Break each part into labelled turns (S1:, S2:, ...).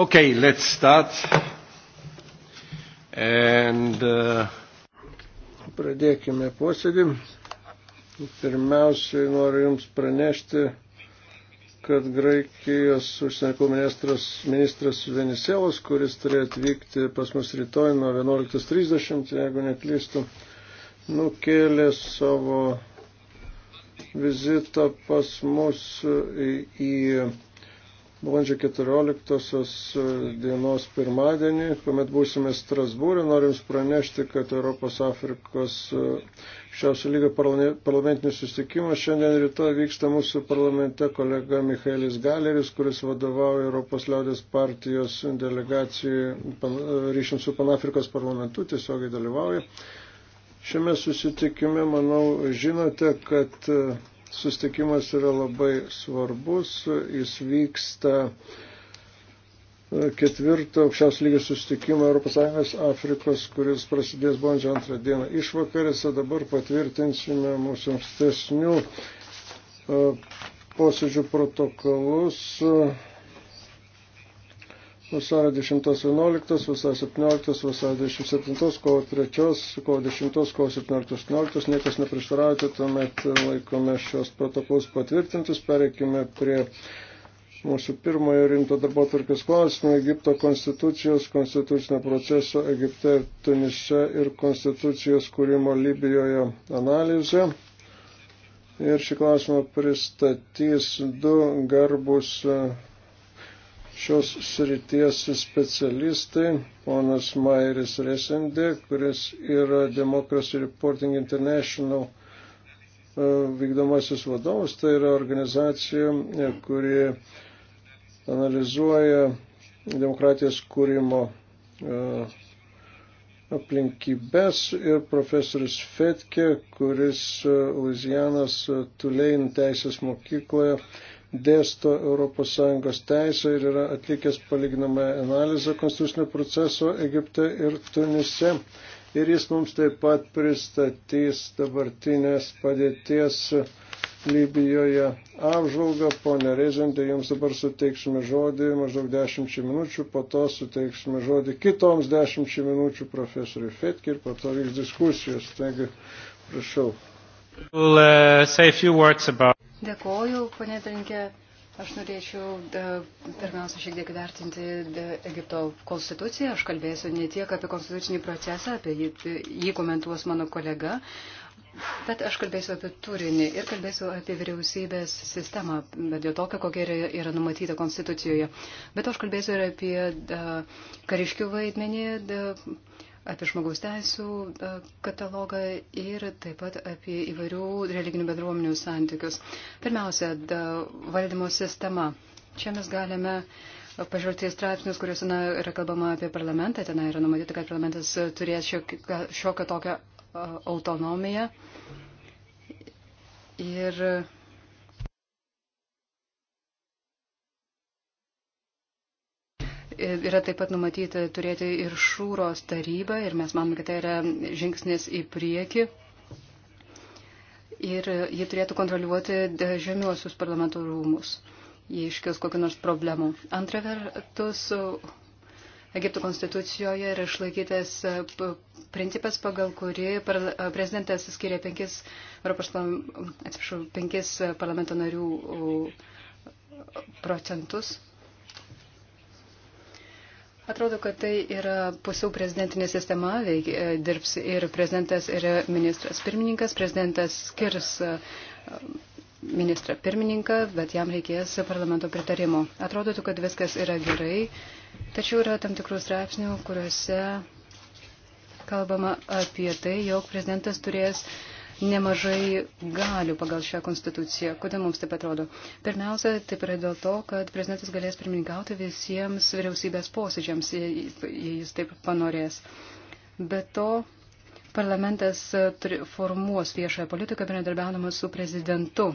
S1: Okay, let's start. And, uh... Pradėkime
S2: posėdį. Pirmiausiai noriu Jums pranešti, kad Graikijos užsienio ministras, ministras Venisevas, kuris turėjo atvykti pas mus rytoj nuo 11.30, jeigu neklystu, nukėlė savo vizitą pas mus į, į balandžio 14 e, dienos pirmadienį, kuomet būsime Strasbūrė, norim pranešti, kad Europos Afrikos e, šiausio lygio parlamentinis susitikimas šiandien rytoj vyksta mūsų parlamente kolega Michaelis Galeris, kuris vadovauja Europos liaudės partijos delegacijai e, ryšim su Panafrikos parlamentu, tiesiogiai dalyvauja. Šiame susitikime, manau, žinote, kad sustikimas yra labai svarbus. Jis vyksta e, ketvirtą aukščiausio lygio sustikimą ES Afrikos, kuris prasidės balandžio antrą dieną išvakarėse. Dabar patvirtinsime mūsų ankstesnių e, posėdžių protokolus vasario 10-11, vasario 17, vasario 27, kovo 3, kovo 10, kovo 17-18, niekas neprieštaraujate, tuomet laikome šios protokolus patvirtintus, pereikime prie mūsų pirmojo rimto darbo tvarkės klausimo Egipto konstitucijos, konstitucinio proceso Egipte ir Tunise ir konstitucijos kūrimo Libijoje analizė. Ir šį klausimą pristatys du garbus šios srities specialistai, ponas Mairis Resendė, kuris yra Democracy Reporting International e, vykdomasis vadovas, tai yra organizacija, e, kuri analizuoja demokratijos kūrimo e, aplinkybės ir profesorius Fetke, kuris Luizianos Tulein teisės mokykloje dėsto ES teisę ir yra atlikęs palyginamą analizą konstitucinio proceso Egipte ir Tunise. Ir jis mums taip pat pristatys dabartinės padėties Libijoje apžvalgą. Pone Reizendė, jums dabar suteiksime žodį maždaug 10 minučių, po to suteiksime žodį kitoms 10 minučių profesoriui Fetki ir po to vyks diskusijos. Taigi, prašau.
S3: We'll, uh, say a few words about...
S4: Dėkoju, ponė Trinkė. Aš norėčiau da, e, pirmiausia šiek tiek vertinti da, e, Egipto konstituciją. Aš kalbėsiu ne tiek apie konstitucinį procesą, apie jį, e, jį komentuos mano kolega, bet aš kalbėsiu apie turinį ir kalbėsiu apie vyriausybės sistemą, bet jau tokią, kokia yra, yra numatyta konstitucijoje. Bet aš kalbėsiu ir apie da, kariškių vaidmenį. Da, apie žmogaus teisų e, katalogą ir taip pat apie įvairių religinių bendruomenių santykius. Pirmiausia, da, valdymo sistema. Čia mes galime pažvelgti į straipsnius, kuriuose yra kalbama apie parlamentą. Ten yra numatyta, kad parlamentas turės šiokią, šiokią tokią autonomiją. Ir yra taip pat numatyta turėti ir šūros tarybą ir mes manome, kad tai yra žingsnis į priekį. Ir jie turėtų kontroliuoti žemiuosius parlamento rūmus, jei iškils kokiu nors problemu. Antra vertus, Egipto konstitucijoje yra išlaikytas principas, pagal kurį prezidentas skiria penkis, Europos, atsiprašau, penkis parlamento narių procentus Atrodo, kad tai yra pusiau prezidentinė sistema, veik, e, dirbs ir prezidentas, ir ministras pirmininkas. Prezidentas skirs e, ministrą pirmininką, bet jam reikės parlamento pritarimo. Atrodo, kad viskas yra gerai, tačiau yra tam tikrų straipsnių, kuriuose kalbama apie tai, jog prezidentas turės uh, nemažai galių pagal šią konstituciją. Kodėl mums taip atrodo? Pirmiausia, taip yra dėl to, kad prezidentas galės pirmininkauti visiems vyriausybės posėdžiams, jei jis taip panorės. Be to, parlamentas formuos viešąją politiką bendradarbiaudamas su prezidentu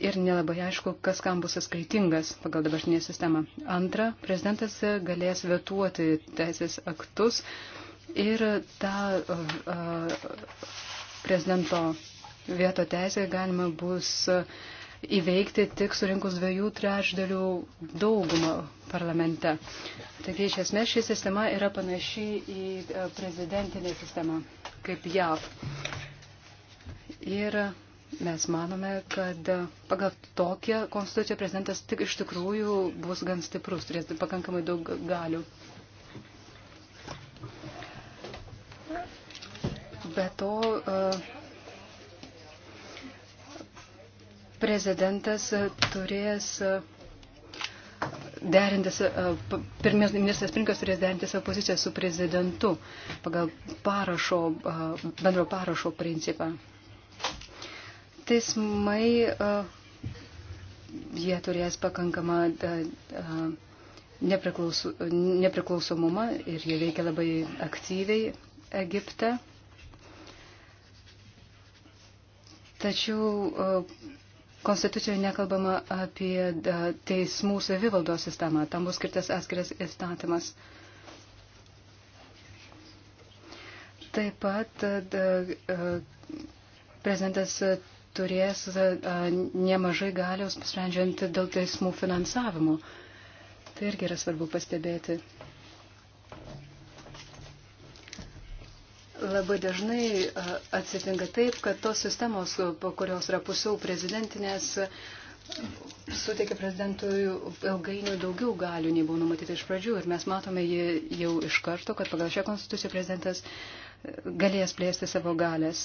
S4: ir nelabai aišku, kas kam bus atskaitingas pagal dabartinę sistemą. Antra, prezidentas galės vetuoti teisės aktus ir tą uh, uh, prezidento vieto teisę galima bus įveikti tik surinkus dviejų trečdalių daugumą parlamente. Taigi iš esmės ši sistema yra panaši į e, prezidentinę sistemą, kaip JAV. Ir mes manome, kad pagal tokią konstituciją prezidentas tik iš tikrųjų bus gan stiprus, turės pakankamai daug galių. Be to, e, prezidentas turės e, derintis, e, pirmės ministras Pirinkas turės derinti savo poziciją su prezidentu pagal parašo, bendro parašo principą. Teismai, jie turės pakankamą nepriklausomumą ir jie veikia labai aktyviai Egipte. Tačiau e, Konstitucijoje nekalbama apie e, teismų savivaldos sistemą. Tam bus skirtas atskiras įstatymas. Taip pat e, prezidentas turės nemažai galios, sprendžiant dėl teismų finansavimo. Tai irgi yra svarbu pastebėti. Labai dažnai atsitinka taip, kad tos sistemos, po kurios yra pusiau prezidentinės, suteikia prezidentui ilgainiui daugiau galių, nei buvo numatyta iš pradžių. Ir mes matome jau iš karto, kad pagal šią konstituciją prezidentas galės plėsti savo galės.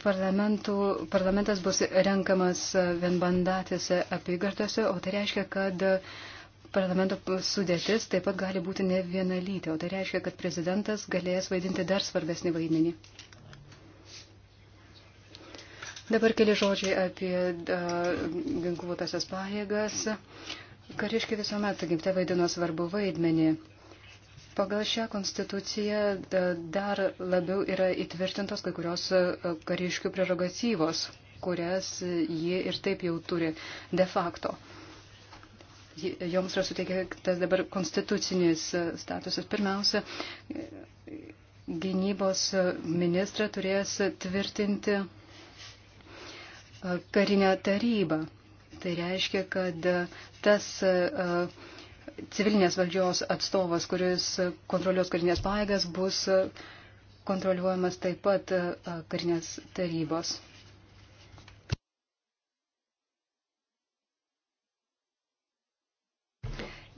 S4: Parlamentas bus renkamas vienbandatėse apygardose, o tai reiškia, kad uh, parlamento sudėtis taip pat gali būti ne vienalytė, o tai reiškia, kad prezidentas galės vaidinti dar svarbesnį vaidmenį. Dabar keli žodžiai apie ginkluotasias pajėgas. Kariškiai visuomet gimte vaidino svarbu vaidmenį. Pagal šią konstituciją dar labiau yra įtvirtintos kai kurios kariškių prerogatyvos, kurias jie ir taip jau turi de facto joms yra suteiktas dabar konstitucinis e, statusas. Pirmiausia, gynybos ministrą turės tvirtinti e, karinę tarybą. Tai reiškia, kad e, tas civilinės valdžios atstovas, kuris kontroliuos karinės paėgas, bus kontroliuojamas taip pat karinės tarybos.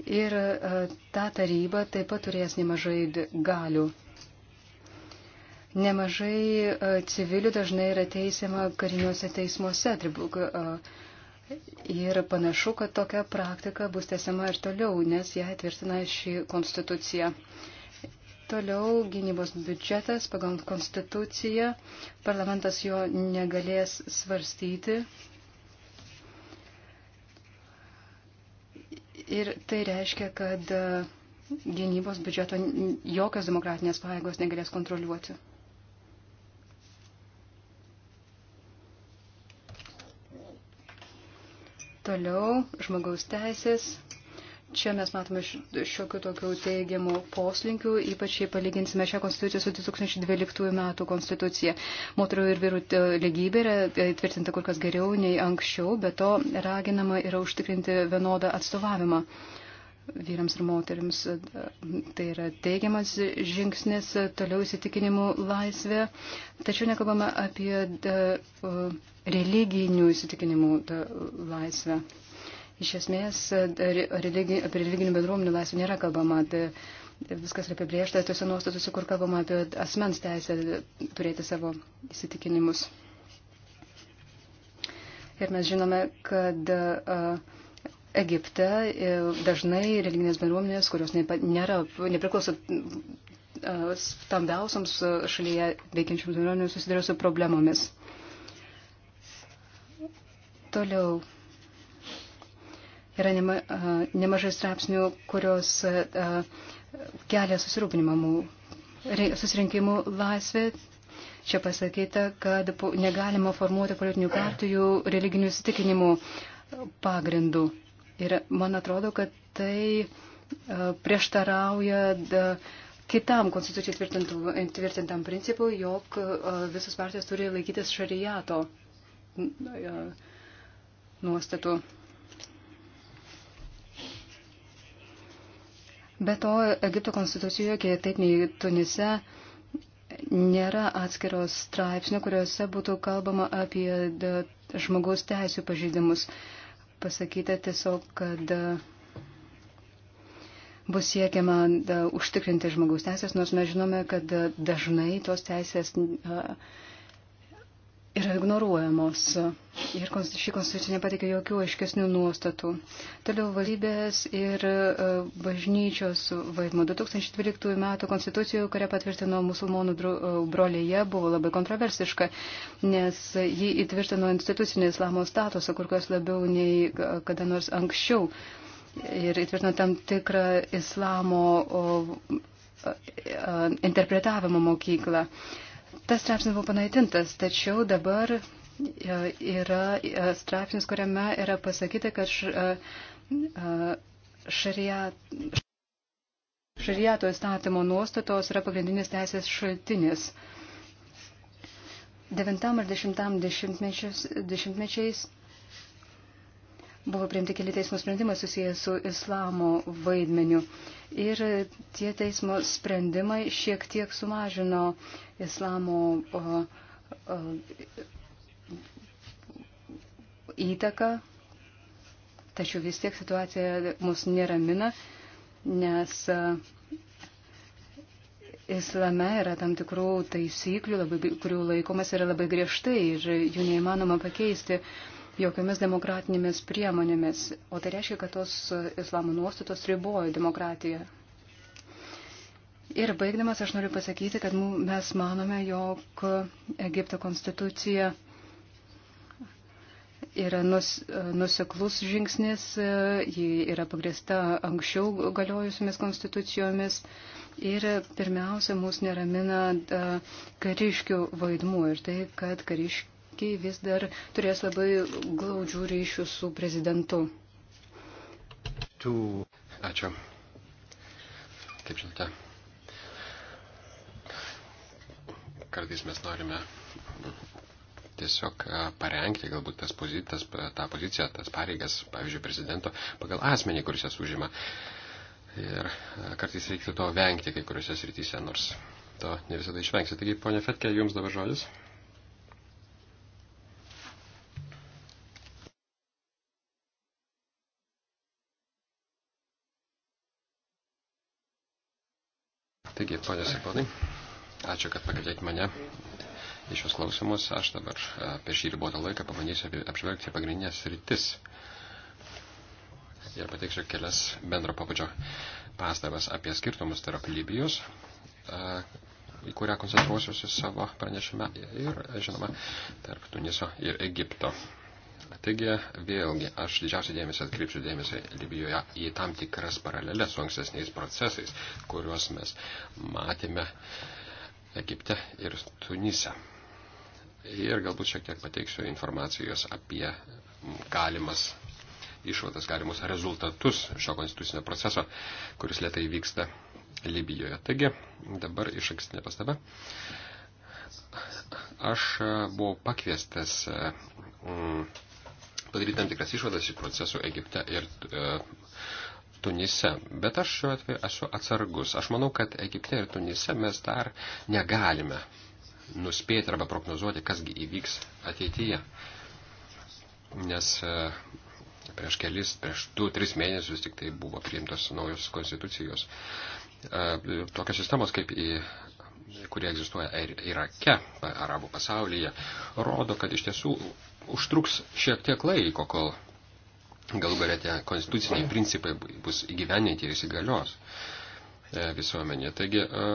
S4: Ir e, ta taryba taip pat turės nemažai galių. Nemažai e, civilių dažnai yra teisiama kariniuose teismuose. Tribuk, e, ir panašu, kad tokia praktika bus tęsiama ir toliau, nes ją tvirtina šį konstituciją. Toliau gynybos biudžetas pagal konstituciją. Parlamentas jo negalės svarstyti Ir tai reiškia, kad e, gynybos biudžeto jokios demokratinės pajėgos negalės kontroliuoti. Toliau žmogaus teisės Čia mes matome šiokių tokių teigiamų poslinkių, ypač jei palyginsime šią konstituciją su 2012 metų konstitucija. Moterų ir vyrų e, lygybė yra e, tvirtinta kur kas geriau nei anksčiau, bet to raginama yra užtikrinti vienodą atstovavimą vyrams ir moteriams. Tai yra teigiamas žingsnis, toliau įsitikinimų laisvė. Tačiau nekalbame apie e, religinių įsitikinimų laisvę. Iš esmės, religi, apie religinių bendruomenių laisvę nėra kalbama. Tai viskas yra apibriešta tose nuostatose, kur kalbama apie asmens teisę turėti savo įsitikinimus. Ir mes žinome, kad uh, Egipte e, dažnai religinės bendruomenės, kurios nėra, nepriklauso stambiausiams šalyje veikiančiams bendruomenėms, susiduria su problemomis. Toliau Yra nema, nemažai straipsnių, kurios kelia susirūpinimą susirinkimų laisvė. Čia pasakyta, kad negalima formuoti politinių partijų religinių įsitikinimų pagrindų. Ir man atrodo, kad tai prieštarauja kitam konstitucijai tvirtintam principui, jog visos partijos turi laikytis šarijato nuostatų. Be to, Egipto konstitucijoje, taip nei Tunise, nėra atskiros straipsnių, kuriuose būtų kalbama apie žmogaus teisų pažeidimus. Pasakyta tiesiog, kad bus siekiama da, užtikrinti žmogaus teisės, nors mes žinome, kad dažnai tos teisės. A, yra ignoruojamos ir ši konstitucija nepatikė jokių aiškesnių nuostatų. Toliau valybės ir e, bažnyčios vaidmo 2012 m. konstitucijų, kurią patvirtino musulmonų e, brolyje, buvo labai kontroversiška, nes ji įtvirtino institucinį islamo statusą kur kas labiau nei kada nors anksčiau ir įtvirtino tam tikrą islamo e, interpretavimo mokyklą. Tas straipsnis buvo panaitintas, tačiau dabar e, yra e, straipsnis, kuriame yra pasakyta, kad e, šariato įstatymo nuostatos yra pagrindinis teisės šaltinis. Devintam ar dešimtam dešimtmečiais Buvo priimti keli teismo sprendimai susijęs su islamo vaidmeniu. Ir tie teismo sprendimai šiek tiek sumažino islamo o, o, įtaką, tačiau vis tiek situacija mus neramina, nes e, islame yra tam tikrų taisyklių, labai, kurių laikomas yra labai griežtai ir jų neįmanoma pakeisti jokiamis demokratinėmis priemonėmis, o tai reiškia, kad tos islamo nuostatos ribojo demokratiją. Ir baigdamas aš noriu pasakyti, kad mes manome, jog Egipto konstitucija yra nus, nuseklus žingsnis, ji yra pagrįsta anksčiau galiojusiamis konstitucijomis ir pirmiausia, mus neramina kariškių vaidmuo ir tai, kad kariškių Ki vis dar turės labai glaudžių ryšių su prezidentu.
S5: Tu. Ačiū. Kaip žinote, kartais mes norime tiesiog e, parengti galbūt tas pozicijas, e, tą poziciją, tas pareigas, pavyzdžiui, prezidento pagal asmenį, kuris jas užima. Ir e, kartais reiktų to vengti kai kuriuose srityse, nors to ne visada išvengsi. Taigi, ponia Fetke, jums dabar žodis. Ponios ir ponai, ačiū, kad pakvietėte mane į šios klausimus. Aš dabar e, per šį ribotą laiką pabandysiu apžvelgti pagrindinės rytis ir pateiksiu kelias bendro pabudžio pastabas apie skirtumus tarp Libijos, e, į kurią koncentruosiuosi savo pranešime, ir, žinoma, tarp Tuniso ir Egipto. Taigi, vėlgi, aš didžiausią dėmesį atkreipsiu dėmesį Libijoje į tam tikras paralelės su ankstesniais procesais, kuriuos mes matėme Egipte ir Tunise. Ir galbūt šiek tiek pateiksiu informacijos apie galimas išvadas, galimus rezultatus šio konstitucinio proceso, kuris lietai vyksta Libijoje. Taigi, dabar iš ankstinė pastaba. Aš buvau pakviestas mm, padaryti tam tikras išvadas iš procesų Egipte ir e, Tunise. Bet aš šiuo atveju esu atsargus. Aš manau, kad Egipte ir Tunise mes dar negalime nuspėti arba prognozuoti, kasgi įvyks ateityje. Nes e, prieš kelis, prieš du, tris mėnesius tik tai buvo priimtos naujos konstitucijos. E, tokios sistemos kaip į kurie egzistuoja ir Irake, arabų pasaulyje, rodo, kad iš tiesų užtruks šiek tiek laiko, kol galų galėtė konstituciniai principai bus įgyveninti ir įsigalios e, visuomenė. Taigi e,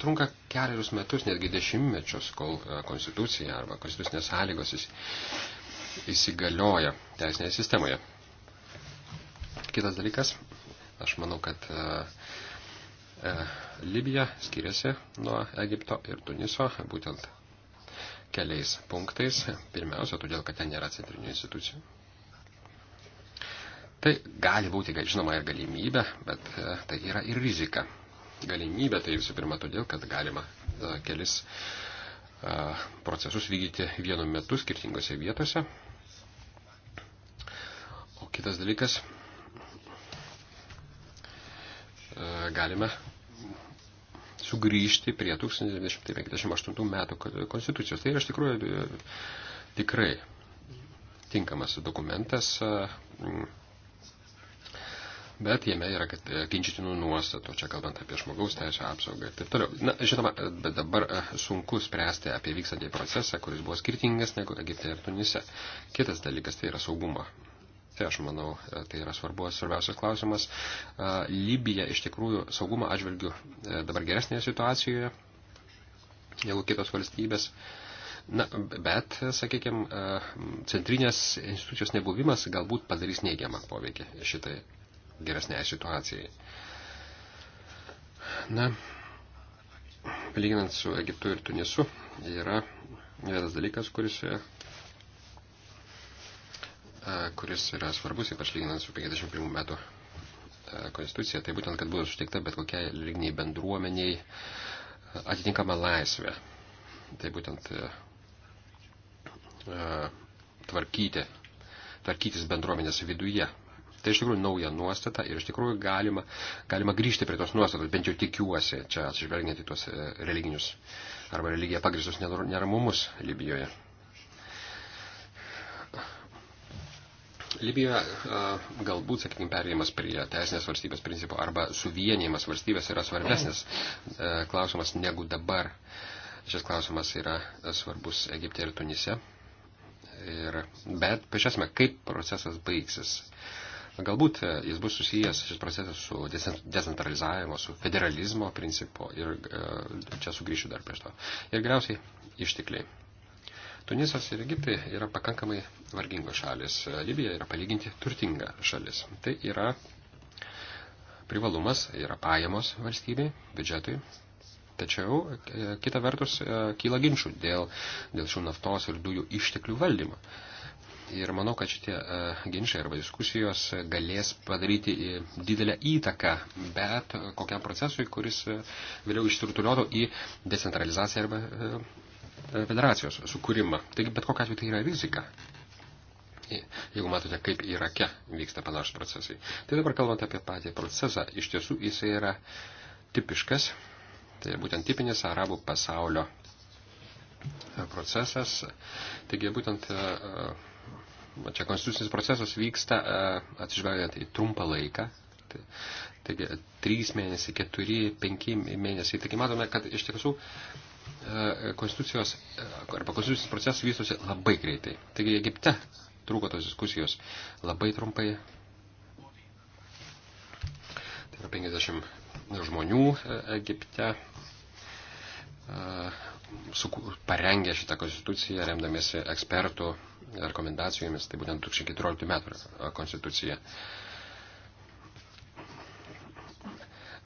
S5: trunka keliarius metus, netgi dešimtmečius, kol e, konstitucija arba konstitucinės sąlygos įsigalioja teisinėje sistemoje. Kitas dalykas, aš manau, kad Libija skiriasi nuo Egipto ir Tuniso, būtent keliais punktais. Pirmiausia, todėl, kad ten nėra centrinių institucijų. Tai gali būti, žinoma, ir galimybė, bet e, tai yra ir rizika. Galimybė tai visų pirma todėl, kad galima e, kelis e, procesus vykdyti vienu metu skirtingose vietose. O kitas dalykas, galime sugrįžti prie 1958 metų konstitucijos. Tai yra iš tikrųjų e, tikrai tinkamas dokumentas, e, bet jame yra e, ginčytinų nuostatų, čia kalbant apie žmogaus teisę apsaugą ir taip toliau. Na, žinoma, bet dabar sunku spręsti apie vykstantį procesą, kuris buvo skirtingas negu Egipte ir Tunise. Kitas dalykas tai yra saugumo Tai aš manau, e, tai yra svarbu, svarbiausias klausimas. E, Libija iš tikrųjų saugumo atžvilgių e, dabar geresnėje situacijoje negu kitos valstybės. Na, bet, sakykime, centrinės institucijos nebuvimas galbūt padarys neigiamą poveikį šitai geresnėje situacijai. Na, lyginant su Egiptu ir Tunisu, yra vienas dalykas, kuris kuris yra svarbus, ypač lyginant su 51 metų konstitucija, tai būtent, kad buvo suteikta bet kokiai religiniai bendruomeniai atitinkama laisvė. Tai būtent tvarkyti, tvarkytis bendruomenės viduje. Tai iš tikrųjų nauja nuostata ir iš tikrųjų galima, galima grįžti prie tos nuostatos, bent jau tikiuosi, čia atsižvelgiant į tuos e, religinius arba religiją pagristus neramumus Libijoje. Libijoje galbūt, sakykime, perėjimas prie teisinės valstybės principų arba suvienijimas valstybės yra svarbesnis klausimas negu dabar. Šis klausimas yra svarbus Egipte ir Tunise. Ir, bet pažiūrėsime, kaip procesas baigsis. Galbūt jis bus susijęs šis procesas su decentralizavimo, su federalizmo principu ir čia sugrįšiu dar prie to. Ir galiausiai ištikliai. Tunisas ir Egiptai yra pakankamai vargingos šalis. Libija yra palyginti turtinga šalis. Tai yra privalumas, tai yra pajamos valstybei, biudžetui. Tačiau e, kita vertus e, kyla ginčių dėl, dėl šių naftos ir dujų išteklių valdymo. Ir manau, kad šitie e, ginčiai arba diskusijos galės padaryti didelę įtaką, bet kokiam procesui, kuris vėliau išsirutuliotų į decentralizaciją arba E, federacijos sukūrimą. Taigi bet kokia atveju tai yra rizika. Jeigu matote, kaip Irake vyksta panašus procesai. Tai dabar kalbant apie patį procesą, iš tiesų jisai yra tipiškas, tai būtent tipinis arabų pasaulio procesas. Taigi būtent e, e, čia konstitucinis procesas vyksta atsižvelgiant į trumpą laiką, tai, Taigi, 3 mėnesiai, 4, 5 mėnesiai. Taigi matome, kad iš tiesų E, konstitucijos e, arba konstitucijos procesas vystosi labai greitai. Taigi Egipte trūko tos diskusijos labai trumpai. Tai yra 50 žmonių e, Egipte parengė šitą konstituciją remdamėsi ekspertų rekomendacijomis, tai būtent 2014 metų konstitucija.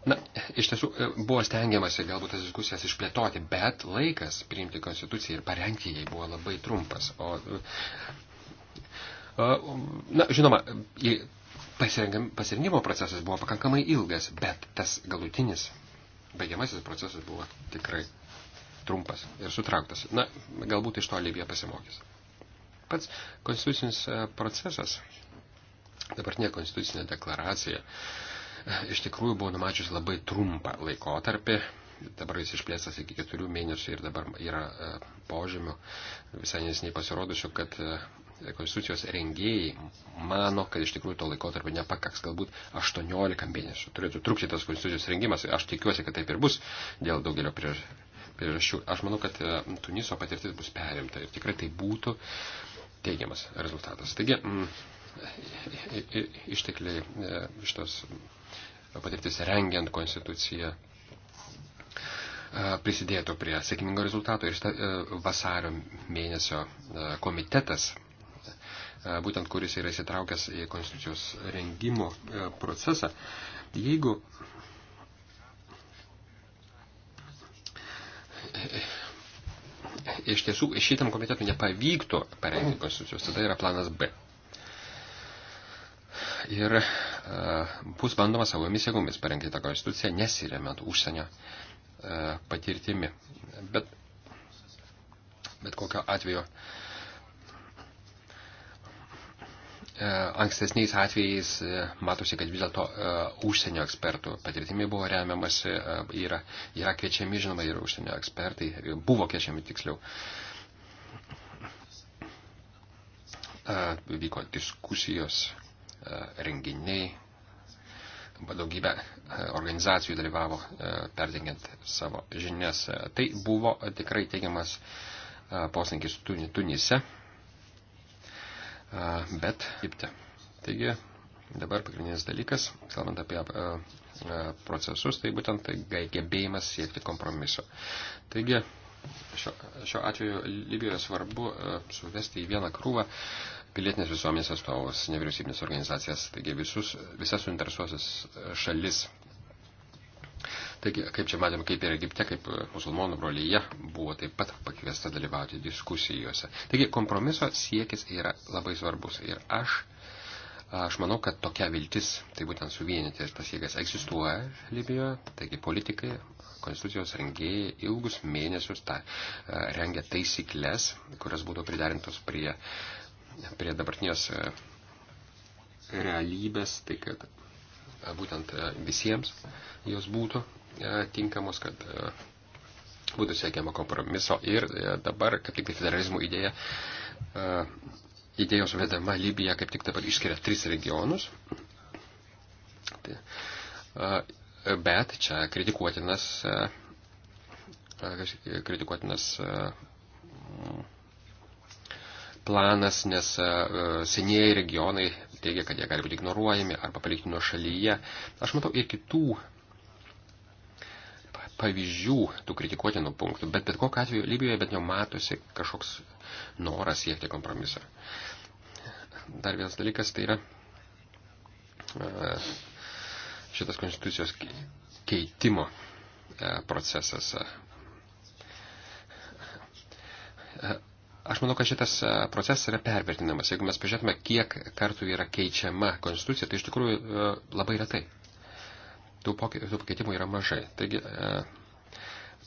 S5: Na, iš tiesų e, buvo stengiamasi galbūt tas diskusijas išplėtoti, bet laikas priimti konstituciją ir parengti jai buvo labai trumpas. O, e, na, žinoma, pasirinkimo procesas buvo pakankamai ilgas, bet tas galutinis baigiamasis procesas buvo tikrai trumpas ir sutrauktas. Na, galbūt iš to Libija pasimokys. Pats konstitucinis e, procesas, dabartinė konstitucinė deklaracija, uh, iš tikrųjų buvo numačiusi labai trumpą laikotarpį. Dabar jis išplėstas iki keturių mėnesių ir dabar yra e, požymių visai nesiniai pasirodusių, kad e, konstitucijos rengėjai mano, kad iš tikrųjų to laikotarpio nepakaks, galbūt 18 mėnesių turėtų trukti tas konstitucijos rengimas. Aš tikiuosi, kad taip ir bus dėl daugelio priežasčių. Aš manau, kad e, Tuniso patirtis bus perimta ir tikrai tai būtų teigiamas rezultatas. Taigi, mm, ištekliai šitos patirtis rengiant konstituciją prisidėtų prie sėkmingo rezultato ir šita, e, vasario mėnesio e, komitetas, e, būtent kuris yra įsitraukęs į konstitucijos rengimo procesą, jeigu iš tiesų šitam komitetui nepavyktų parengti konstitucijos, tada yra planas B ir e, bus bandoma savomis jėgomis parengti tą konstituciją, nesiremiant užsienio e, patirtimi. Bet, bet kokio atveju. E, ankstesniais atvejais e, matosi, kad vis dėlto e, užsienio ekspertų patirtimi buvo remiamasi, e, yra, yra kviečiami, žinoma, ir užsienio ekspertai, e, buvo kviečiami tiksliau e, vyko diskusijos E, renginiai, daugybė e, organizacijų dalyvavo e, perdengiant savo žinias. Tai buvo tikrai teigiamas poslinkis Tunise, bet Egipte. Taigi dabar pagrindinis dalykas, kalbant apie procesus, tai būtent tai gebėjimas siekti kompromiso. Taigi šiuo atveju Libijoje svarbu suvesti į vieną krūvą pilietinės visuomenės atstovus, nevyriausybinės organizacijas, taigi visus, visas suinteresuosis šalis. Taigi, kaip čia matėm, kaip ir Egipte, kaip musulmonų brolyje buvo taip pat pakviesta dalyvauti diskusijose. Taigi, kompromiso siekis yra labai svarbus. Ir aš, aš manau, kad tokia viltis, tai būtent suvienyti tas jėgas, egzistuoja Libijoje. Taigi, politikai, konstitucijos rengėjai ilgus mėnesius ta, e, rengia taisyklės, kurios būtų pridarintos prie uh, prie dabartinės e, realybės, tai kad e, būtent e, visiems jos būtų tinkamos, kad būtų siekiama kompromiso ir dabar, kaip tik tai federalizmų idėja, idėjos vedama Libija kaip tik dabar išskiria tris regionus. Tai, bet čia kritikuotinas, kritikuotinas planas, nes e, senieji regionai teigia, kad jie gali būti ignoruojami arba palikti nuo šalyje. Aš matau ir kitų pavyzdžių tų kritikuotinų punktų, bet bet kokiu atveju Libijoje bet jau matosi kažkoks noras siekti kompromiso. Dar vienas dalykas tai yra e, šitas konstitucijos keitimo e, procesas. Aš manau, kad šitas e, procesas yra pervertinamas. Jeigu mes pažiūrėtume, kiek kartų yra keičiama konstitucija, tai iš tikrųjų e, labai retai. Tų pakeitimų yra mažai. Taigi, e,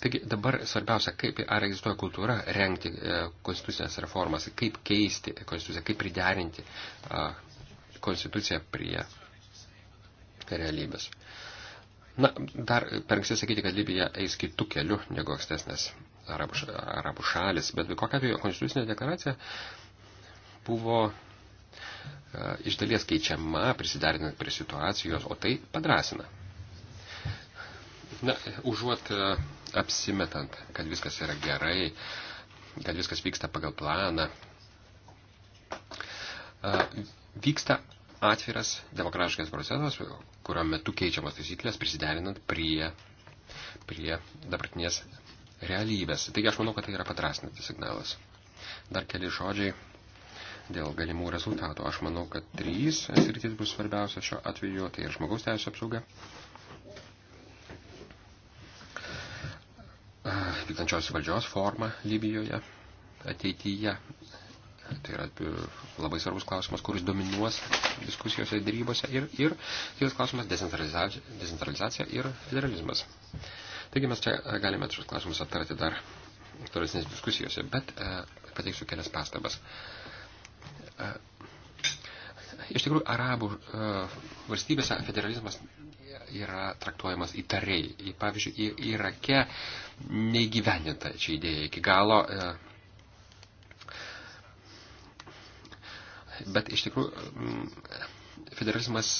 S5: taigi dabar svarbiausia, kaip, ar egzistuoja kultūra renkti konstitucinės reformas, kaip keisti konstituciją, kaip priderinti konstituciją prie realybės. Na, dar per anksti sakyti, kad Libija eis kitų kelių negu ankstesnės arabų, arabų šalis, bet kokia atveju konstitucinė deklaracija buvo e, iš dalies keičiama, prisidarinant prie situacijos, o tai padrasina. Na, užuot e, apsimetant, kad viskas yra gerai, kad viskas vyksta pagal planą, e, vyksta atviras demokratiškas procesas, kurio metu keičiamas taisyklės prisiderinant prie, prie dabartinės realybės. Taigi aš manau, kad tai yra padrasnintis signalas. Dar keli žodžiai dėl galimų rezultatų. Aš manau, kad trys sritis bus svarbiausia šiuo atveju, tai ir žmogaus teisų apsauga, vykdančios valdžios forma Libijoje ateityje. Tai yra e, labai svarbus klausimas, kuris dominuos diskusijose ir dėrybose. Ir, ir kitas klausimas - decentralizacija ir federalizmas. Taigi mes čia e, galime šios klausimus aptarti dar tolesnės diskusijose, bet e, pateiksiu kelias pastabas. E, iš tikrųjų, arabų valstybėse federalizmas yra traktuojamas įtariai. Pavyzdžiui, Irake neįgyveninta čia idėja iki galo. Bet iš tikrųjų, mm, federalizmas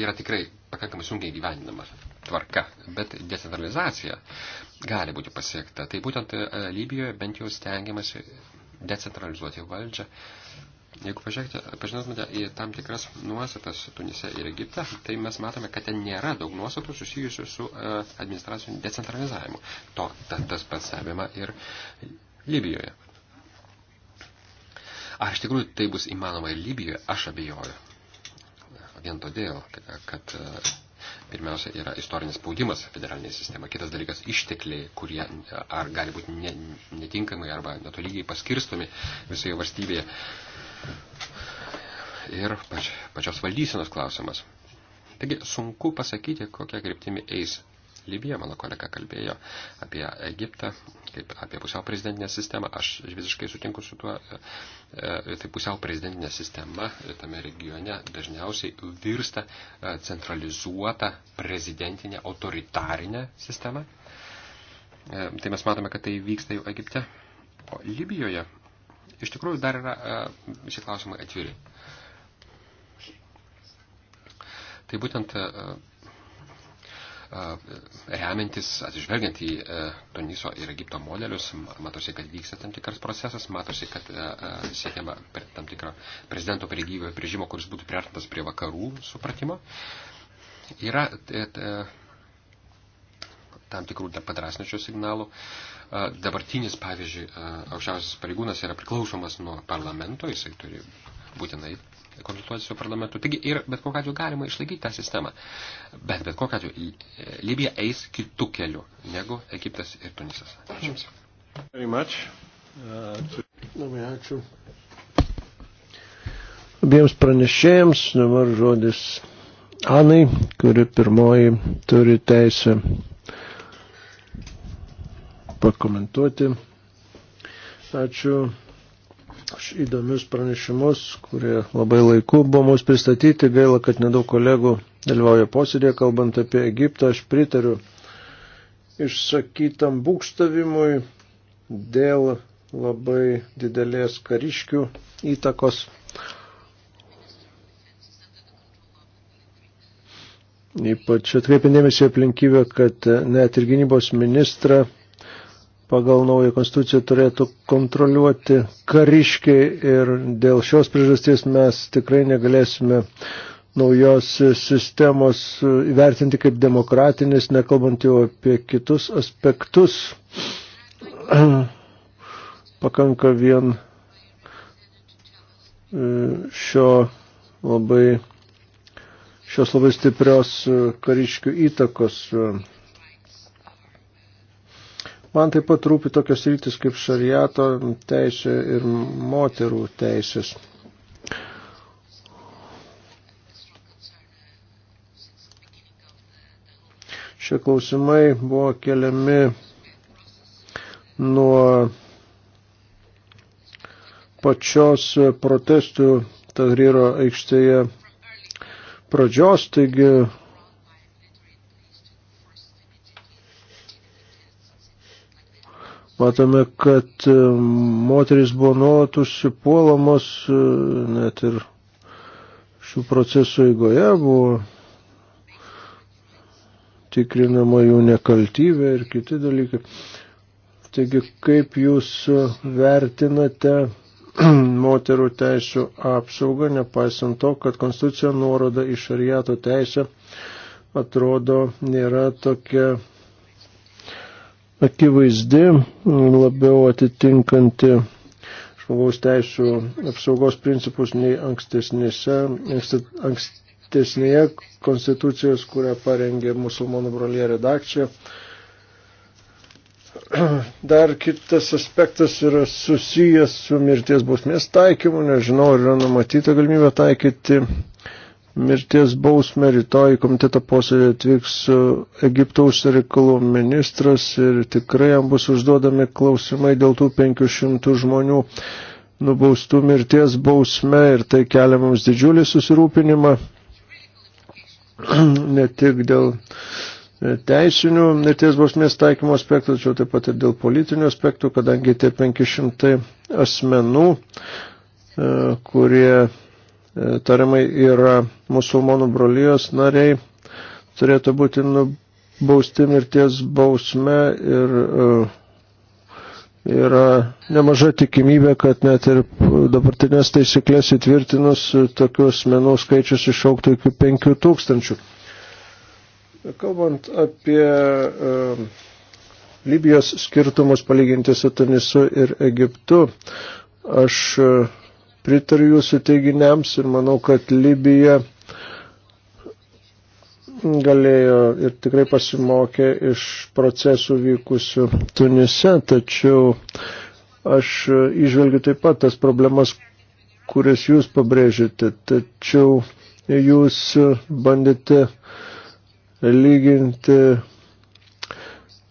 S5: yra tikrai pakankamai sunkiai gyvendinamas tvarka, bet decentralizacija gali būti pasiekta. Tai būtent e, Libijoje bent jau stengiamasi decentralizuoti valdžią. Jeigu pažinotumėte į tam tikras nuostatas Tunise ir Egipte, tai mes matome, kad ten nėra daug nuostatų susijusių su e, administraciniu decentralizavimu. To ta, tas pats stebima ir Libijoje. Ar iš tikrųjų tai bus įmanoma ir Libijoje, aš abejoju. Vien todėl, kad Pirmiausia, yra istorinis spaudimas federalinė sistema. Kitas dalykas - ištekliai, kurie ar gali būti ne, netinkamai arba netolygiai paskirstomi visoje valstybėje. Ir pač, pačios valdysenos klausimas. Taigi sunku pasakyti, kokia kryptimi eis Libiją, mano kolega kalbėjo apie Egiptą, kaip apie pusiau prezidentinę sistemą. Aš visiškai sutinku su tuo, e, e, tai pusiau prezidentinė sistema tame regione dažniausiai virsta e, centralizuota prezidentinė autoritarinė sistema. Tai mes matome, kad tai vyksta jau Egipte. O Libijoje iš tikrųjų dar yra šie klausimai atviri. Tai būtent E, remiantis, atsižvelgiant į e, Tuniso ir Egipto modelius, matosi, kad vyksta tam tikras procesas, matosi, kad e, siekiama tam tikro prezidento pareigybio priežimo, kuris būtų priartintas prie vakarų supratimo. Yra tam tikrų padrasnačių signalų. Dabartinis, pavyzdžiui, aukščiausias pareigūnas yra priklausomas nuo parlamento, jisai turi būtinai konsultuoti su parlamentu. Taigi ir bet kokiu atveju galima išlaikyti tą sistemą. Bet bet kokiu atveju e, Libija eis kitų kelių negu Egiptas ir Tunisas. Ačiū Jums. Uh, Labai ačiū.
S2: Abiems pranešėjams dabar žodis Anai, kuri pirmoji turi teisę pakomentuoti. Ačiū už įdomius pranešimus, kurie labai laiku buvo mums pristatyti. Gaila, kad nedaug kolegų dalyvauja posėdėje, kalbant apie Egiptą. Aš pritariu išsakytam būkštavimui dėl labai didelės kariškių įtakos. Ypač atkreipinėmėsi aplinkybę, kad net ir gynybos ministra pagal naują konstituciją turėtų kontroliuoti kariškiai ir dėl šios priežasties mes tikrai negalėsime naujos sistemos įvertinti kaip demokratinis, nekalbant jau apie kitus aspektus. Pakanka vien e, šio labai, šios labai stiprios e, kariškių įtakos e, Man taip pat rūpi tokios rytis kaip šariato teisė ir moterų teisės. Šie klausimai buvo keliami nuo pačios protestų Tahryro aikštėje pradžios, taigi Matome, kad e, moteris buvo nuolat užsipuolamos, e, net ir šių procesų eigoje buvo tikrinama jų nekaltybė ir kiti dalykai. Taigi, kaip jūs vertinate moterų teisų apsaugą, nepaisant to, kad konstitucija nuoroda į šariato teisę atrodo nėra tokia akivaizdi, labiau atitinkanti žmogaus teisų apsaugos principus nei ankstesnėje konstitucijos, kurią parengė musulmonų brolyje redakcija. Dar kitas aspektas yra susijęs su mirties bausmės taikymu, nežinau, ar yra numatyta galimybė taikyti uh, mirties bausmę. Rytoj komiteto posėdė atvyks e, Egipto užsienio reikalų ministras ir tikrai jam bus užduodami klausimai dėl tų 500 žmonių nubaustų mirties bausme ir tai kelia mums didžiulį susirūpinimą ne tik dėl e, teisinių mirties bausmės taikymo aspektų, tačiau taip pat ir dėl politinių aspektų, kadangi tie 500 asmenų, e, kurie E, tariamai yra musulmonų brolijos nariai, turėtų būti nubausti mirties bausme ir e, yra nemaža tikimybė, kad net ir dabartinės taisyklės įtvirtinus e, tokius menų skaičius išauktų iki 5000. Kalbant apie uh, Libijos skirtumus palyginti su Tunisu ir Egiptu, aš uh, Pritariu jūsų teiginiams ir manau, kad Libija galėjo ir tikrai pasimokė iš procesų vykusių Tunise, tačiau aš išvelgiu taip pat tas problemas, kurias jūs pabrėžėte, tačiau jūs bandėte lyginti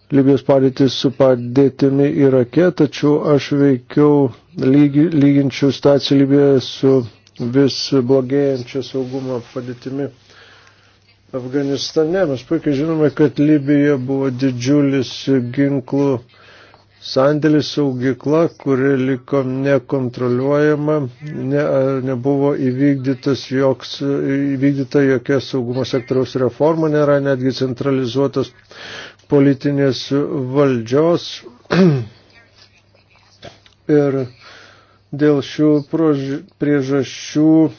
S2: Libijos padėtį su padėtimi Irake, tačiau aš veikiau lygi, lyginčių staciją Libijoje su vis blogėjančia saugumo padėtimi. Afganistane mes puikiai žinome, kad Libija buvo didžiulis ginklų sandėlis saugykla, kuri liko nekontroliuojama, ne, nebuvo įvykdytas joks, įvykdyta jokia saugumo sektoriaus reforma, nėra netgi centralizuotos politinės valdžios. Ir Dėl šių priežasčių e,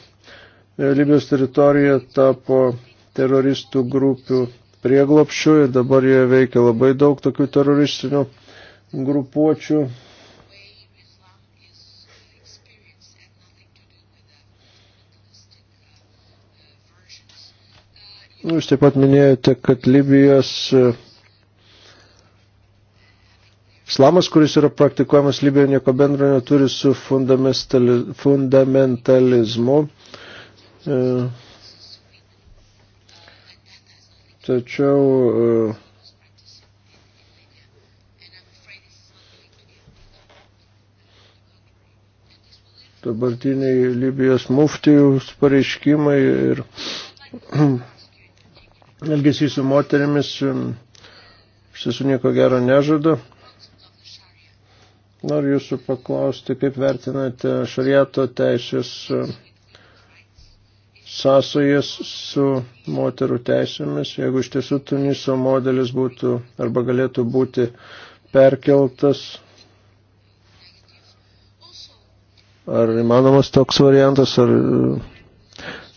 S2: Libijos teritorija tapo teroristų grupių prieglopščių ir dabar jie veikia labai daug tokių teroristinių grupuočių. Jūs taip pat minėjote, kad Libijos e, Islamas, kuris yra praktikuojamas Libijoje, nieko bendro neturi su fundamentalizmu. E, tačiau e, dabartiniai Libijos muftijų pareiškimai ir elgesys su moterimis e, iš tiesų nieko gero nežada. Noriu jūsų paklausti, kaip vertinate šarieto teisės e, sąsojas su moterų teisėmis, jeigu iš tiesų Tuniso modelis būtų arba galėtų būti perkeltas. Ar įmanomas toks variantas, ar e,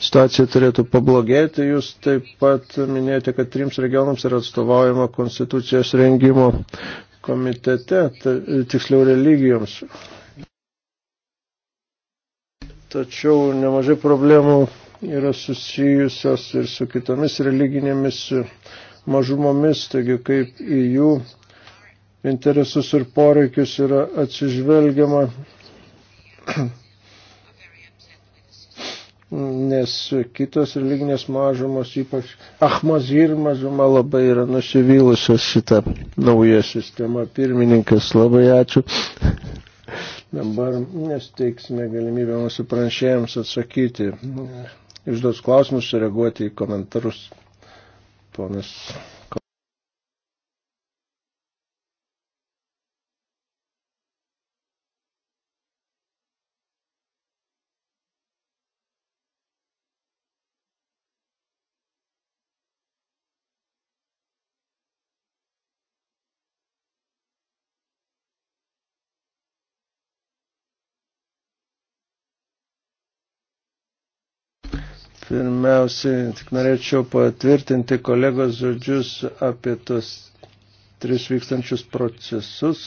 S2: situacija turėtų pablogėti. Jūs taip pat minėjote, kad trims regionams yra atstovaujama konstitucijos rengimo komitete, tiksliau religijoms. Tačiau nemažai problemų yra susijusios ir su kitomis religinėmis mažumomis, taigi kaip į jų interesus ir poreikius yra atsižvelgiama nes kitos religinės mažumos, ypač Ahmazir mažuma, labai yra nusivylusios šitą naują sistemą. Pirmininkas, labai ačiū. Dabar nesteiksime galimybę mūsų pranešėjams atsakyti, išduos klausimus ir reaguoti į
S6: komentarus. Ponas
S2: Pirmiausiai tik norėčiau patvirtinti kolegos žodžius apie tos tris vykstančius procesus.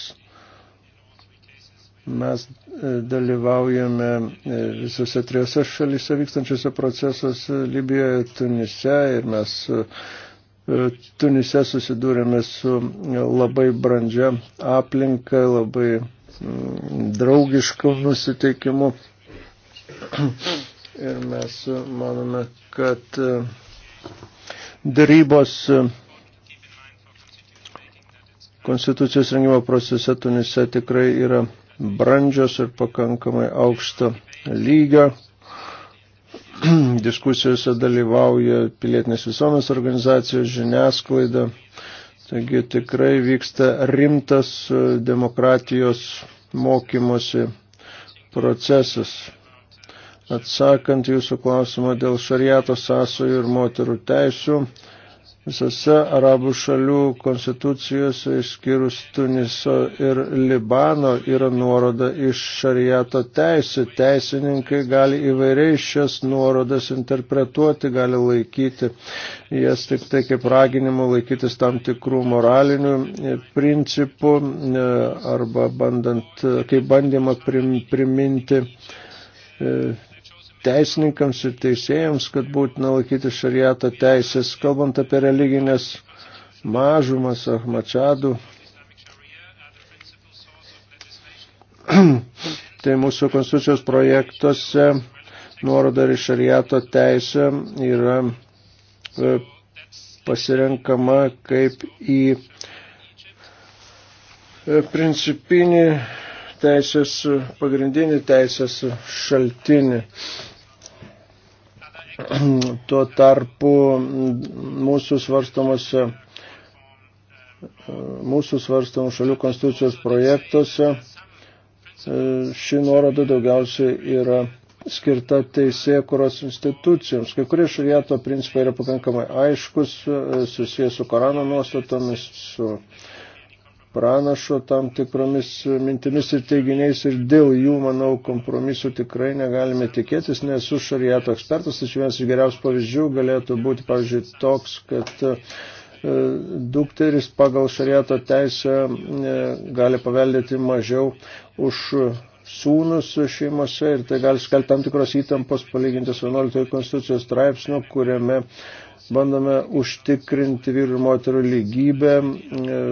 S2: Mes e, dalyvaujame e, visose trijose šalyse vykstančiuose procesuose Libijoje, Tunise ir mes e, Tunise susidūrėme su labai brandžia aplinka, labai draugišku nusiteikimu Ir mes manome, kad e, darybos e, konstitucijos rengimo procese Tunise tikrai yra brandžios ir pakankamai aukšto lygio. Diskusijose dalyvauja pilietinės visuomenės organizacijos, žiniasklaida. Taigi tikrai vyksta rimtas e, demokratijos mokymosi procesas. Atsakant jūsų klausimą dėl šariato sąsojų ir moterų teisų, visose arabų šalių konstitucijose, išskyrus Tuniso ir Libano, yra nuoroda iš šariato teisų. Teisininkai gali įvairiai šias nuorodas interpretuoti, gali laikyti jas tik tai kaip raginimu laikytis tam tikrų moralinių principų e, arba bandant, kaip bandymą prim, priminti e, teisininkams ir teisėjams, kad būtina laikyti šariato teisės, kalbant apie religinės mažumas, ahmačadų. tai mūsų konstitucijos projektuose nuoroda ir šariato teisė yra e, pasirenkama kaip į e, principinį teisės, pagrindinį teisės šaltinį. Tuo tarpu mūsų svarstomose mūsų svarstamų šalių konstitucijos projektuose ši nuoroda daugiausiai yra skirta teisėje kuros institucijoms. Kai kurie šarieto principai yra pakankamai aiškus, susijęs su Korano nuostatomis, su uh, pranašo tam tikromis mintimis ir teiginiais ir dėl jų, manau, kompromisų tikrai negalime tikėtis, nesu šariato ekspertas, tačiau vienas iš geriausių pavyzdžių galėtų būti, pavyzdžiui, toks, kad e, dukteris pagal šariato teisę e, gali paveldėti mažiau už sūnus šeimose ir tai gali skelti tam tikros įtampos palyginti su 11 konstitucijos straipsniu, kuriame bandome užtikrinti vyrų ir moterų lygybę. E,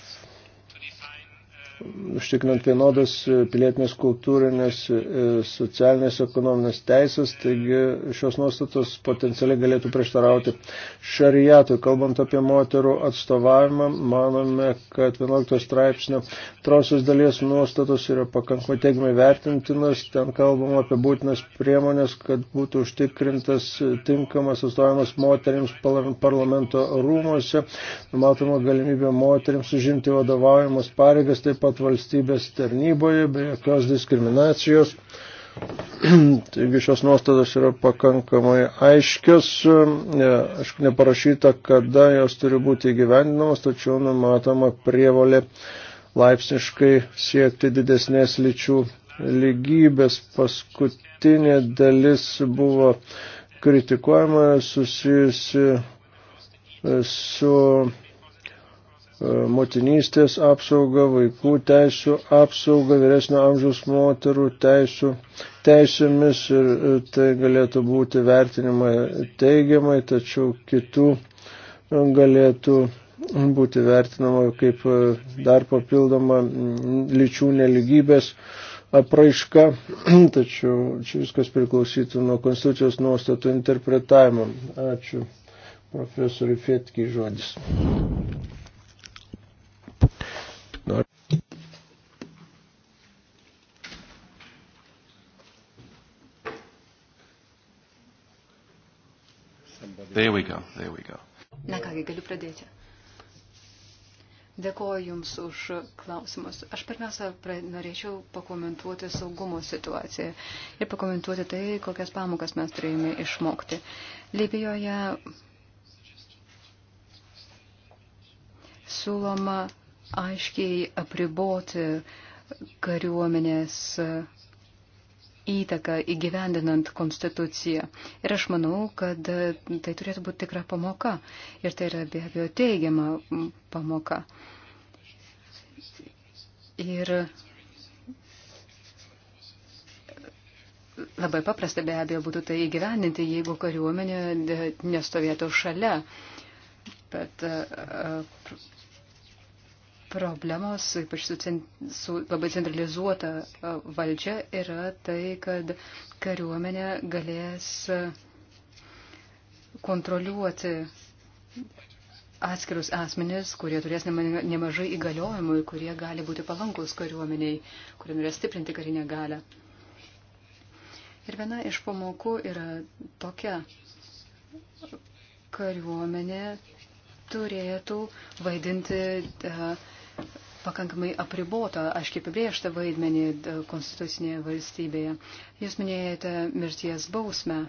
S2: užtikrinant vienodas pilietinės kultūrinės, e, socialinės, ekonominės teisės, taigi šios nuostatos potencialiai galėtų prieštarauti šariatui. Kalbant apie moterų atstovavimą, manome, kad 11 straipsnio trosios dalies nuostatos yra pakankamai teigiamai vertintinas, ten kalbama apie būtinas priemonės, kad būtų užtikrintas tinkamas atstovavimas moterims parlamento rūmose, numatoma galimybė moterims užimti vadovaujamas pareigas, taip pat nuolat valstybės tarnyboje be jokios diskriminacijos. Taigi šios nuostatos yra pakankamai aiškios, aišku, neparašyta, kada jos turi būti įgyvendinamos, tačiau numatoma prievolė laipsniškai siekti didesnės lyčių lygybės. Paskutinė dalis buvo kritikuojama susijusi su E, motinystės apsaugą, vaikų teisų apsaugą, vyresnio amžiaus moterų teisų teisėmis ir e, tai galėtų būti vertinimai teigiamai, tačiau kitų e, galėtų būti vertinama kaip dar papildoma lyčių neligybės apraiška, tačiau čia viskas priklausytų nuo konstitucijos nuostatų interpretavimo. Ačiū profesoriui Fietkiai žodis.
S4: There we go, there we go. Na kągi, galiu pradėti. Dėkoju Jums už klausimus. Aš pirmiausia norėčiau pakomentuoti saugumo situaciją ir pakomentuoti tai, kokias pamokas mes turėjome išmokti. Libijoje siūloma aiškiai apriboti kariuomenės įtaką įgyvendinant konstituciją. Ir aš manau, kad tai turėtų būti tikra pamoka. Ir tai yra be abejo teigiama pamoka. Ir labai paprasta be abejo būtų tai įgyvendinti, jeigu kariuomenė nestovėtų šalia. Bet problemos, ypač su, su labai centralizuota valdžia, yra tai, kad kariuomenė galės kontroliuoti atskirus asmenis, kurie turės nemažai įgaliojimų ir kurie gali būti palankus kariuomeniai, kurie norės stiprinti karinę galę. Ir viena iš pamokų yra tokia. Kariuomenė turėtų vaidinti uh, pakankamai apribotą, aiškiai apibriežtą vaidmenį e, konstitucinėje valstybėje. Jūs minėjote mirties bausmę.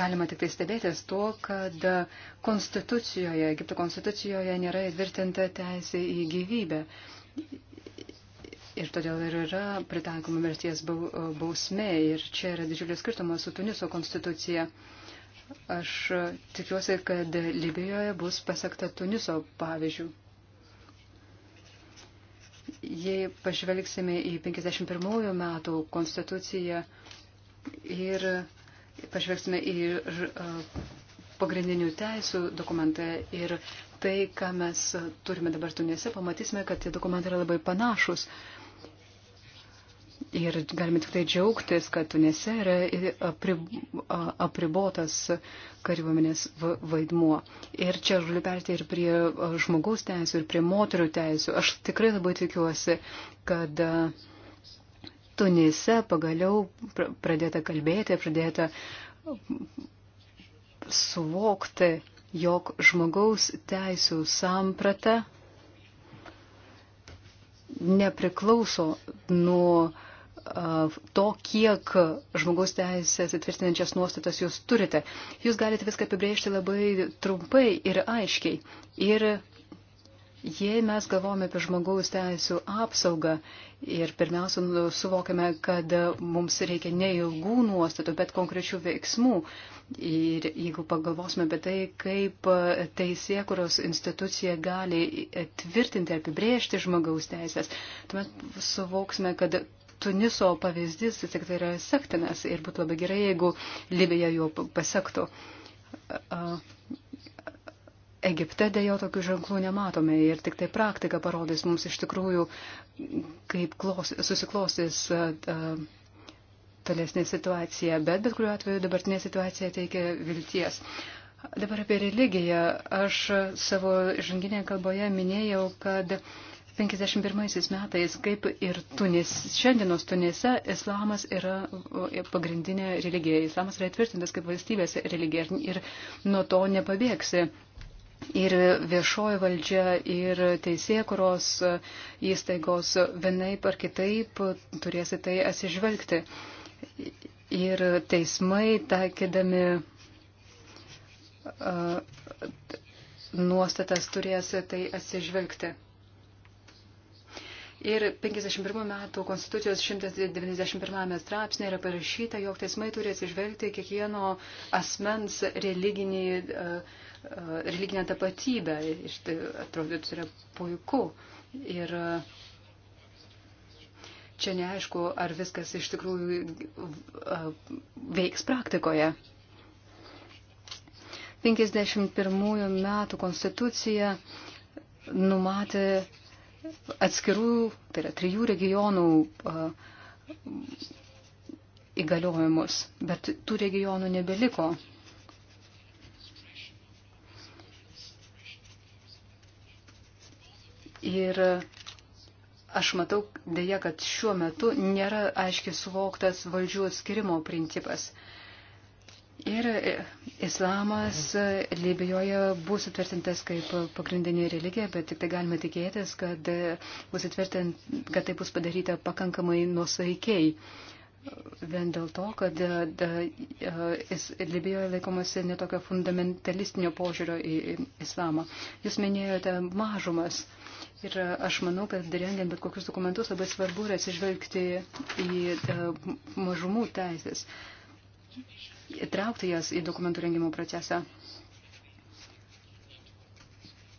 S4: Galima tik tai stebėtis tuo, kad konstitucijoje, Egipto konstitucijoje nėra įtvirtinta teisė į gyvybę. Ir todėl ir yra pritaikoma mirties bausmė. Ir čia yra didžiulis skirtumas su Tuniso konstitucija. Uh, Aš tikiuosi, kad Libijoje bus pasakta Tuniso pavyzdžių. Jei pažvelgsime į 51 metų konstituciją ir pažvelgsime į pagrindinių teisų dokumentą ir tai, ką mes turime dabar Tunise, pamatysime, kad tie dokumentai yra labai panašus. Uh, Ir galime tik tai džiaugtis, kad Tunise yra apribotas kariuomenės vaidmuo. Ir čia galiu perti ir prie žmogaus teisų, ir prie moterų teisų. Aš tikrai labai tikiuosi, kad Tunise pagaliau pradėta kalbėti, pradėta suvokti, jog žmogaus teisų samprata nepriklauso nuo to, kiek žmogaus teisės atvirtinančias nuostatas jūs turite. Jūs galite viską apibrėžti labai trumpai ir aiškiai. Ir jei mes galvojame apie žmogaus teisų apsaugą ir pirmiausia nu, suvokiame, kad mums reikia ne ilgų nuostatų, bet konkrečių veiksmų. Ir jeigu pagalvosime apie tai, kaip teisė, kurios institucija gali tvirtinti ir apibrėžti žmogaus teisės, tuomet suvoksime, kad Tuniso pavyzdys vis tik tai yra sektinas ir būtų labai gerai, jeigu Libija jo pasektų. Egipte dėjo tokių ženklų nematome ir tik tai praktika parodys mums iš tikrųjų, kaip klos, susiklostys tolesnė situacija, bet bet kuriuo atveju dabartinė situacija teikia vilties. Dabar apie religiją. Aš savo žanginėje kalboje minėjau, kad uh, 51 metais, kaip ir Tunis, šiandienos Tunise islamas yra pagrindinė religija. Islamas yra įtvirtintas kaip valstybės religija ir nuo to nepabėgsi. Ir viešoji valdžia, ir teisėkuros įstaigos vienai par kitaip turėsi tai atsižvelgti. Ir teismai, taikydami uh, nuostatas, turėsi tai atsižvelgti. Ir 51 metų Konstitucijos 191 straipsnė yra parašyta, jog teismai turi atsižvelgti kiekvieno asmens religinį, e, e, religinę tapatybę. Ir tai atrodo, tai yra puiku. Ir e, čia neaišku, ar viskas iš tikrųjų veiks praktikoje. 51 metų Konstitucija numatė atskirų, tai yra trijų regionų įgaliojimus, bet tų regionų nebeliko. Ir aš matau dėja, kad šiuo metu nėra aiškiai suvoktas valdžių atskirimo principas. Uh, Ir e, islamas e, Libijoje bus įtvirtintas kaip pagrindinė religija, bet tik tai galima tikėtis, kad, e, bus įtvirtint, kad tai bus padaryta pakankamai nusaikiai. Vien dėl to, kad da, is, Libijoje laikomasi netokio fundamentalistinio požiūrio į, į islamą. Jūs minėjote mažumas. Ir aš manau, kad rengiant bet kokius dokumentus labai svarbu yra atsižvelgti į da, mažumų teisės įtraukti jas į dokumentų rengimo procesą.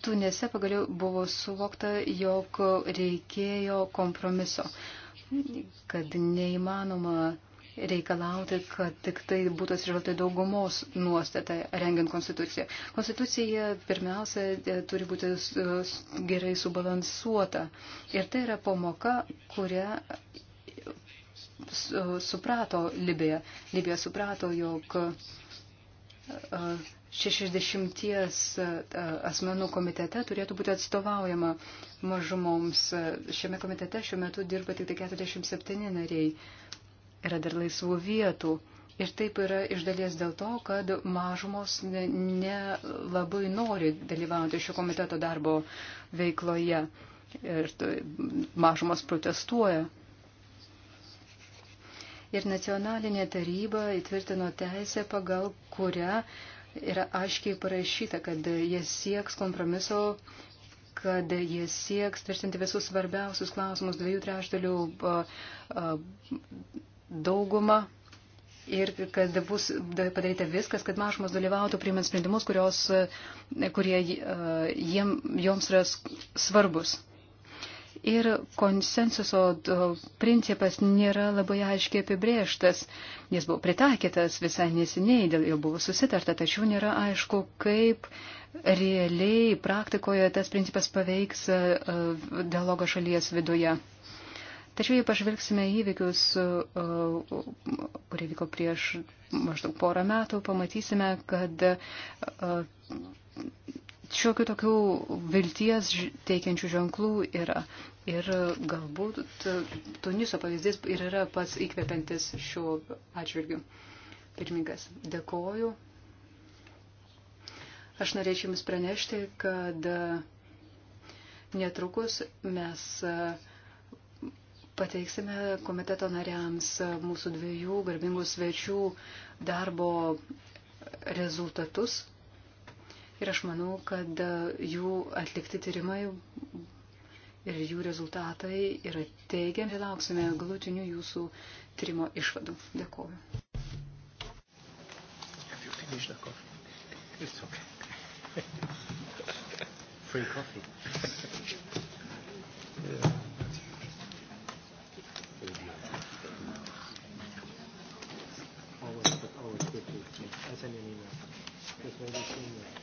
S4: Tunise pagaliau buvo suvokta, jog reikėjo kompromiso, kad neįmanoma reikalauti, kad tik tai būtų atsižvelgta daugumos nuostata rengiant konstituciją. Konstitucija pirmiausia e, turi būti gerai subalansuota. Ir tai yra pamoka, kurią suprato Libiją. Libija suprato, jog 60 e, e, asmenų komitete turėtų būti atstovaujama mažumoms. Šiame komitete šiuo metu dirba tik 47 tai nariai. Yra dar laisvų vietų. Ir taip yra iš dalies dėl to, kad mažumos nelabai ne nori dalyvauti šio komiteto darbo veikloje. Ir mažumos protestuoja ir nacionalinė taryba įtvirtino teisę, pagal kurią yra aiškiai parašyta, kad jie sieks kompromiso kad jie sieks tvirtinti visus svarbiausius klausimus dviejų trešdalių daugumą ir kad bus padaryta viskas, kad mažumas dalyvautų priimant sprendimus, kurios, kurie jiem, joms yra svarbus ir konsensuso principas nėra labai aiškiai apibrėžtas. Jis buvo pritaikytas visai nesiniai, dėl jo buvo susitarta, tačiau nėra aišku, kaip realiai praktikoje tas principas paveiks e, e, dialogą šalies viduje. Tačiau jei pažvelgsime įvykius, e, kurie vyko prieš maždaug porą metų, pamatysime, kad šiokių tokių vilties teikiančių ženklų yra. Ir galbūt Tuniso pavyzdys ir yra pats įkvepiantis šiuo atžvilgiu. Pirmingas, dėkoju. Aš norėčiau Jums pranešti, kad netrukus mes pateiksime komiteto nariams mūsų dviejų garbingų svečių darbo rezultatus Ir aš manau, kad e, jų atlikti tyrimai ir jų rezultatai yra teigiami. Lauksime galutinių jūsų tyrimo išvadų. Dėkuoju. Free coffee.
S6: yeah. Always, always good to send an email. That's why we send that.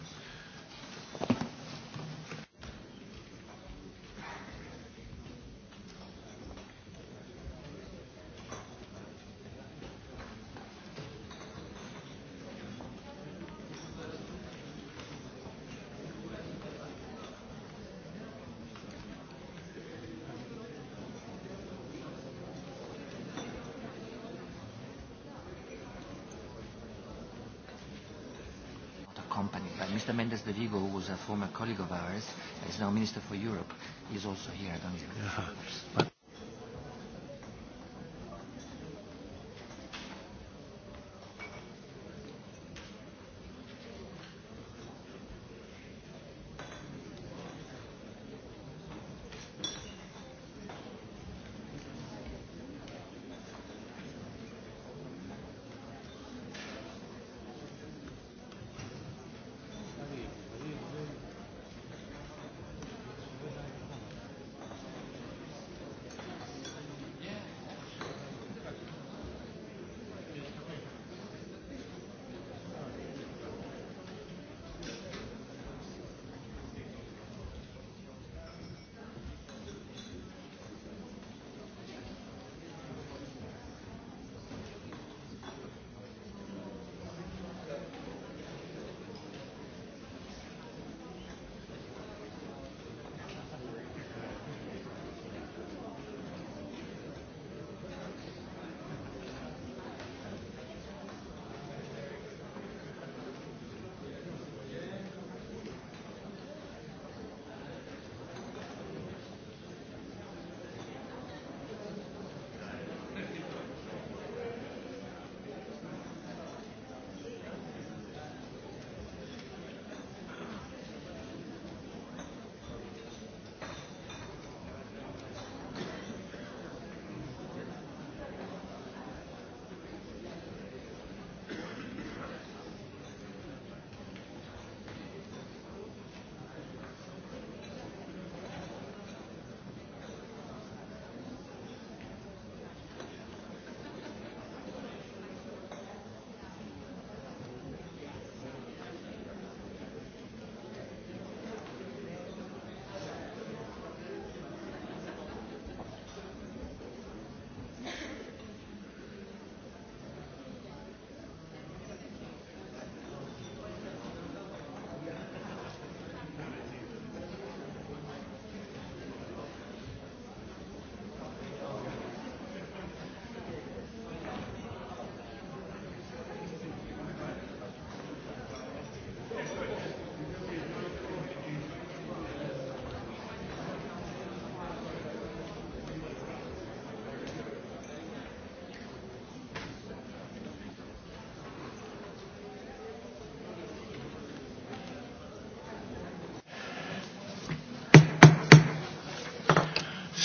S6: former colleague of ours, is now Minister for Europe. He's also here, I don't know. Yeah. But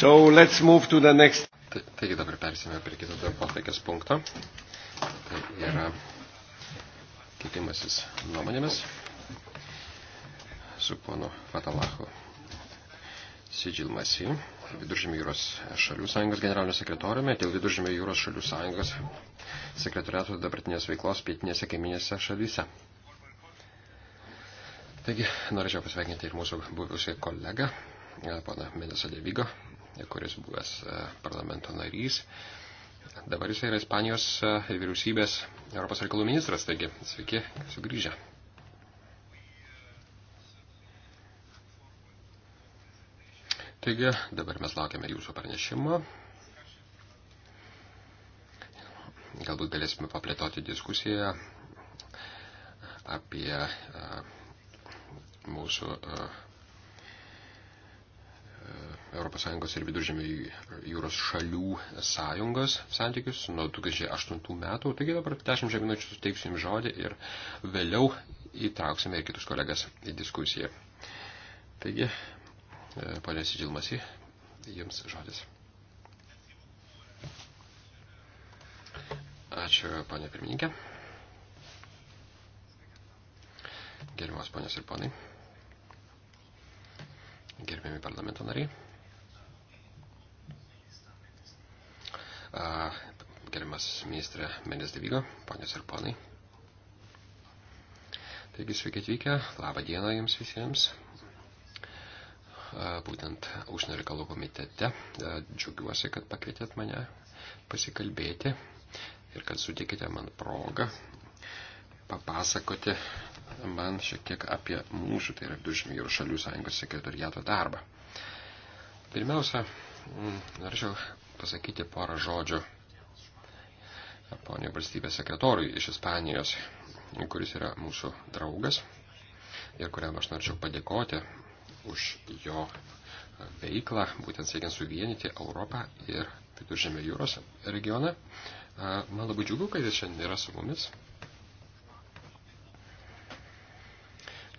S5: So let's move to the next. Taigi dabar persime prie kito darbotvarkės punkto. Tai yra keitimasis nuomonėmis su ponu Fatalahu Sidžilmasi, Viduržymio jūros šalių sąjungos generalinio sekretoriumi, dėl Viduržymio jūros šalių sąjungos sekretoriato dabartinės veiklos pietinėse kaiminėse šalyse. Taigi, norėčiau pasveikinti ir mūsų buvusią kolegą, e, pana Menesa Devigo, kuris buvęs e, parlamento narys. Dabar jis yra Ispanijos e, vyriausybės Europos reikalų ministras, taigi sveiki, sugrįžę. Taigi, dabar mes laukiame jūsų pranešimo. Galbūt galėsime paplėtoti diskusiją apie a, e, mūsų a, ES ir viduržėmio jūros šalių sąjungos santykius nuo 2008 metų. Taigi dabar 10 minučių suteiksiu jums žodį ir vėliau įtrauksime ir kitus kolegas į diskusiją. Taigi, e, ponė Sidžilmasi, jums žodis. Ačiū, ponė pirmininkė. Gerbiamas ponės ir ponai. Gerbiami parlamento nariai. Gerbiamas ministrė Mendes Devygo, ponios ir ponai. Taigi sveiki atvykę, laba diena jums visiems. Būtent užsienio reikalų komitete džiaugiuosi, kad pakvietėt mane pasikalbėti ir kad sutikite man progą papasakoti man šiek tiek apie mūsų, tai yra Viduržymio jūros šalių sąjungos sekretoriato darbą. Pirmiausia, norėčiau pasakyti porą žodžių ponio valstybės sekretoriui iš Ispanijos, kuris yra mūsų draugas ir kuriam aš norėčiau padėkoti už jo veiklą, būtent siekiant suvienyti Europą ir Viduržėmio jūros regioną. Man labai džiugu, kad jis šiandien yra su mumis,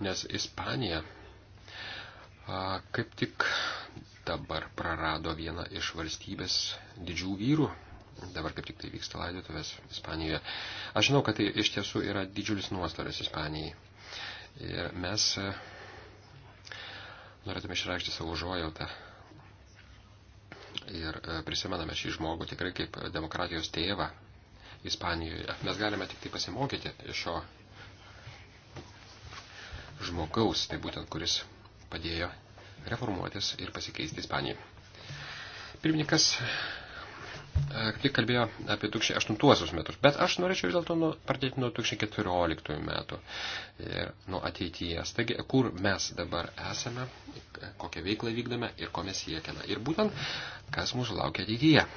S5: nes Ispanija kaip tik dabar prarado vieną iš valstybės didžių vyrų Dabar kaip tik tai vyksta laidotuvės Ispanijoje. Aš žinau, kad tai iš tiesų yra didžiulis nuostolis Ispanijai. Ir mes e, norėtume išreikšti savo užuojautą. Ir e, prisimename šį žmogų tikrai kaip demokratijos tėvą Ispanijoje. Mes galime tik tai pasimokyti iš šio žmogaus, tai būtent kuris padėjo reformuotis ir pasikeisti Ispanijai. Pirmininkas kaip tik kalbėjo apie 2008 metus, bet aš norėčiau vis dėlto nu, pradėti nuo 2014 metų ir e, nuo ateities. Taigi, kur mes dabar esame, kokią veiklą vykdome ir ko mes siekiame. Ir būtent, kas mūsų laukia ateityje.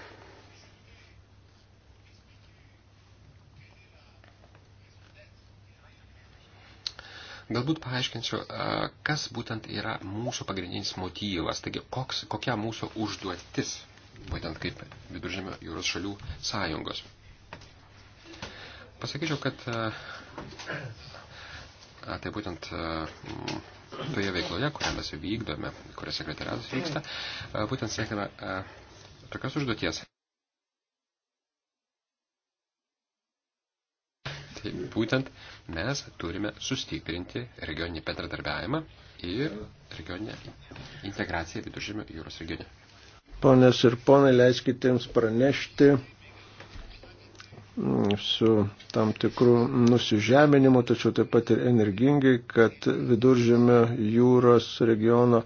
S5: Galbūt paaiškinsiu, e, kas būtent yra mūsų pagrindinis motyvas, taigi koks, kokia mūsų užduotis būtent kaip viduržėmio jūros šalių sąjungos. Pasakyčiau, kad a, tai būtent a, toje veikloje, kurią mes vykdome, kurio sekretariatas vyksta, a, būtent siekime tokios užduoties. Tai būtent mes turime sustiprinti regioninį bendradarbiavimą ir regioninę integraciją viduržėmio jūros regione.
S2: Ponės ir ponai, leiskite jums pranešti su tam tikrų nusižeminimu, tačiau taip pat ir energingai, kad viduržėmio jūros regiono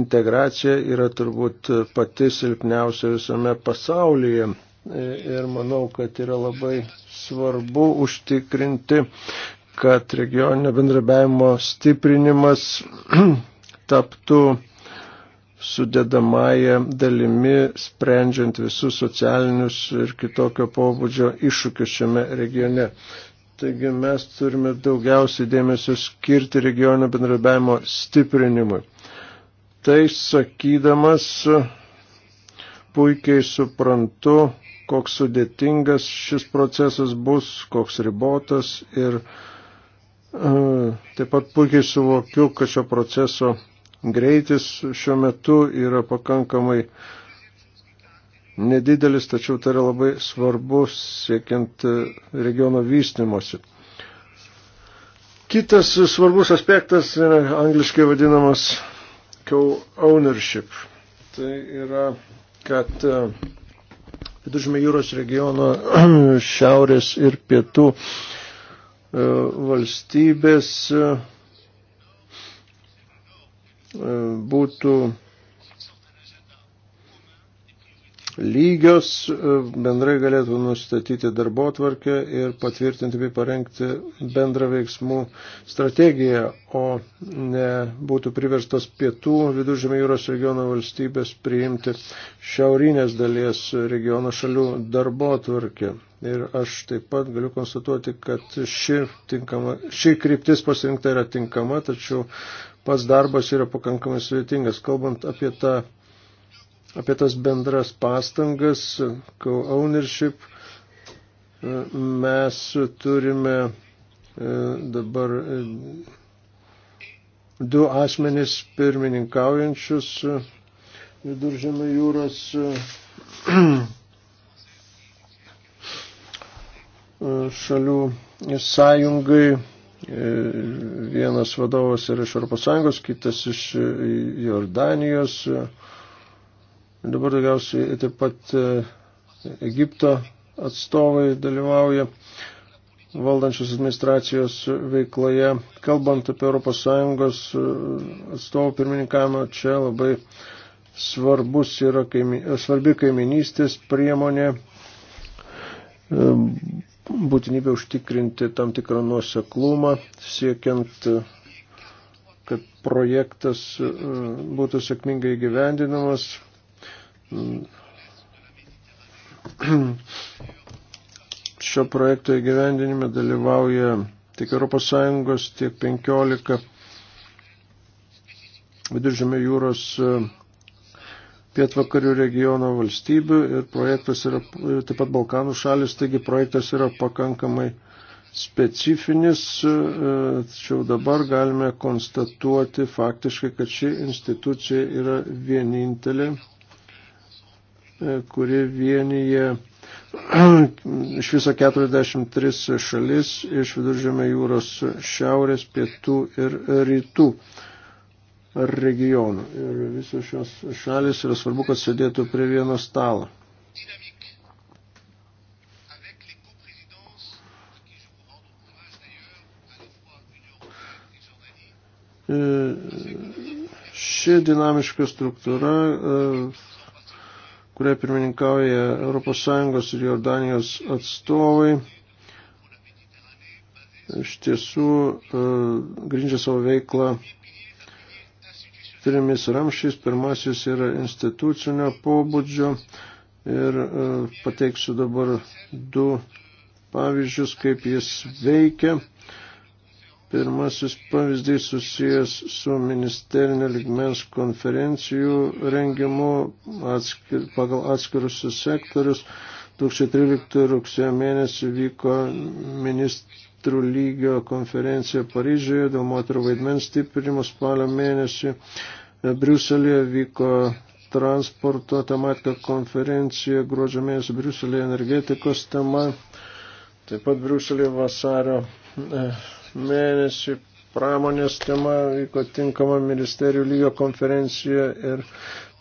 S2: integracija yra turbūt pati silpniausia visame pasaulyje. Ir manau, kad yra labai svarbu užtikrinti, kad regioninio bendrabiavimo stiprinimas taptų sudėdamąją dalimi, sprendžiant visus socialinius ir kitokio pobūdžio iššūkius šiame regione. Taigi mes turime daugiausiai dėmesio skirti regionio bendradarbiavimo stiprinimui. Tai sakydamas, puikiai suprantu, koks sudėtingas šis procesas bus, koks ribotas ir uh, taip pat puikiai suvokiu, kad šio proceso greitis šiuo metu yra pakankamai nedidelis, tačiau tai yra labai svarbus siekiant e, regiono vystimosi. Kitas svarbus aspektas yra angliškai vadinamas co-ownership. Tai yra, kad e, Vidužmė jūros regiono šiaurės ir pietų e, valstybės E, būtų lygios, e, bendrai galėtų nustatyti darbo tvarkę ir patvirtinti bei parengti bendrą veiksmų strategiją, o ne būtų priverstos pietų viduržėmė jūros regiono valstybės priimti šiaurinės dalies regiono šalių darbo tvarkę. Ir aš taip pat galiu konstatuoti, kad ši, tinkama, ši kryptis pasirinkta yra tinkama, tačiau pats darbas yra pakankamai sudėtingas. Kalbant apie, tą, apie tas bendras pastangas, co-ownership, mes turime e, dabar e, du asmenys pirmininkaujančius e, viduržėmio jūros šalių sąjungai Vienas vadovas yra iš ES, kitas iš Jordanijos. Dabar daugiausiai taip pat e, Egipto atstovai dalyvauja valdančios administracijos veikloje. Kalbant apie ES e, atstovų pirmininkavimą, čia labai svarbus yra kaimi, svarbi kaiminystės priemonė. E, būtinybė užtikrinti tam tikrą nuoseklumą, siekiant, kad projektas e, būtų sėkmingai gyvendinamas. Šio projekto įgyvendinime dalyvauja tiek ES, tiek 15 Viduržėmio jūros e, pietvakarių regiono valstybių ir projektas yra, taip pat Balkanų šalis, taigi projektas yra pakankamai specifinis, e, tačiau dabar galime konstatuoti faktiškai, kad ši institucija yra vienintelė, e, kuri vienyje iš viso 43 šalis iš viduržėme jūros šiaurės, pietų ir rytų ar regionų. Ir visos šios šalis yra svarbu, kad sėdėtų prie vieno stalo. E, ši dinamiška struktūra, e, kuriai pirmininkauja ES ir Jordanijos atstovai, iš tiesų e, grindžia savo veiklą trimis ramšiais. Pirmasis yra institucinio pobūdžio ir e, pateiksiu dabar du pavyzdžius, kaip jis veikia. Pirmasis pavyzdys susijęs su ministerinio ligmens konferencijų rengimu atskir, pagal atskirus sektorius. 2013 rugsėjo mėnesį vyko minist, ministrų lygio konferencija Paryžiuje dėl moterų vaidmens stiprinimo spalio mėnesį. E, Briuselėje vyko transporto tematika konferencija, gruodžio mėnesį Briuselėje energetikos tema, taip pat Briuselėje vasario e, mėnesį pramonės tema vyko tinkama ministerijų lygio konferencija ir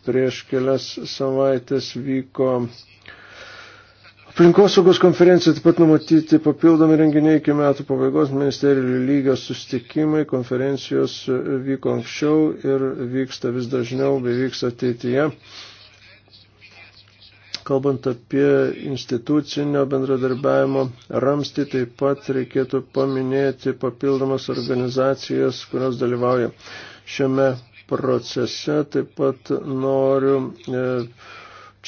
S2: prieš kelias savaitės vyko Aplinkosaugos konferencija taip pat numatyti papildomi renginiai iki metų pabaigos ministerijų lygio sustikimai, konferencijos vyko anksčiau ir vyksta vis dažniau bei vyks ateityje. Kalbant apie institucinio bendradarbiavimo ramstį, taip pat reikėtų paminėti papildomas organizacijas, kurios dalyvauja šiame procese. Taip pat noriu. E,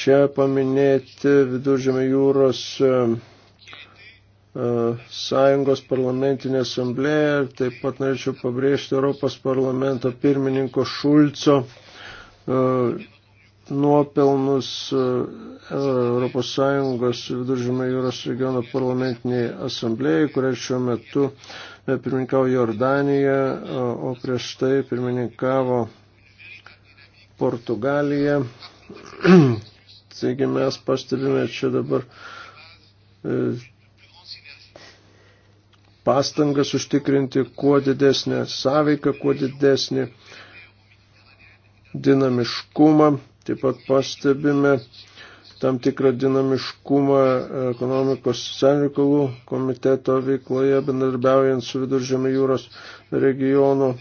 S2: Čia paminėti Viduržėmio jūros e, e, Sąjungos parlamentinė asamblėja ir taip pat norėčiau pabrėžti Europos parlamento pirmininko Šulco e, nuopelnus Europos Sąjungos viduržymio jūros regiono parlamentiniai asamblėjai, kurie šiuo metu pirmininkavo Jordanija, o prieš tai pirmininkavo Portugalija. Taigi mes pastebime čia dabar e, pastangas užtikrinti kuo didesnę sąveiką, kuo didesnį dinamiškumą. Taip pat pastebime tam tikrą dinamiškumą e, ekonomikos senrikalų komiteto veikloje, bendarbiaujant su viduržėmio jūros regiono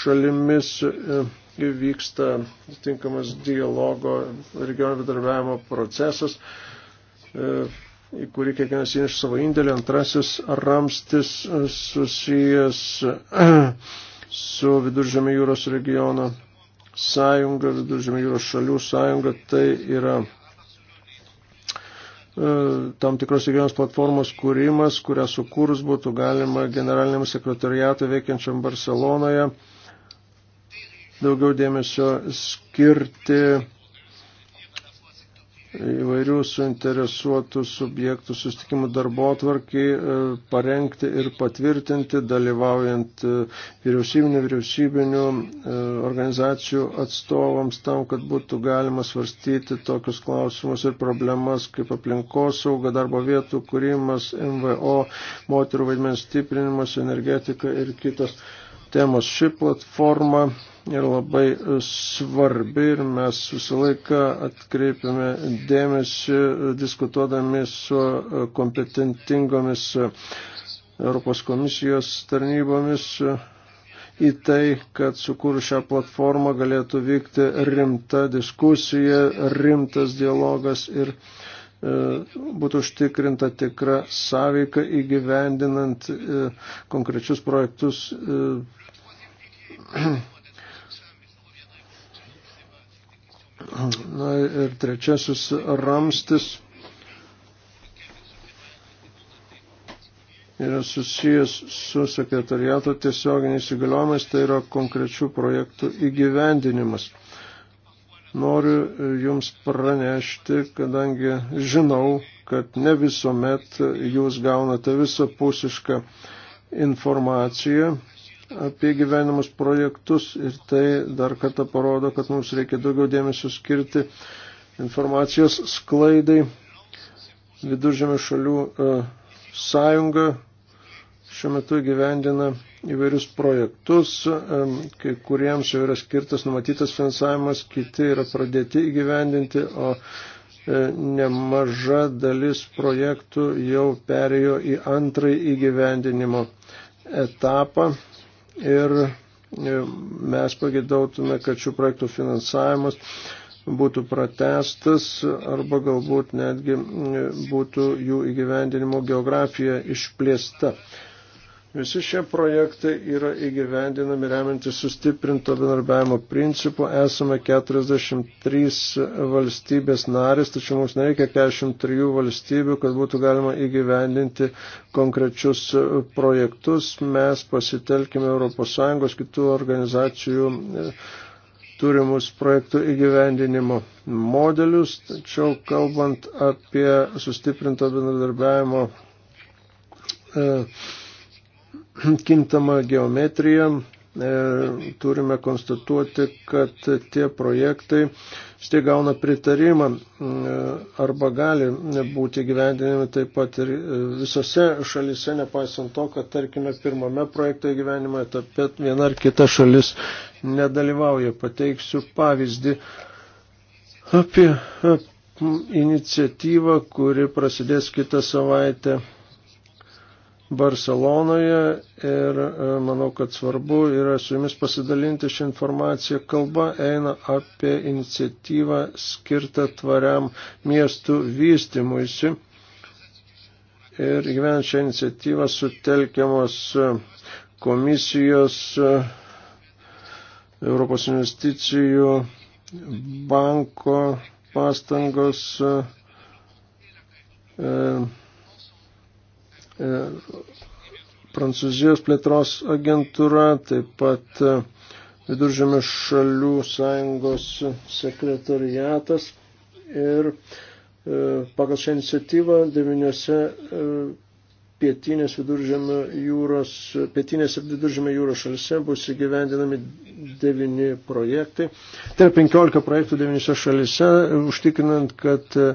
S2: šalimis. E, vyksta tinkamas dialogo regionų bedarbiavimo procesas, e, į kurį kiekvienas įneš savo indėlį. Antrasis ramstis susijęs su Viduržėmė jūros regiono sąjunga, Viduržėmė jūros šalių sąjunga, tai yra e, tam tikros regionos platformos kūrimas, kurią sukūrus būtų galima generaliniam sekretariatui veikiančiam Barcelonoje daugiau dėmesio skirti įvairių suinteresuotų subjektų sustikimų darbo atvarkiai e, parengti ir patvirtinti, dalyvaujant e, vyriausybinių, vyriausybinių e, organizacijų atstovams tam, kad būtų galima svarstyti tokius klausimus ir problemas kaip aplinkosauga, darbo vietų kūrimas, MVO, moterų vaidmens stiprinimas, energetika ir kitos temos. Ši platforma yra labai svarbi ir mes visą laiką atkreipiame dėmesį diskutuodami su kompetentingomis Europos komisijos tarnybomis į tai, kad sukūrus šią platformą galėtų vykti rimta diskusija, rimtas dialogas ir e, būtų užtikrinta tikra sąveika įgyvendinant e, konkrečius projektus e, Na ir trečiasis ramstis yra susijęs su sekretariato tiesioginiais įgaliojimais, tai yra konkrečių projektų įgyvendinimas. Noriu Jums pranešti, kadangi žinau, kad ne visuomet Jūs gaunate visapusišką informaciją apie gyvenimus projektus ir tai dar kartą parodo, kad mums reikia daugiau dėmesio skirti informacijos sklaidai. Viduržėmio šalių e, sąjunga šiuo metu gyvendina įvairius projektus, e, kai kuriems jau yra skirtas numatytas finansavimas, kiti yra pradėti įgyvendinti, o e, nemaža dalis projektų jau perėjo į antrąjį įgyvendinimo etapą ir e, mes pagėdautume, kad šių projektų finansavimas būtų pratestas arba galbūt netgi e, būtų jų įgyvendinimo geografija išplėsta. Visi šie projektai yra įgyvendinami remiantis sustiprinto bendarbiavimo principu. Esame 43 valstybės narės, tačiau mums nereikia 43 valstybių, kad būtų galima įgyvendinti konkrečius projektus. Mes pasitelkime ES kitų organizacijų e, turimus projektų įgyvendinimo modelius, tačiau kalbant apie sustiprinto bendradarbiavimo e, kintamą geometriją e, turime konstatuoti, kad tie projektai štai gauna pritarimą arba gali būti gyvendinami taip pat ir e, visose šalise, nepaisant to, kad tarkime pirmame projekto gyvenimo etape viena ar kita šalis nedalyvauja. Pateiksiu pavyzdį apie e, iniciatyvą, kuri prasidės kitą savaitę Barcelonoje ir e, manau, kad svarbu yra su jumis pasidalinti šią informaciją. Kalba eina apie iniciatyvą skirtą tvariam miestų vystimuisi. Ir gyvenant šią iniciatyvą sutelkiamos komisijos e, Europos investicijų banko pastangos. E, e E, Prancūzijos plėtros agentūra, taip pat e, Viduržėmio šalių sąjungos sekretariatas ir e, pagal šią iniciatyvą devyniose pietinės viduržėmio jūros, pietinės ir viduržėmio jūros šalise bus įgyvendinami 9 projektai. Tai yra 15 projektų 9 šalise, užtikrinant, kad e,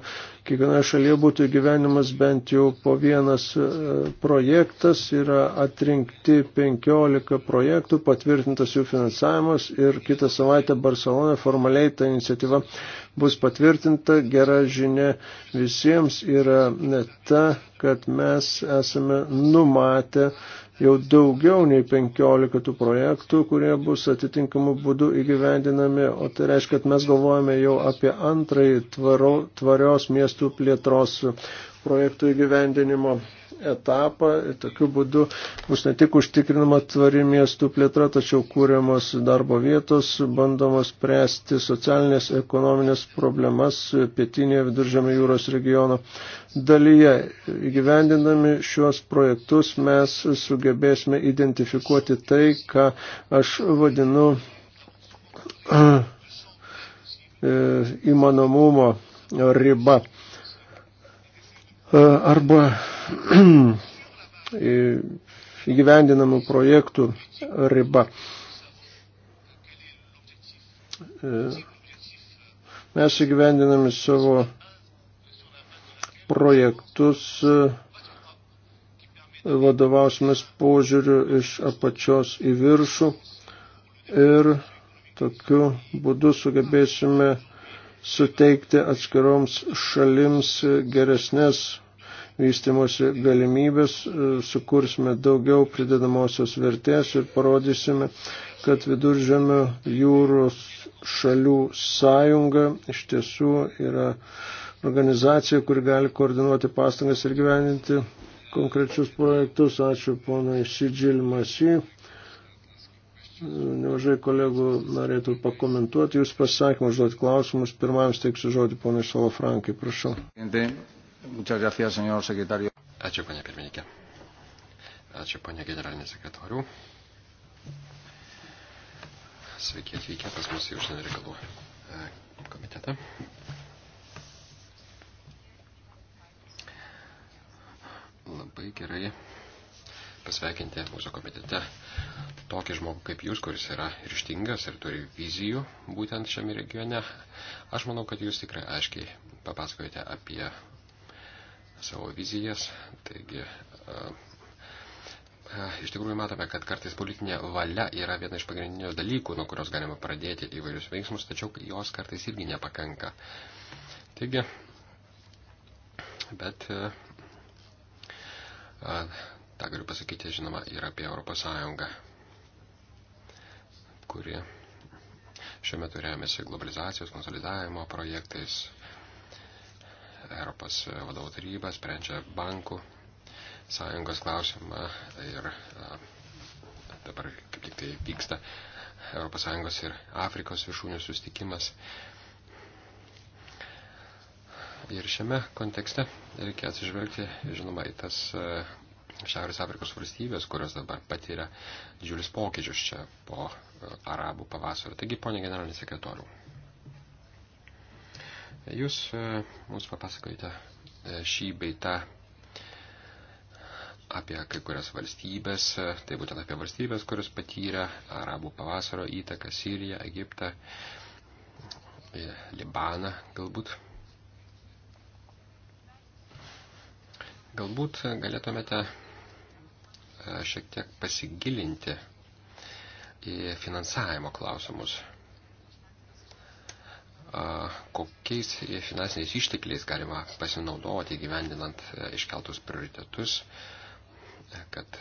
S2: kiekvienoje šalyje būtų įgyvenimas bent jau po vienas e, projektas, yra atrinkti 15 projektų, patvirtintas jų finansavimas ir kitą savaitę Barcelona formaliai ta iniciatyva bus patvirtinta. Gera žinia visiems yra ta, kad mes esame numatę jau daugiau nei 15 tų projektų, kurie bus atitinkamų būdų įgyvendinami, o tai reiškia, kad mes galvojame jau apie antrąjį tvaro, tvarios miestų plėtros projektų įgyvendinimo etapą. Tokiu būdu bus ne tik užtikrinama tvari miestų plėtra, tačiau kūriamos darbo vietos, bandomos spręsti socialinės, ekonominės problemas pietinėje viduržėme jūros regiono dalyje. Įgyvendindami šiuos projektus mes sugebėsime identifikuoti tai, ką aš vadinu e, įmanomumo riba E, arba įgyvendinamų projektų riba. E, mes įgyvendiname savo projektus e, vadovausimės požiūriu iš apačios į viršų ir tokiu būdu sugebėsime suteikti atskiroms šalims geresnės vystimosi galimybės, sukursime daugiau pridedamosios vertės ir parodysime, kad viduržėmio jūros šalių sąjunga iš tiesų yra organizacija, kuri gali koordinuoti pastangas ir gyveninti konkrečius projektus. Ačiū ponai Sidžil Masi nemažai kolegų norėtų pakomentuoti jūs pasakymą, užduoti klausimus. Pirmam steiksiu žodį ponai Salafrankai, prašau.
S5: Ačiū, ponė pirmininkė. Ačiū, ponė generalinė sekretorių. Sveiki atvykę pas mus į užsienio reikalų e, komitetą. Labai gerai pasveikinti mūsų komitete tokį žmogų kaip jūs, kuris yra ryštingas ir turi vizijų būtent šiame regione. Aš manau, kad jūs tikrai aiškiai papasakojate apie savo vizijas. Taigi, e, e, iš tikrųjų matome, kad kartais politinė valia yra viena iš pagrindinių dalykų, nuo kurios galima pradėti įvairius veiksmus, tačiau jos kartais irgi nepakanka. Taigi, bet e, tą galiu pasakyti, žinoma, ir apie Europos Sąjungą, kuri šiuo metu remiasi globalizacijos konsolidavimo projektais. Europos vadovų taryba sprendžia bankų sąjungos klausimą ir a, dabar kaip tik tai vyksta Europos sąjungos ir Afrikos viršūnių sustikimas. Ir šiame kontekste reikia atsižvelgti, žinoma, į tas Šiaurės Afrikos valstybės, kurios dabar patiria didžiulis pokyčius čia po e, arabų pavasario. Taigi, ponė generalinė sekretorių, jūs e, mums papasakojate e, šį beitą apie kai kurias valstybės, tai būtent apie valstybės, kurios patyrė arabų pavasario įtaką Siriją, Egiptą, Libaną galbūt. Galbūt galėtumėte E, šiek tiek pasigilinti į finansavimo klausimus. E, kokiais finansiniais ištekliais galima pasinaudoti gyvendinant e, iškeltus prioritetus, kad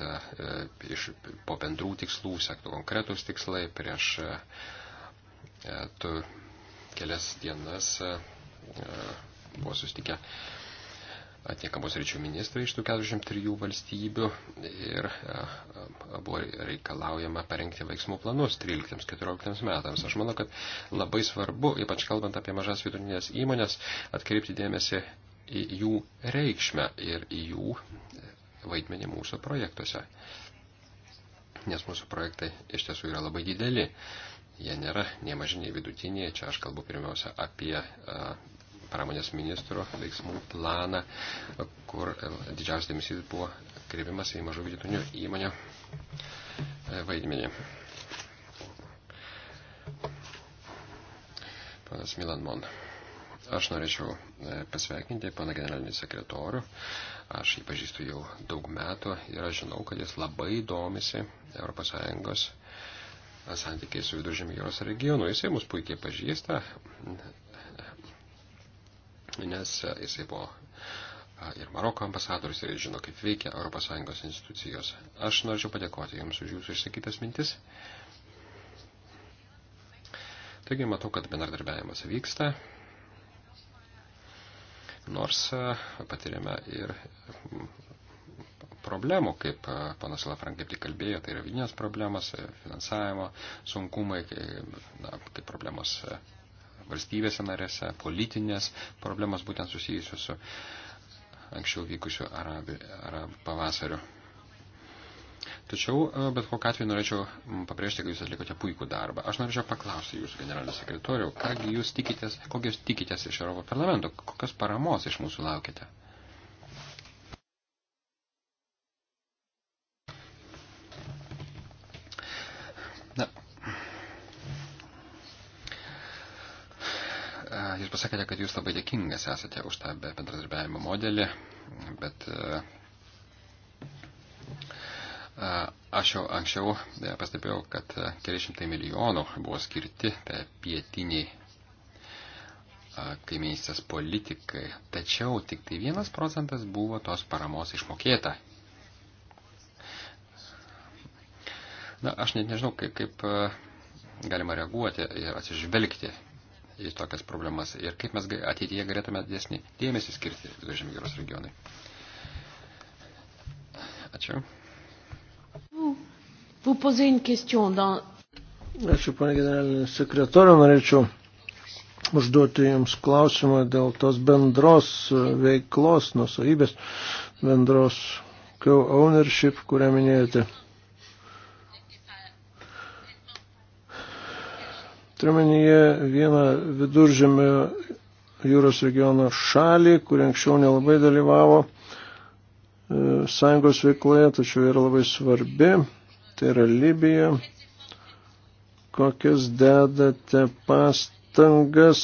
S5: iš, po bendrų tikslų sektų konkretus tikslai prieš tu kelias dienas buvo sustikę atliekamos ryčių ministrai iš tų 43 valstybių ir e, e, buvo reikalaujama parengti veiksmų planus 13-14 metams. Aš manau, kad labai svarbu, ypač kalbant apie mažas vidutinės įmonės, atkreipti dėmesį į jų reikšmę ir į jų vaidmenį mūsų projektuose. Nes mūsų projektai iš tiesų yra labai dideli. Jie nėra nei maži, nei vidutiniai. Čia aš kalbu pirmiausia apie e, pramonės ministro veiksmų planą, kur e, didžiausias dėmesys buvo kreipiamas į mažų vidutinių įmonių e, vaidmenį. Panas Milan Mon. Aš norėčiau e, pasveikinti pana generalinį sekretorių. Aš jį pažįstu jau daug metų ir aš žinau, kad jis labai domisi ES santykiai su viduržėmio jūros regionu. Jisai mus puikiai pažįsta, nes e, jisai buvo e, ir Maroko ambasadorius ir žino, kaip veikia ES institucijos. Aš norėčiau padėkoti Jums už Jūsų išsakytas mintis. Taigi matau, kad bendradarbiavimas vyksta, nors e, patiriame ir mm, problemų, kaip panas Lafrank kaip tik kalbėjo, tai yra vidinės problemas, finansavimo sunkumai, kaip, na, kaip problemos valstybėse narėse, politinės problemas būtent susijusios su anksčiau vykusiu arabų arab pavasariu. Tačiau, e, bet kokiu atveju, norėčiau pabrėžti, kad jūs atlikote puikų darbą. Aš norėčiau paklausti jūsų generalinio sekretoriau, kągi jūs tikitės, kokios tikitės iš Europos parlamento, kokios paramos iš mūsų laukite. Jūs pasakėte, kad jūs labai dėkingas esate už tą bendradarbiavimo modelį, bet e, e, aš jau anksčiau e, pastebėjau, kad keli šimtai milijonų buvo skirti pietiniai kaiminystės politikai, tačiau tik tai vienas procentas buvo tos paramos išmokėta. Na, aš net nežinau, kaip, kaip galima reaguoti ir atsižvelgti į tokias problemas ir kaip mes ateityje galėtume didesnį dėmesį skirti Viduržėmio jūros regionui. Ačiū.
S7: Ačiū,
S2: pane generalinė sekretorė, norėčiau užduoti Jums klausimą dėl tos bendros veiklos, nusavybės, bendros co-ownership, kurią minėjote. Turiuomenyje vieną viduržėmio jūros regiono šalį, kuri anksčiau nelabai dalyvavo e, sąjungos veikloje, tačiau yra labai svarbi. Tai yra Libija. Kokias dedate pastangas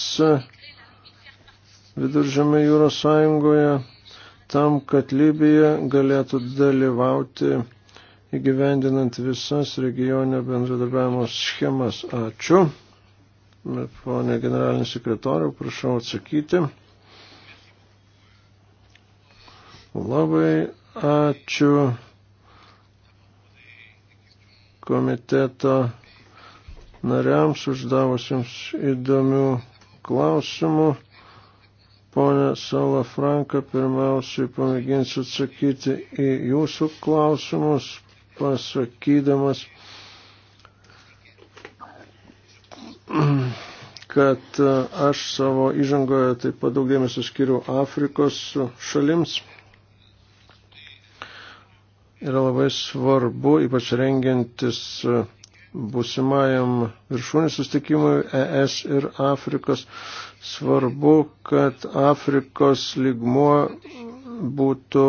S2: viduržėmio jūros sąjungoje tam, kad Libija galėtų dalyvauti įgyvendinant visas regioninio bendradarbiavimo schemas. Ačiū. Pone generalinį sekretorių, prašau atsakyti. Labai ačiū komiteto nariams uždavusiems įdomių klausimų. Pone Salafranka, pirmiausiai pamėginsiu atsakyti į jūsų klausimus, pasakydamas, kad e, aš savo įžangoje taip pat daug dėmesio skiriu Afrikos šalims. Yra labai svarbu, ypač rengiantis e, būsimajam viršūnės sustikimui ES ir Afrikos, svarbu, kad Afrikos lygmuo būtų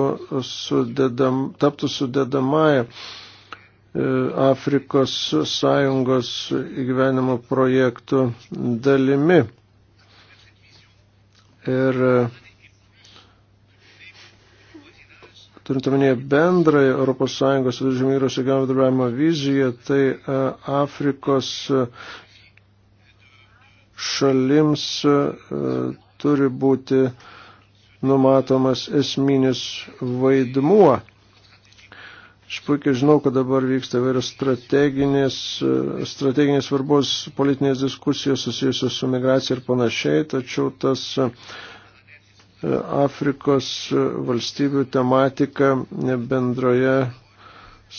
S2: sudedam, taptų sudedamąją E, Afrikos sąjungos įgyvenimo projektų dalimi. Ir e, turint omenyje bendrąją ES viduržemyros įgyvenimo darbiavimo viziją, tai e, Afrikos šalims turi būti numatomas esminis vaidmuo Aš puikiai žinau, kad dabar vyksta vairios strateginės, e, strateginės svarbos politinės diskusijos susijusios su migracija ir panašiai, tačiau tas e, Afrikos e, valstybių tematika bendroje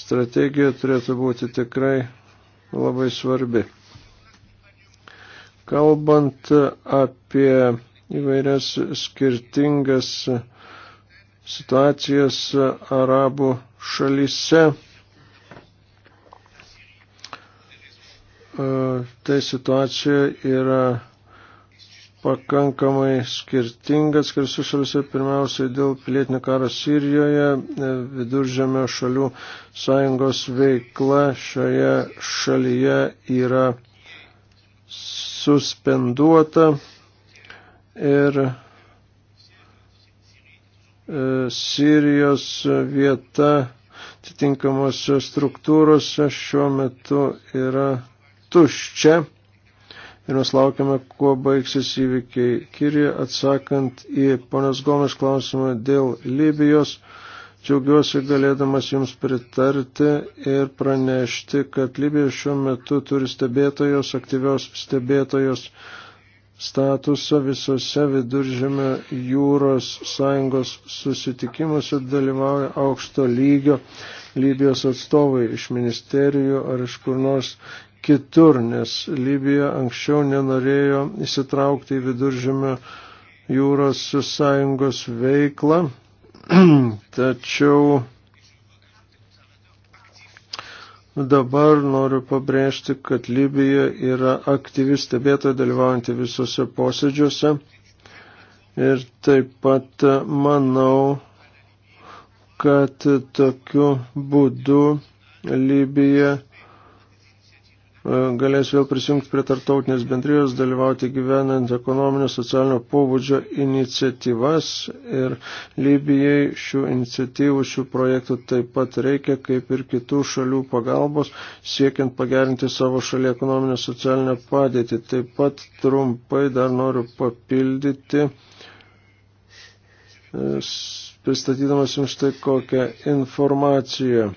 S2: strategijoje turėtų būti tikrai labai svarbi. Kalbant apie įvairias skirtingas situacijas arabų šalyse e, tai situacija yra pakankamai skirtinga atskirsiu šalise, pirmiausiai dėl pilietinio karo Sirijoje, e, viduržėmio šalių sąjungos veikla šioje šalyje yra suspenduota ir E, Sirijos vieta atitinkamos struktūros šiuo metu yra tuščia ir mes laukiame, kuo baigsis įvykiai. Kirija, atsakant į ponios Gomes klausimą dėl Libijos, džiaugiuosi galėdamas jums pritarti ir pranešti, kad Libija šiuo metu turi stebėtojos, aktyvios stebėtojos statusą visose viduržėme jūros sąjungos susitikimuose dalyvauja aukšto lygio Libijos atstovai iš ministerijų ar iš kur nors kitur, nes Libija anksčiau nenorėjo įsitraukti į viduržėme jūros sąjungos veiklą, tačiau Dabar noriu pabrėžti, kad Libija yra aktyvi stebėtoja dalyvaujanti visose posėdžiuose. Ir taip pat e, manau, kad tokiu būdu Libija E, galės vėl prisijungti prie tartautinės bendrijos, dalyvauti gyvenant ekonominio socialinio pobūdžio iniciatyvas ir Libijai šių iniciatyvų, šių projektų taip pat reikia, kaip ir kitų šalių pagalbos, siekiant pagerinti savo šalį ekonominio socialinio padėtį. Taip pat trumpai dar noriu papildyti e, pristatydamas jums štai kokią informaciją.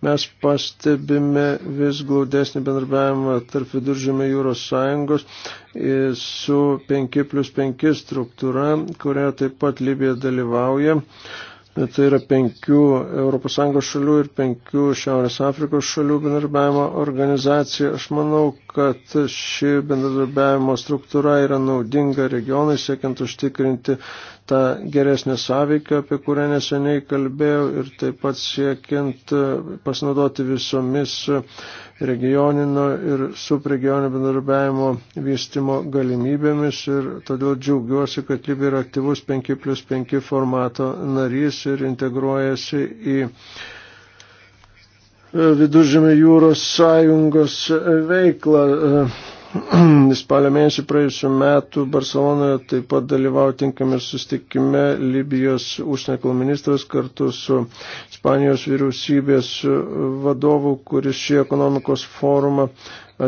S2: Mes pastebime vis glaudesnį bendarbiavimą tarp viduržėmio jūros sąjungos su 5 plus 5 struktūra, kurioje taip pat Libija dalyvauja. Tai yra penkių ES šalių ir penkių Šiaurės Afrikos šalių bendradarbiavimo organizacija. Aš manau, kad ši bendradarbiavimo struktūra yra naudinga regionai, siekiant užtikrinti tą geresnę sąveiką, apie kurią neseniai kalbėjau, ir taip pat siekiant e, pasinaudoti visomis regioninio ir subregioninio bendarbiavimo vystimo galimybėmis. Ir todėl džiaugiuosi, kad Libija yra aktyvus 5 plus 5 formato narys ir integruojasi į e, Viduržėmė jūros sąjungos veiklą. E, Spalio mėnesį praėjusiu metu Barcelonoje taip pat dalyvau tinkame sustikime Libijos užsienio ministras kartu su Ispanijos vyriausybės vadovu, kuris šį ekonomikos forumą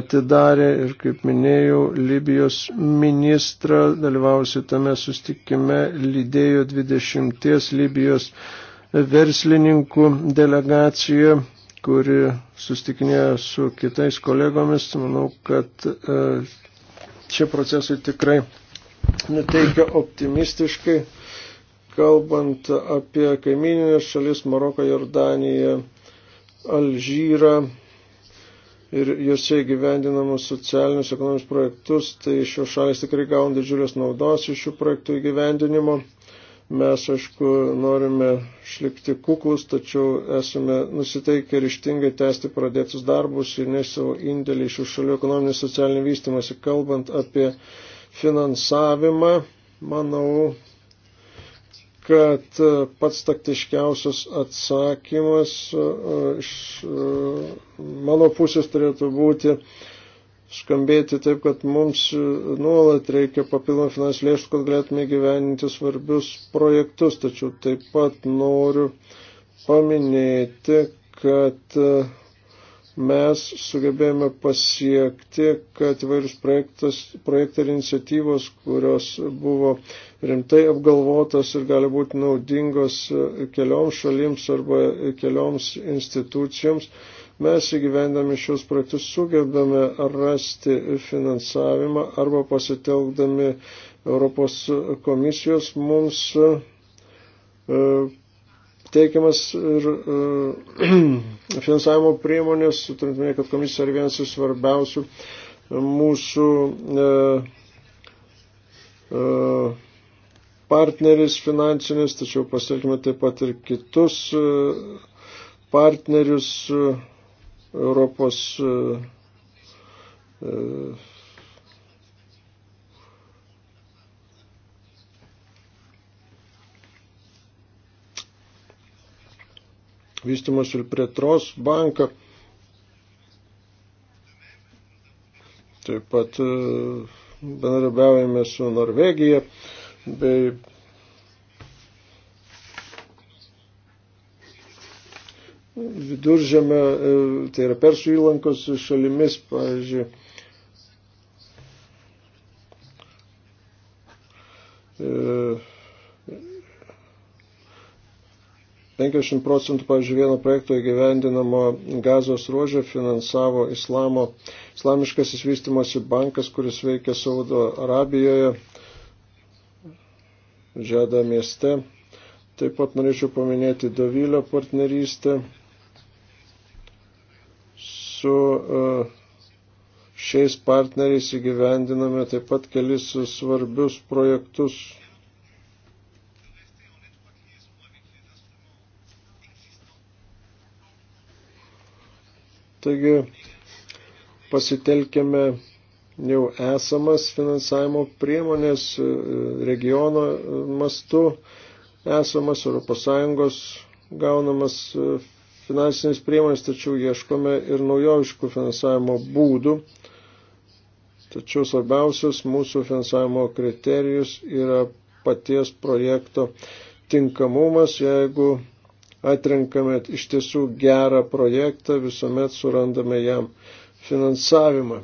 S2: atidarė ir, kaip minėjau, Libijos ministra dalyvausi tame sustikime lydėjo 20 Libijos verslininkų delegacijoje kuri sustikinėjo su kitais kolegomis. Manau, kad e, šie procesai tikrai nuteikia optimistiškai, kalbant apie kaimininės šalis Maroką, Jordaniją, Alžyrą ir jose gyvendinamus socialinius ekonominius projektus, tai šios šalis tikrai gauna didžiulės naudos iš šių projektų įgyvendinimo. Mes, aišku, norime išlikti kuklus, tačiau esame nusiteikę ryštingai tęsti pradėtus darbus ir ne savo indėlį šių šalių ekonominį socialinį vystimąsi. Kalbant apie finansavimą, manau, kad pats taktiškiausias atsakymas uh, iš uh, mano pusės turėtų būti skambėti taip, kad mums nuolat reikia papildomų finansų lėšų, kad galėtume gyveninti svarbius projektus. Tačiau taip pat noriu paminėti, kad e, mes sugebėjome pasiekti, kad įvairius projektai ir iniciatyvos, kurios buvo rimtai apgalvotos ir gali būti naudingos kelioms šalims arba kelioms institucijoms, Mes įgyvendami šios projektus sugebame rasti finansavimą arba pasitelkdami Europos komisijos mums e, teikiamas ir e, finansavimo priemonės, turintumė, kad komisija yra vienas iš svarbiausių mūsų e, partneris finansinis, tačiau pasitelkime taip pat ir kitus partnerius Europos e, e, vystimos ir plėtros banką. Taip pat e, bendrabiaujame su Norvegija bei viduržėme, e, tai yra Persų įlankos šalimis, pavyzdžiui. E, 50 procentų, pavyzdžiui, vieno projekto įgyvendinamo gazos ruožę finansavo islamo, islamiškas įsvystymosi bankas, kuris veikia Saudo Arabijoje, Džeda mieste. Taip pat norėčiau paminėti Davilio partnerystę, su e, šiais partneriais įgyvendiname taip pat kelis svarbius projektus. Taigi pasitelkėme jau esamas finansavimo priemonės e, regiono mastu, esamas ES gaunamas e, finansinės priemonės, tačiau ieškome ir naujoviškų finansavimo būdų. Tačiau svarbiausias mūsų finansavimo kriterijus yra paties projekto tinkamumas. Jeigu atrenkame iš tiesų gerą projektą, visuomet surandame jam finansavimą.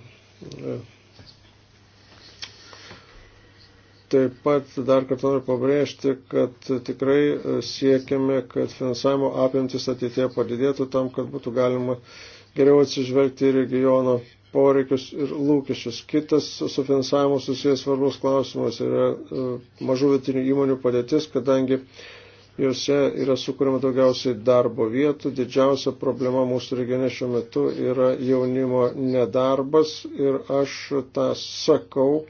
S2: Taip pat dar kartą noriu pabrėžti, kad tikrai e, siekiame, kad finansavimo apimtis ateitie padidėtų tam, kad būtų galima geriau atsižvelgti į regiono poreikius ir lūkesčius. Kitas su finansavimu susijęs svarbus klausimas yra e, mažų vietinių įmonių padėtis, kadangi juose yra sukūrima daugiausiai darbo vietų. Didžiausia problema mūsų regione šiuo metu yra jaunimo nedarbas ir aš tą sakau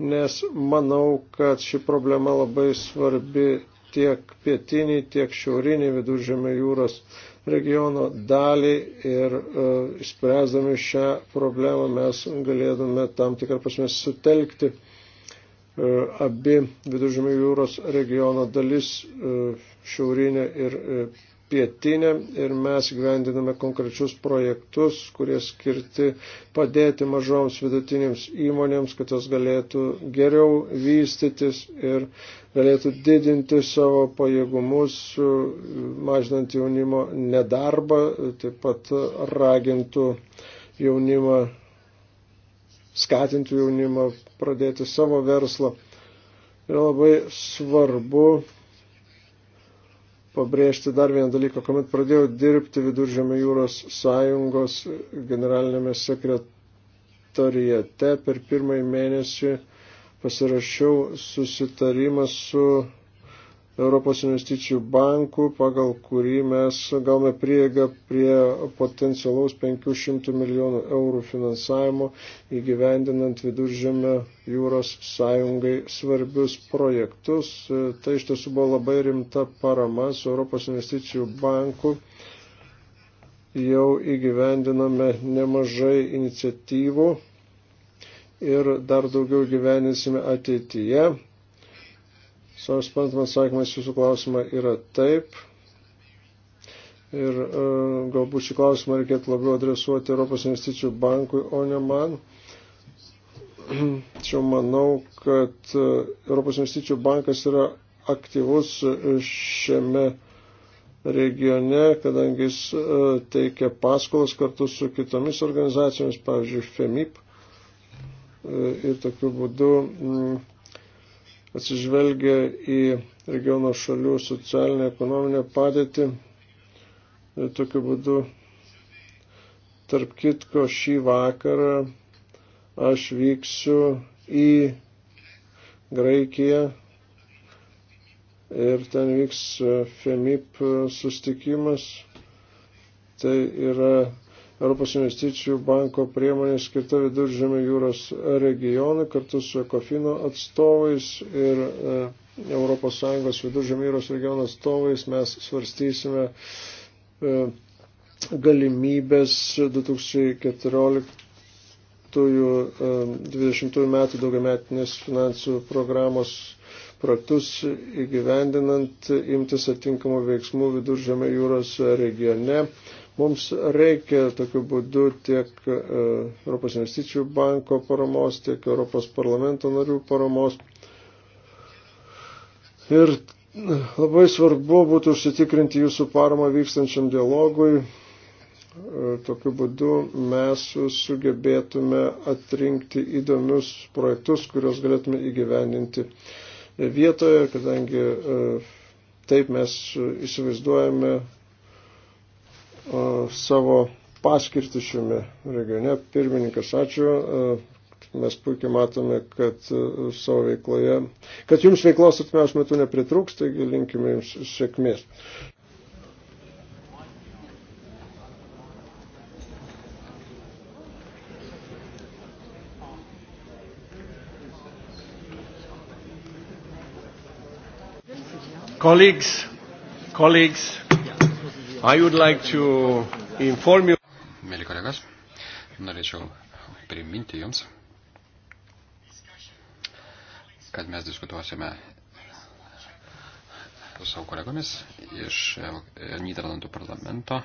S2: nes manau, kad ši problema labai svarbi tiek pietiniai, tiek šiauriniai viduržėmio jūros regiono dalį ir uh, e, spręsdami šią problemą mes galėtume tam tikrą prasme sutelkti uh, abi viduržėmio jūros regiono dalis, uh, e, šiaurinė ir uh, pietinę ir mes gyvendiname konkrečius projektus, kurie skirti padėti mažoms vidutinėms įmonėms, kad jos galėtų geriau vystytis ir galėtų didinti savo pajėgumus, mažinant jaunimo nedarbą, taip pat ragintų jaunimą, skatintų jaunimą pradėti savo verslą. Yra labai svarbu pabrėžti dar vieną dalyką. Komet pradėjau dirbti Viduržėmio jūros sąjungos generalinėme sekretoriate per pirmąjį mėnesį pasirašiau susitarimą su Europos investicijų bankų, pagal kurį mes gavome prieigą prie potencialaus 500 milijonų eurų finansavimo įgyvendinant viduržėmio jūros sąjungai svarbius projektus. Tai iš tiesų buvo labai rimta parama su Europos investicijų banku. Jau įgyvendiname nemažai iniciatyvų ir dar daugiau gyvenysime ateityje. Savo suprantamas atsakymas jūsų klausimą yra taip. Ir e, galbūt šį klausimą reikėtų labiau adresuoti Europos investicijų bankui, o ne man. Tačiau manau, kad e, Europos investicijų bankas yra aktyvus šiame regione, kadangi jis e, teikia paskolas kartu su kitomis organizacijomis, pavyzdžiui, FEMIP. E, ir tokiu būdu. Mm, atsižvelgia į regiono šalių socialinę ekonominę padėtį. Ir tokiu būdu, tarp kitko, šį vakarą aš vyksiu į Graikiją ir ten vyks FEMIP sustikimas. Tai yra Europos investicijų banko priemonė skirta viduržėmio jūros regionui kartu su Ekofino atstovais ir ES viduržėmio jūros regiono atstovais mes svarstysime e, galimybės 2014-2020 e, metų daugiametinės finansų programos projektus įgyvendinant imtis atinkamų veiksmų viduržėmio jūros regione Mums reikia tokiu būdu tiek e, Europos investicijų banko paramos, tiek Europos parlamento narių paramos. Ir e, labai svarbu būtų užsitikrinti jūsų paramą vykstančiam dialogui. E, tokiu būdu mes sugebėtume atrinkti įdomius projektus, kuriuos galėtume įgyvendinti vietoje, kadangi taip mes įsivaizduojame savo paskirtį šiame regione. Pirmininkas, ačiū. Mes puikiai matome, kad savo veikloje, kad jums veiklos atmiaus metu nepritrūks, taigi linkime jums sėkmės.
S1: Colleagues, colleagues, Like you...
S5: Mėly kolegas, norėčiau priminti Jums, kad mes diskutuosime su savo kolegomis iš e, Niderlandų parlamento.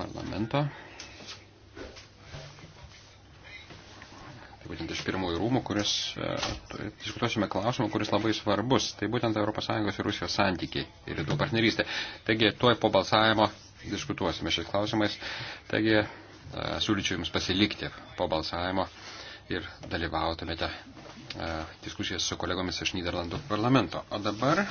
S5: parlamento būtent iš pirmųjų rūmų, kuris e, diskutuosime klausimą, kuris labai svarbus. Tai būtent ES ir Rusijos santykiai ir rytų partnerystė. Taigi, tuoj po balsavimo diskutuosime šiais klausimais. Taigi, e, siūlyčiau Jums pasilikti po balsavimo ir dalyvautumėte e, diskusijas su kolegomis iš Niderlandų parlamento. O dabar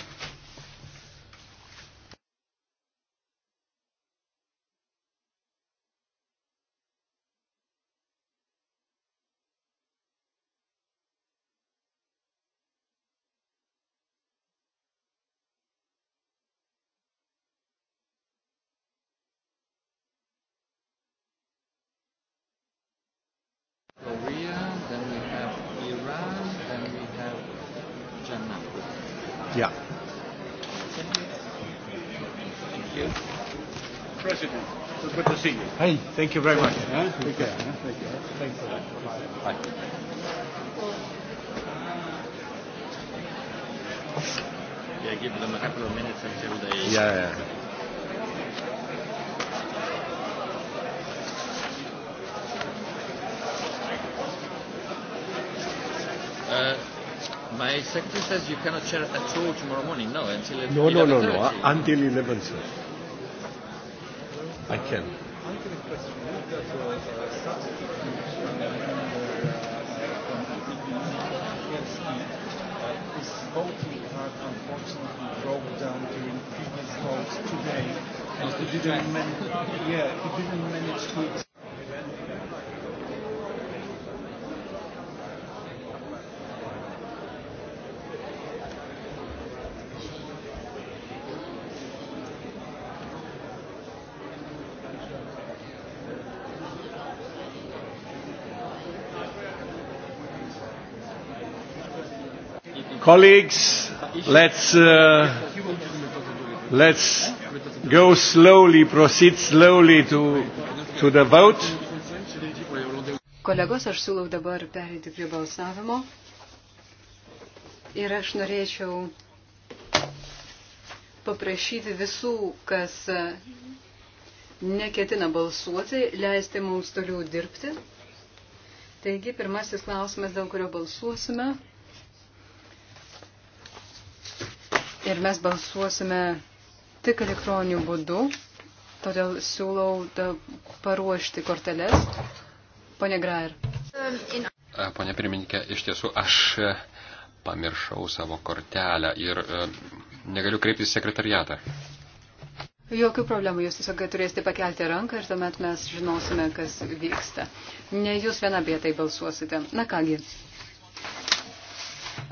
S5: Thank you very much.
S1: Yeah? Take care. Yeah? Thank you.
S6: Thanks for that. Bye. Yeah, give them a couple of minutes until they. Yeah. yeah. Uh, my secretary says you cannot share at all tomorrow morning. No, until no, 11. No, no, no, no.
S1: Until 11, sir. I can
S6: voting card unfortunately broke down during previous votes today. And he didn't,
S4: man- yeah, he didn't manage
S6: to.
S1: Colleagues, let's, uh, let's go slowly, proceed slowly to, to the vote.
S4: Kolegos, aš siūlau dabar perėti prie balsavimo. Ir aš norėčiau paprašyti visų, kas neketina balsuoti, leisti mums toliau dirbti. Taigi, pirmasis klausimas, dėl kurio balsuosime, ir mes balsuosime tik elektroniniu būdu, todėl siūlau paruošti korteles. Pone Graer. E,
S5: pone pirmininkė, iš tiesų aš e, pamiršau savo kortelę ir e, negaliu kreiptis į sekretariatą.
S4: Jokių problemų, jūs tiesiog turėsite pakelti ranką ir tuomet mes žinosime, kas vyksta. Ne jūs viena bėtai balsuosite. Na kągi,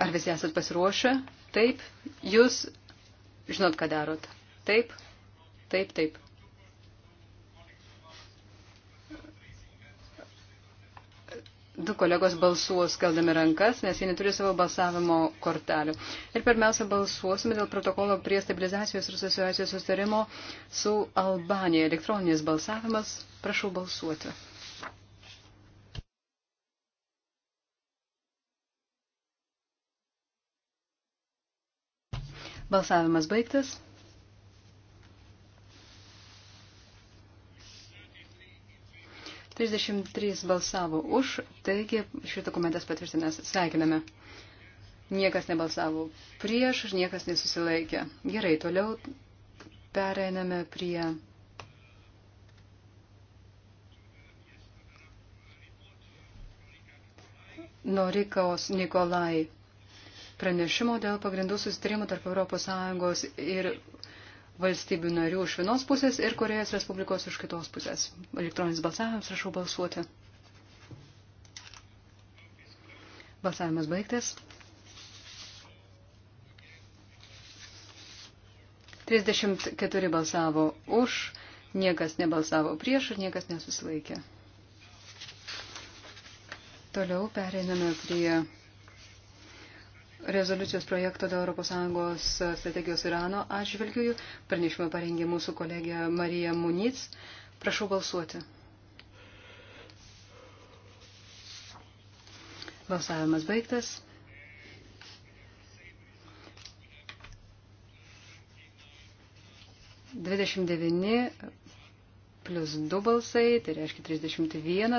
S4: ar visi esat pasiruošę? Taip, jūs žinot, ką darot. Taip, taip, taip. Du kolegos balsuos, keldami rankas, nes jie neturi savo balsavimo kortelių. Ir pirmiausia, balsuosime dėl protokolo prie stabilizacijos ir asociacijos sustarimo su Albanija. Elektroninis balsavimas. Prašau balsuoti. Balsavimas baigtas. Trisdešimt trys balsavo už, taigi šis dokumentas patvirtinęs sveikiname. Niekas nebalsavo prieš, niekas nesusilaikė. Gerai, toliau pereiname prie Norikaos Nikolai pranešimo dėl pagrindų susitarimų tarp ES ir valstybių narių iš vienos pusės ir Korejos Respublikos iš kitos pusės. Elektroninis balsavimas, prašau balsuoti. Balsavimas baigtas. 34 balsavo už, niekas nebalsavo prieš ir niekas nesusilaikė. Toliau pereiname prie rezoliucijos projekto dėl ES strategijos Irano atžvilgių. Pranešimą parengė mūsų kolegė Marija Munic. Prašau balsuoti. Balsavimas baigtas. Dvidešimt devini plus du balsai, tai reiškia 31,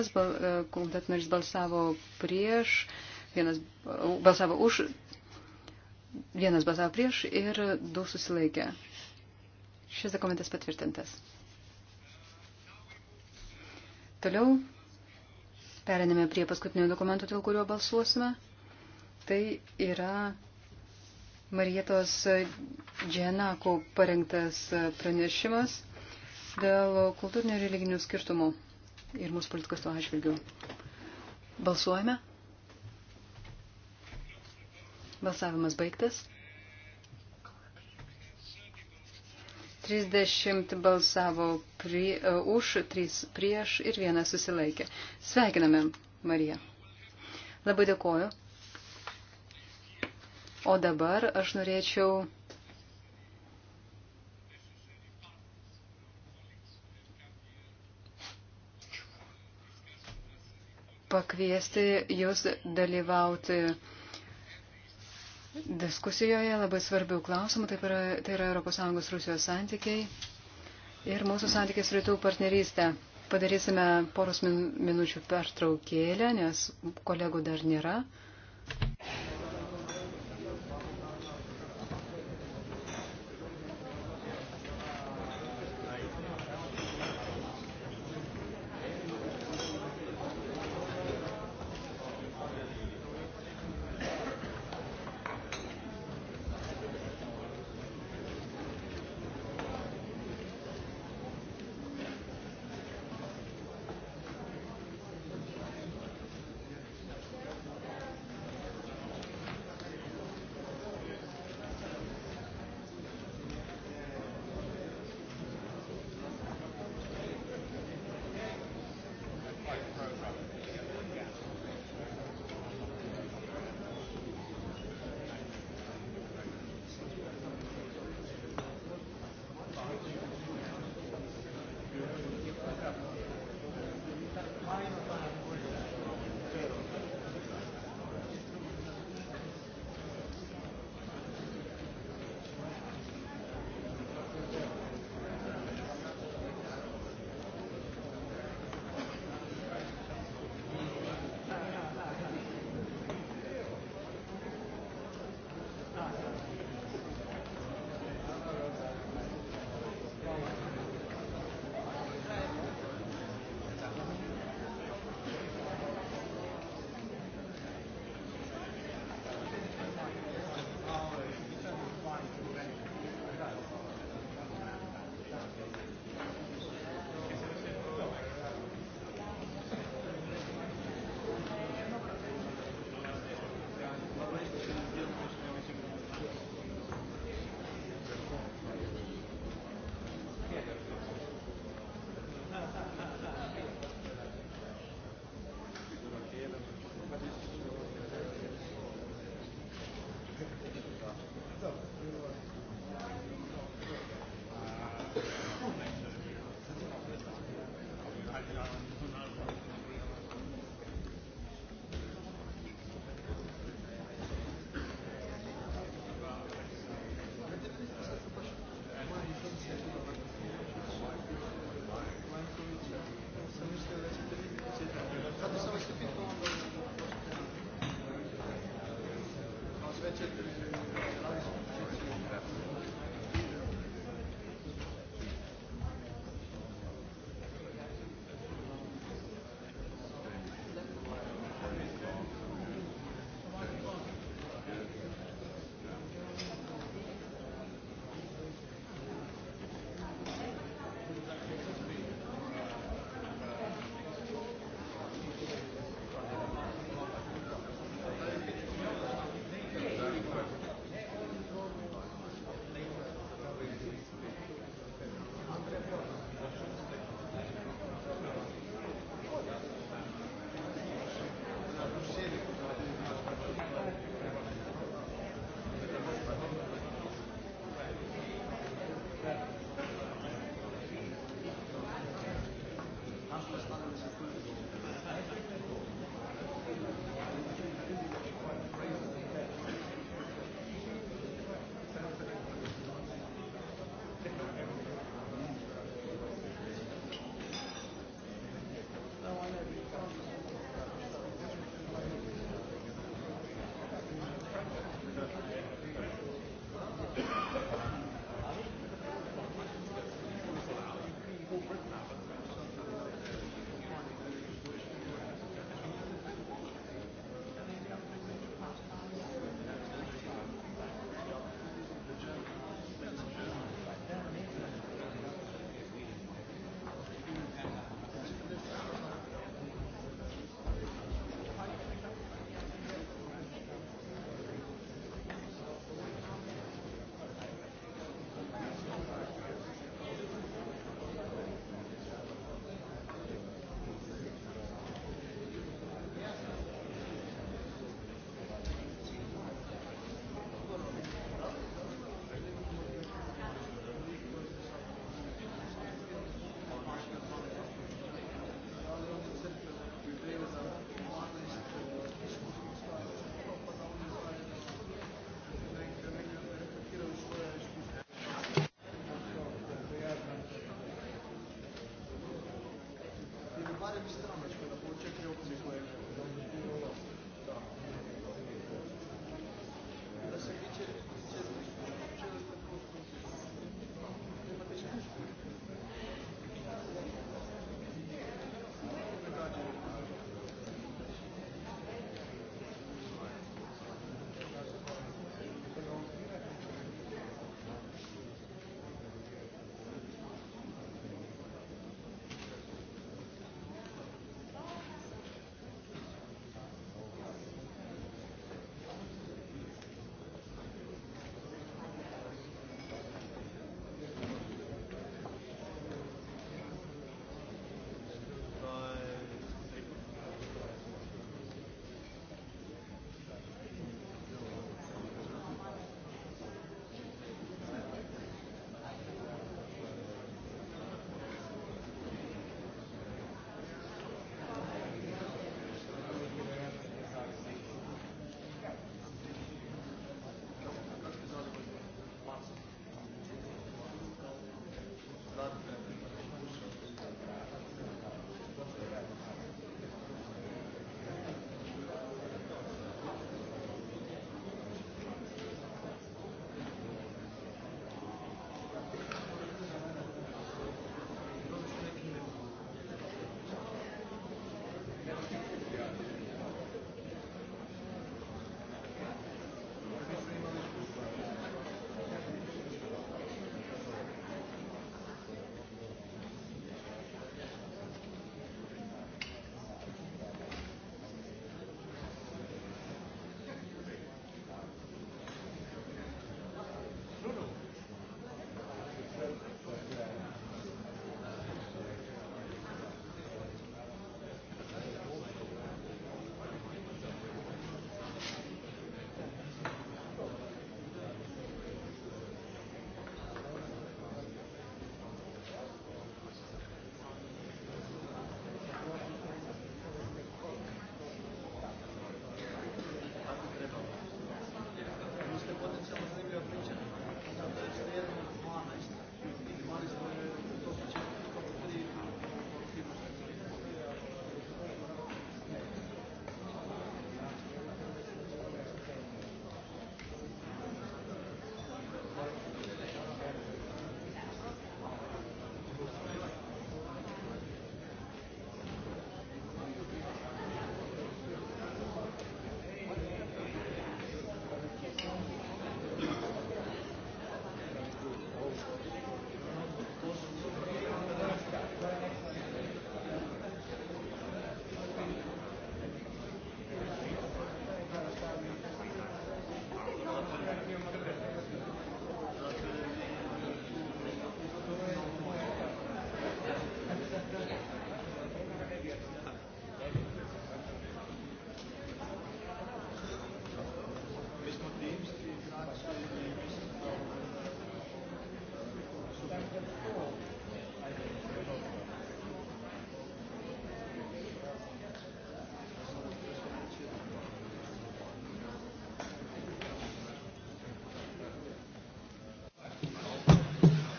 S4: kol Datmeris balsavo prieš, vienas balsavo už, Vienas balsavo prieš ir du susilaikė. Šis dokumentas patvirtintas. Toliau periname prie paskutinio dokumento, dėl kurio balsuosime. Tai yra Marietos Džianako parengtas pranešimas dėl kultūrinio ir religinių skirtumų ir mūsų politikos to atžvilgių. Balsuojame. Balsavimas baigtas. 30 balsavo prie, uh, už, 3 prieš ir vienas susilaikė. Sveikiname, Marija. Labai dėkoju. O dabar aš norėčiau. pakviesti jūs dalyvauti diskusijoje labai svarbių klausimų, tai yra, tai yra ES Rusijos santykiai ir mūsų santykiai su rytų partnerystė. Padarysime poros min, minučių pertraukėlę, nes kolegų dar nėra.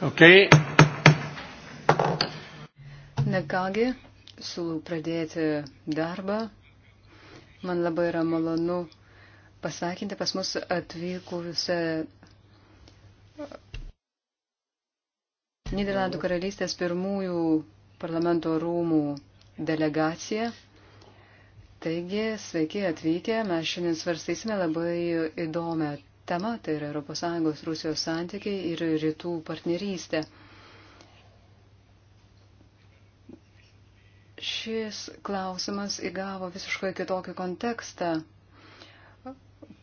S4: Okay. Na kągi, siūlau pradėti darbą. Man labai yra malonu pasveikinti pas mus atvykusią Niderlandų karalystės pirmųjų parlamento rūmų delegaciją. Taigi, sveiki atvykę, mes šiandien svarstysime labai įdomią tema, tai yra ES Rusijos santykiai ir rytų partnerystė. Šis klausimas įgavo visiškai kitokį kontekstą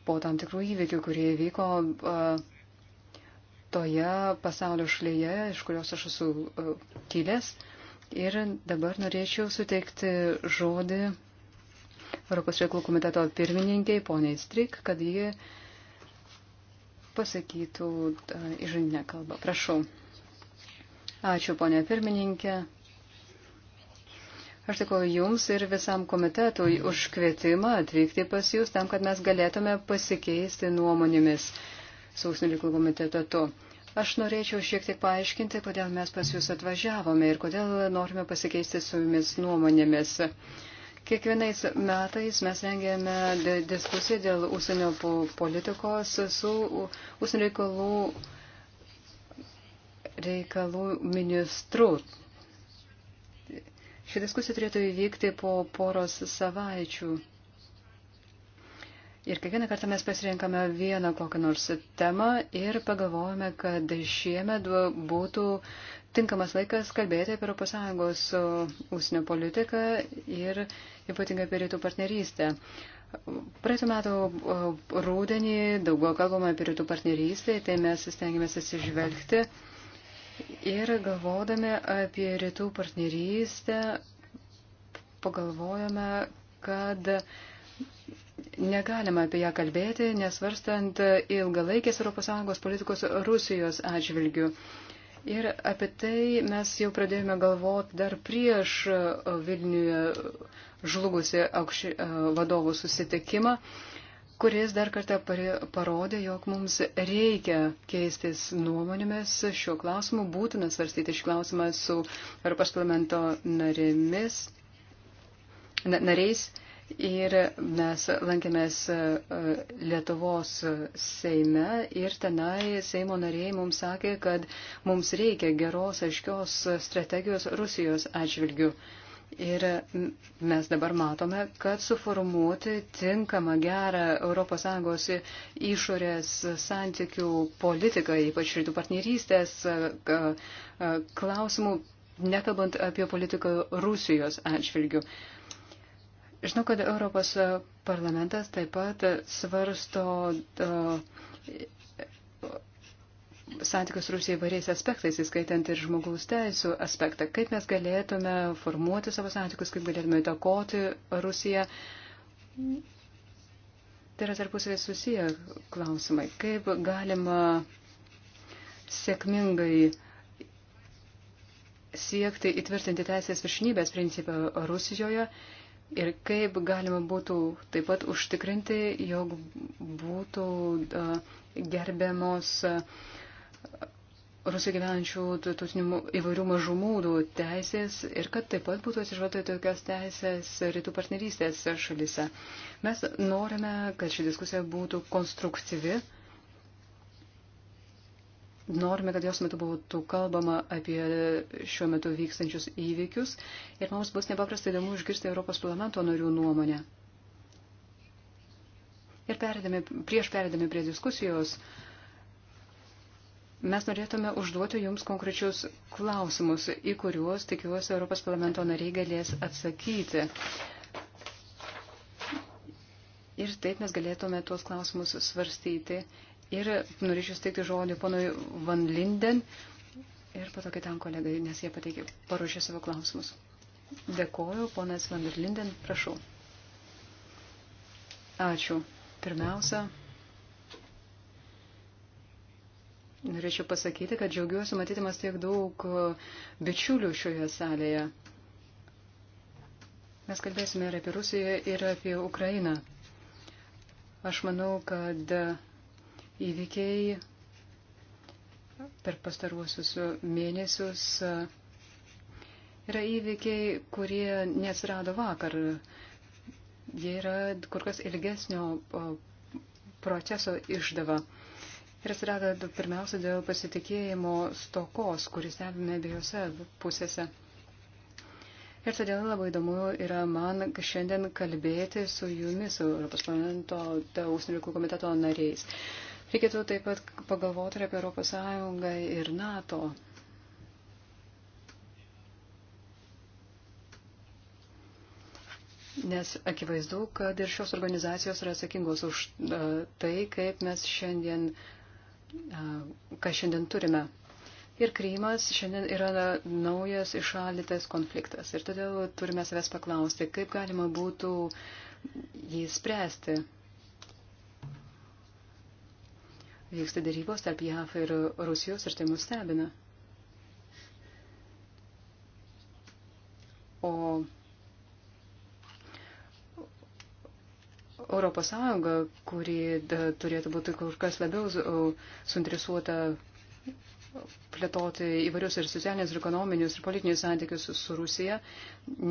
S4: po tam tikrų įvykių, kurie vyko toje pasaulio šalyje, iš kurios aš esu kilęs. Ir dabar norėčiau suteikti žodį Europos reikalų komiteto pirmininkiai, poniai Strik, kad jie pasakytų e, įžanginę kalbą. Prašau. Ačiū, ponė pirmininkė. Aš dėkoju Jums ir visam komitetui už kvietimą atvykti pas Jūs tam, kad mes galėtume pasikeisti nuomonėmis su Užsienio reikalų komitetu. Aš norėčiau šiek tiek paaiškinti, kodėl mes pas Jūs atvažiavome ir kodėl norime pasikeisti su Jumis nuomonėmis. Uh, Kiekvienais metais mes rengėme diskusiją dėl užsienio politikos su užsienio reikalų, reikalų ministru. Ši diskusija turėtų įvykti po poros savaičių. Ir kiekvieną kartą mes pasirinkame vieną kokią nors temą ir pagalvojame, kad šiemet būtų tinkamas laikas kalbėti apie ES ūsinio politiką ir ypatingai apie rytų partnerystę. Praeitų metų rūdienį daug buvo kalbama apie rytų partnerystę, tai mes stengiamės atsižvelgti ir galvodami apie rytų partnerystę pagalvojame, kad negalima apie ją kalbėti, nesvarstant ilgalaikės ES politikos Rusijos atžvilgių. Ir apie tai mes jau pradėjome galvoti dar prieš e, Vilniuje žlugusi aukšči, e, vadovų susitikimą, kuris dar kartą parodė, jog mums reikia keistis nuomonėmis šiuo klausimu, būtina svarstyti šį klausimą su Europos parlamento narėmis, na, nariais. Ir mes lankėmės e, Lietuvos Seime ir tenai Seimo nariai mums sakė, kad mums reikia geros, aiškios strategijos Rusijos atžvilgių. Ir mes dabar matome, kad suformuoti tinkamą gerą ES išorės santykių politiką, ypač rytų partnerystės e, e, klausimų, nekalbant apie politiką Rusijos atžvilgių. Žinau, kad Europos parlamentas taip pat svarsto e, santykius Rusijai variais aspektais, įskaitant ir žmogaus teisų aspektą. Kaip mes galėtume formuoti savo santykius, kaip galėtume įtakoti Rusiją. Tai yra tarpusavės susiję klausimai. Kaip galima sėkmingai siekti įtvirtinti teisės viršnybės principą Rusijoje Ir kaip galima būtų taip pat užtikrinti, jog būtų gerbiamos Rusų gyvenančių tautinių įvairių mažumų teisės ir kad taip pat būtų atsižvelgta į tokias teisės rytų partnerystės šalise. Mes norime, kad ši diskusija būtų konstruktyvi Norime, kad jos metu būtų kalbama apie šiuo metu vykstančius įvykius ir mums bus nepaprastai įdomu išgirsti Europos parlamento narių nuomonę. Ir perėdami, prieš perėdami prie diskusijos, mes norėtume užduoti Jums konkrečius klausimus, į kuriuos, tikiuosi, Europos parlamento nariai galės atsakyti. Ir taip mes galėtume tuos klausimus svarstyti Ir norėčiau steigti žodį ponui Van Linden ir pato kitam kolegai, nes jie pateikė, paruošė savo klausimus. Dėkoju, ponas Van Linden, prašau. Ačiū. Pirmiausia, norėčiau pasakyti, kad džiaugiuosi matydamas tiek daug e, bičiulių šioje salėje. Mes kalbėsime ir apie Rusiją, ir apie Ukrainą. Aš manau, kad įvykiai per pastaruosius mėnesius yra įvykiai, kurie nesirado vakar. Jie yra kur kas ilgesnio proceso išdava. Ir atsirado pirmiausia dėl pasitikėjimo stokos, kuris stebime abiejose pusėse. Ir todėl labai įdomu yra man šiandien kalbėti su jumis, su Europos parlamento užsienio reikalų komiteto nariais. Reikėtų taip pat pagalvoti ir apie Europos Sąjungą ir NATO. Nes akivaizdu, kad ir šios organizacijos yra atsakingos už e, tai, kaip mes šiandien, e, ką šiandien turime. Ir Krymas šiandien yra naujas išalytas konfliktas. Ir todėl turime savęs paklausti, kaip galima būtų jį spręsti. vyksta darybos tarp JAF ir Rusijos ir tai mus stebina. O Europos Sąjunga, kuri da, turėtų būti kur kas labiau suinteresuota plėtoti įvairius ir socialinius, ir ekonominius, ir politinius santykius su Rusija,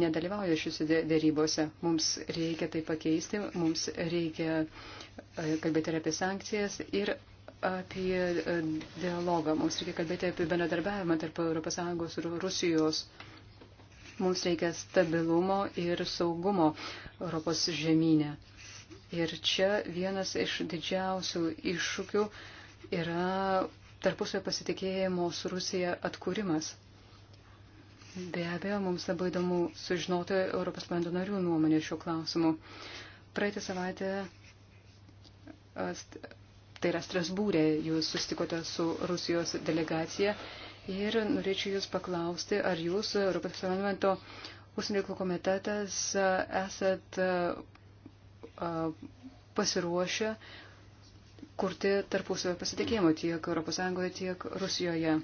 S4: nedalyvauja šiuose dėrybose. Mums reikia tai pakeisti, mums reikia e, kalbėti ir apie sankcijas, ir apie e, dialogą, mums reikia kalbėti apie bendradarbiavimą tarp ES ir Rusijos. Mums reikia stabilumo ir saugumo Europos žemynė. Ir čia vienas iš didžiausių iššūkių yra tarpusio pasitikėjimo su Rusija atkūrimas. Be abejo, mums labai įdomu sužinoti Europos parlamento narių nuomonę šiuo klausimu. Praeitą savaitę tai yra Strasbūrė, jūs susitikote su Rusijos delegacija ir norėčiau jūs paklausti, ar jūs Europos parlamento užsienio reikalų komitetas esat pasiruošę kurti tarpusavio pasitikėjimo tiek ES, tiek Rusijoje.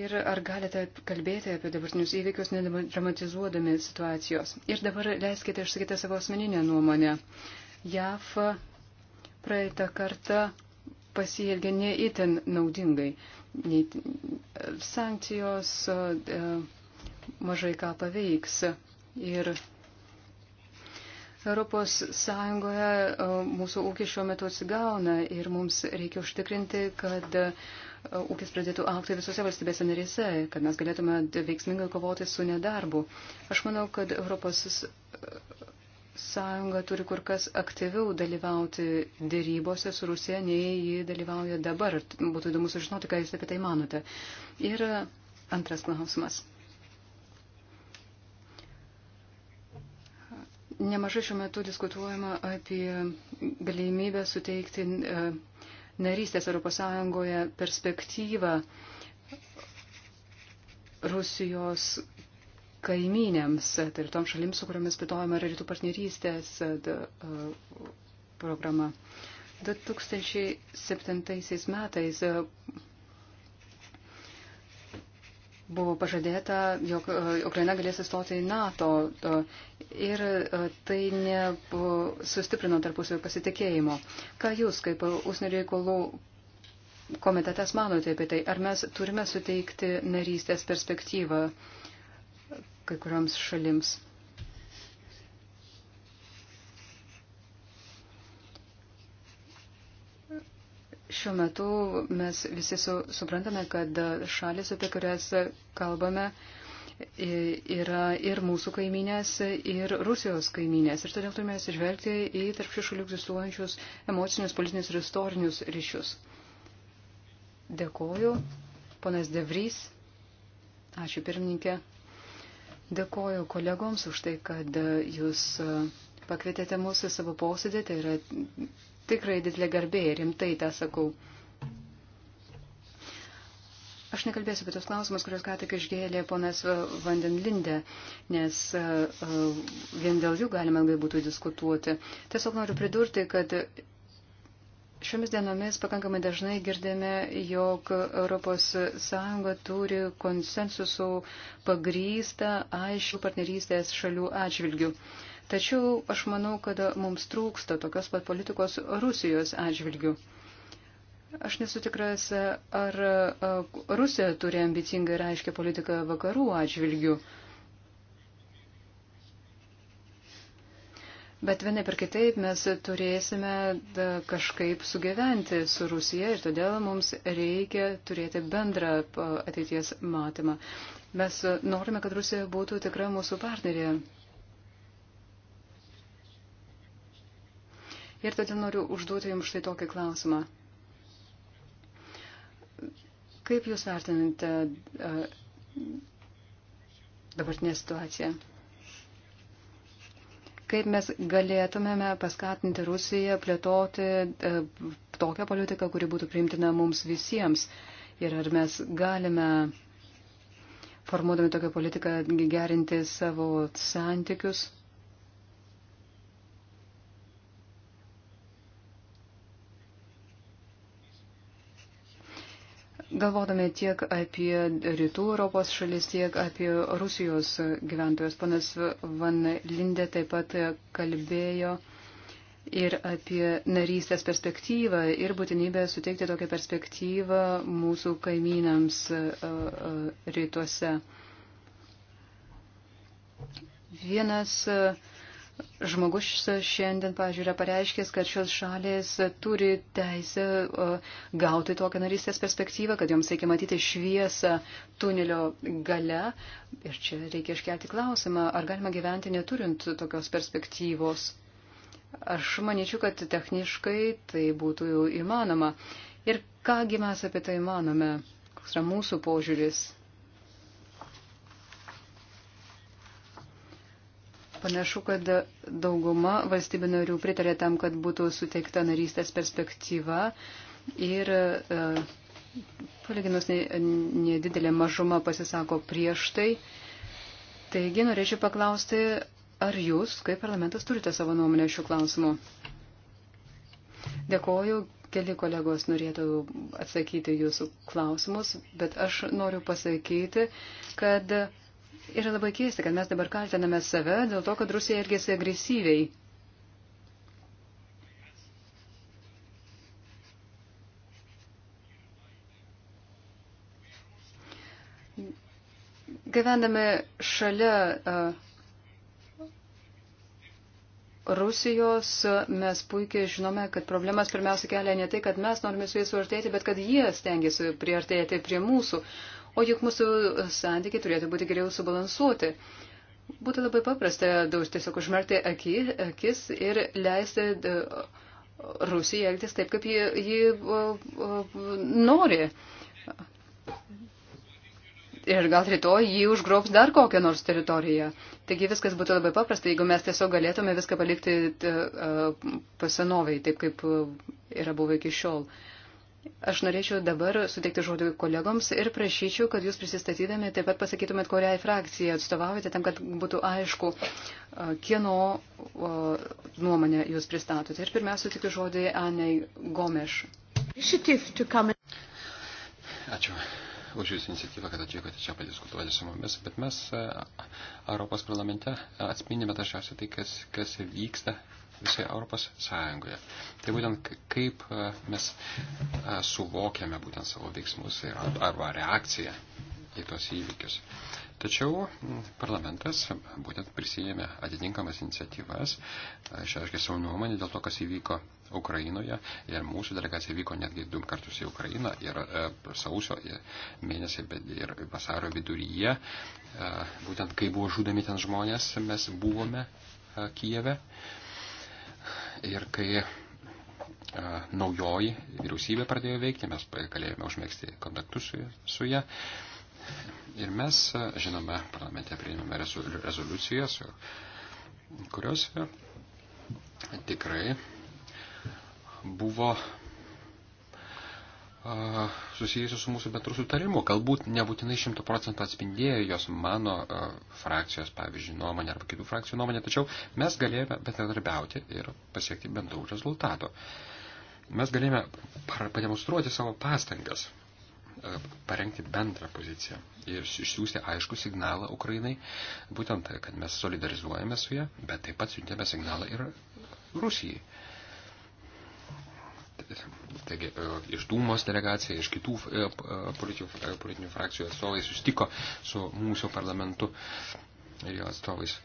S4: Ir ar galite kalbėti apie dabartinius įvykius, nedramatizuodami situacijos? Ir dabar leiskite išsakyti savo asmeninę nuomonę. JAF praeitą kartą pasielgė neįtin naudingai. E, sankcijos e, e, mažai ką paveiks. Ir Europos Sąjungoje mūsų ūkis šiuo metu atsigauna ir mums reikia užtikrinti, kad ūkis pradėtų aukti visose valstybėse narėse, kad mes galėtume veiksmingai kovoti su nedarbu. Aš manau, kad Europos sąjunga turi kur kas aktyviau dalyvauti dėrybose su Rusija, nei ji dalyvauja dabar. Būtų įdomu sužinoti, ką jūs apie tai manote. Ir antras klausimas. Nemažai šiuo metu diskutuojama apie galimybę suteikti e, narystės Europos Sąjungoje perspektyvą Rusijos kaiminėms, tai ir tom šalims, su kuriomis plėtojama rytų partnerystės e, e, programa. 2007 metais e, buvo pažadėta, jog Ukraina galės įstoti į NATO ir tai nesustiprino tarpusavio pasitikėjimo. Ką Jūs, kaip užsienio reikalų komitetas, manote apie tai? Ar mes turime suteikti narystės perspektyvą kai kurioms šalims. Šiuo metu mes visi su, suprantame, kad šalis, apie kurias kalbame, yra ir mūsų kaiminės, ir Rusijos kaiminės. Ir todėl turime atsižvelgti į tarp šių šalių egzistuojančius emocinius, politinius ir istorinius ryšius. Dėkoju, ponas Devrys. Ačiū pirmininkė. Dėkoju kolegoms už tai, kad e, jūs e, pakvietėte mūsų į savo posėdį. Tai yra tikrai didelė garbė ir rimtai tą sakau. Aš nekalbėsiu apie tos klausimus, kuriuos ką tik išgėlė ponas e, Vandenlinde, nes vien dėl jų galima ilgai būtų diskutuoti. Tiesiog noriu pridurti, kad Šiomis dienomis pakankamai dažnai girdime, jog ES turi konsensusų pagrystą aiškių partnerystės šalių atžvilgių. Tačiau aš manau, kad mums trūksta tokios pat politikos Rusijos atžvilgių. Aš nesu tikras, ar Rusija turi ambicingą ir aiškę politiką vakarų atžvilgių. Bet vienaip ir kitaip mes turėsime da, kažkaip sugyventi su Rusija ir todėl mums reikia turėti bendrą ateities matymą. Mes norime, kad Rusija būtų tikra mūsų partnerė. Ir todėl noriu užduoti Jums štai tokį klausimą. Kaip Jūs vertinate dabartinę situaciją? kaip mes galėtumėme paskatinti Rusiją plėtoti e, tokią politiką, kuri būtų priimtina mums visiems. Ir ar mes galime, formuodami tokią politiką, gerinti savo santykius galvodami tiek apie rytų Europos šalis, tiek apie Rusijos gyventojus. Panas Van Lindė taip pat kalbėjo ir apie narystės perspektyvą ir būtinybę suteikti tokią perspektyvą mūsų kaimynams e, e, rytuose. Vienas uh, Žmogus šiandien, pažiūrėjau, yra pareiškęs, kad šios šalės turi teisę gauti tokią narystės perspektyvą, kad joms reikia matyti šviesą tunelio gale. Ir čia reikia iškelti klausimą, ar galima gyventi neturint tokios perspektyvos. Aš manyčiau, kad techniškai tai būtų įmanoma. Ir kągi mes apie tai manome, koks yra mūsų požiūris Panašu, kad dauguma valstybių narių pritarė tam, kad būtų suteikta narystės perspektyva ir e, palyginus nedidelė mažuma pasisako prieš tai. Taigi norėčiau paklausti, ar jūs, kaip parlamentas, turite savo nuomonę šiuo klausimu? Dėkoju, keli kolegos norėtų atsakyti jūsų klausimus, bet aš noriu pasakyti, kad Yra labai keista, kad mes dabar kaltiname save dėl to, kad Rusija elgėsi agresyviai. Gyvename šalia uh, Rusijos, mes puikiai žinome, kad problemas pirmiausia kelia ne tai, kad mes norime su jais suartėti, bet kad jie stengiasi priartėti prie mūsų o juk mūsų santykiai turėtų būti geriau subalansuoti. Būtų labai paprasta daug tiesiog užmerkti aki, akis ir leisti e, Rusijai elgtis taip, kaip ji, ji nori. Ir gal rytoj jį užgrobs dar kokią nors teritoriją. Taigi viskas būtų labai paprasta, jeigu mes tiesiog galėtume viską palikti e, pasenoviai, taip kaip e, yra buvę iki šiol. Uh, Aš norėčiau dabar suteikti žodį kolegoms ir prašyčiau, kad jūs prisistatydami taip pat pasakytumėt, kuriai frakcijai atstovaujate, tam, kad būtų aišku, kieno nuomonę jūs pristatote. Ir pirmiausia, sutikiu žodį Anai Gomeš.
S5: Ačiū už Jūsų iniciatyvą, kad atvykote čia padiskutuoti su mumis, bet mes Europos parlamente atspindime tašiausiai tai, kas, kas vyksta visoje Europos Sąjungoje. Tai būtent kaip e, mes e, suvokiame būtent savo veiksmus arba reakciją į tos įvykius. Tačiau parlamentas būtent prisijėmė atitinkamas iniciatyvas, e, išreiškė savo nuomonę dėl to, kas įvyko Ukrainoje ir mūsų delegacija vyko netgi du kartus į Ukrainą ir e, sausio ir mėnesį ir vasario viduryje, e, būtent kai buvo žudomi ten žmonės, mes buvome e, Kijeve. E, Ir kai naujoji vyriausybė pradėjo veikti, mes galėjome užmėgsti kontaktus su, su ją. Ir mes, žinoma, parlamente priėmėme rezoliucijas, kurios tikrai buvo susijusios su mūsų bendru sutarimu. Galbūt nebūtinai šimtų procentų atspindėjo jos mano frakcijos, pavyzdžiui, nuomonė arba kitų frakcijų nuomonė, tačiau mes galėjome bendradarbiauti ir pasiekti bendrų rezultatų. Mes galėjome pademonstruoti savo pastangas, parengti bendrą poziciją ir išsiųsti aišku signalą Ukrainai, būtent, kad mes solidarizuojame su ją, bet taip pat siuntėme signalą ir Rusijai. Taigi, e, iš Dūmos delegacija, iš kitų e, e, politių, politinių frakcijų atstovai susitiko su mūsų parlamentu ir jo atstovais.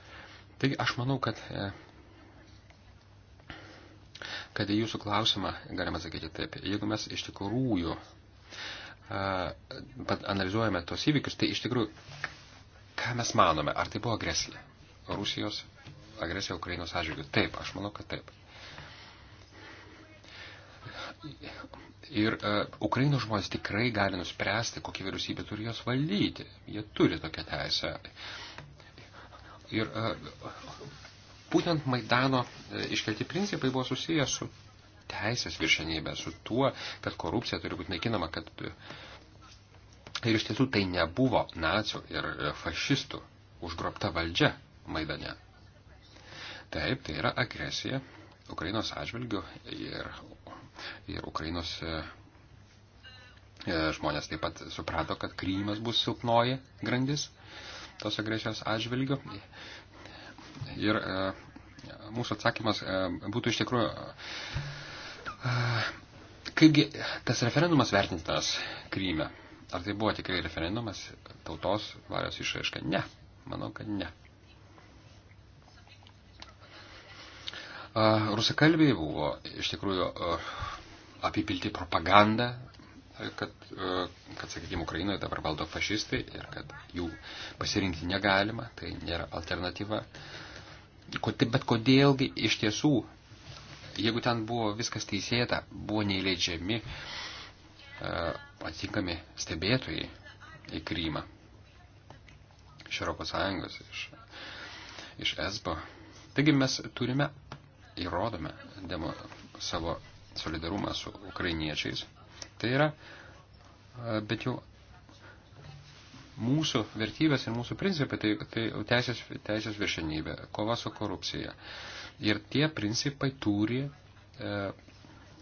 S5: Taigi, aš manau, kad, kad į jūsų klausimą galima sakyti taip. Jeigu mes iš tikrųjų analizuojame tos įvykius, tai iš tikrųjų, ką mes manome, ar tai buvo agresija? Rusijos agresija Ukrainos atžvilgiu. Taip, aš manau, kad taip. Ir uh, Ukrainos žmonės tikrai gali nuspręsti, kokia vyriausybė turi jos valdyti. Jie turi tokią teisę. Ir uh, būtent Maidano e, iškelti principai buvo susijęs su teisės viršenybė, su tuo, kad korupcija turi būti naikinama, kad ir iš tiesų tai nebuvo nacijų ir fašistų užgrobta valdžia Maidane. Taip, tai yra agresija Ukrainos atžvilgių ir ir Ukrainos e, e, žmonės taip pat suprato, kad Krymas bus silpnoji grandis tos agresijos atžvilgių. Ir e, mūsų atsakymas būtų iš tikrųjų, kaipgi tas referendumas vertintas Kryme. Ar tai buvo tikrai referendumas tautos valios išraiška? Ne, manau, kad ne. Rusakalbiai buvo iš tikrųjų apipilti propagandą, kad, kad sakykime, Ukrainoje dabar valdo fašistai ir kad jų pasirinkti negalima, tai nėra alternatyva. Tai bet kodėlgi iš tiesų, jeigu ten buvo viskas teisėta, buvo neįleidžiami atitinkami stebėtojai į Krymą iš Europos Sąjungos, iš, iš ESBO. Taigi mes turime įrodome demo, savo solidarumą su ukrainiečiais. Tai yra, bet jau mūsų vertybės ir mūsų principai, tai, tai teisės, teisės viršenybė, kova su korupcija. Ir tie principai turi e,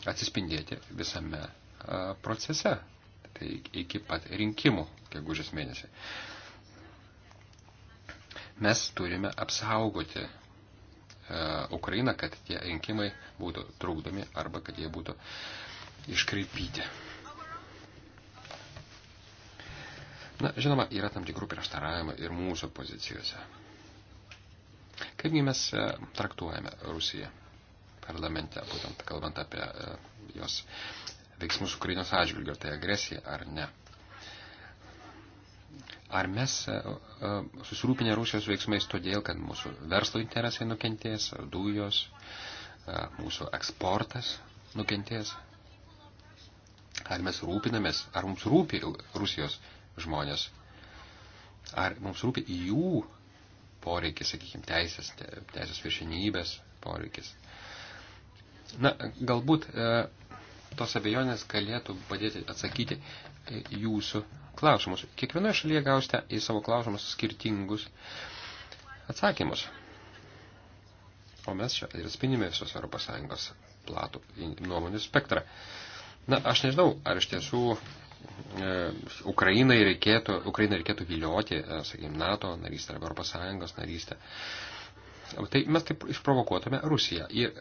S5: atsispindėti visame e, procese, tai iki pat rinkimų, gegužės mėnesį. Mes turime apsaugoti E, Ukrainą, kad tie rinkimai būtų trukdomi arba kad jie būtų iškreipyti. Na, žinoma, yra tam tikrų prieštaravimų ir mūsų pozicijose. Kaipgi mes e, traktuojame Rusiją parlamente, būtent kalbant apie e, jos veiksmus Ukrainos atžvilgiu, ar tai agresija ar ne. Ar mes e, e, susirūpinę Rusijos veiksmais todėl, kad mūsų verslo interesai nukentės, dujos, e, mūsų eksportas nukentės? Ar mes rūpinamės, ar mums rūpi Rusijos žmonės? Ar mums rūpi jų poreikis, sakykime, teisės, teisės viršinybės poreikis? Na, galbūt tos abejonės galėtų padėti atsakyti jūsų klausimus. Kiekvienoje šalyje gausite į savo klausimus skirtingus atsakymus. O mes čia ir spinime visos Europos Sąjungos platų nuomonių spektrą. Na, aš nežinau, ar iš tiesų e, Ukrainai reikėtų, Ukrainai reikėtų vilioti, e, sakykime, NATO narystę arba Europos Sąjungos narystę. Tai mes taip išprovokuotume Rusiją ir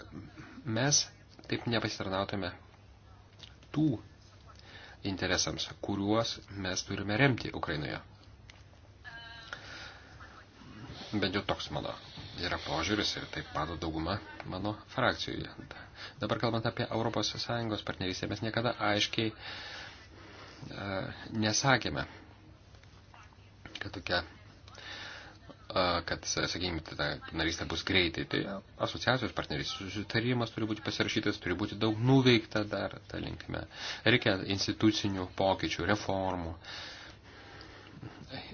S5: mes taip nepasitarnautume tų interesams, kuriuos mes turime remti Ukrainoje. Bent jau toks mano yra požiūris ir taip mano dauguma mano frakcijoje. Dabar kalbant apie ES partnerystę, mes niekada aiškiai e, nesakėme, kad tokia kad, sakykime, ta narystė bus greitai. Tai asociacijos partneriais susitarimas turi būti pasirašytas, turi būti daug nuveikta dar tą linkme. Reikia institucinių pokyčių, reformų.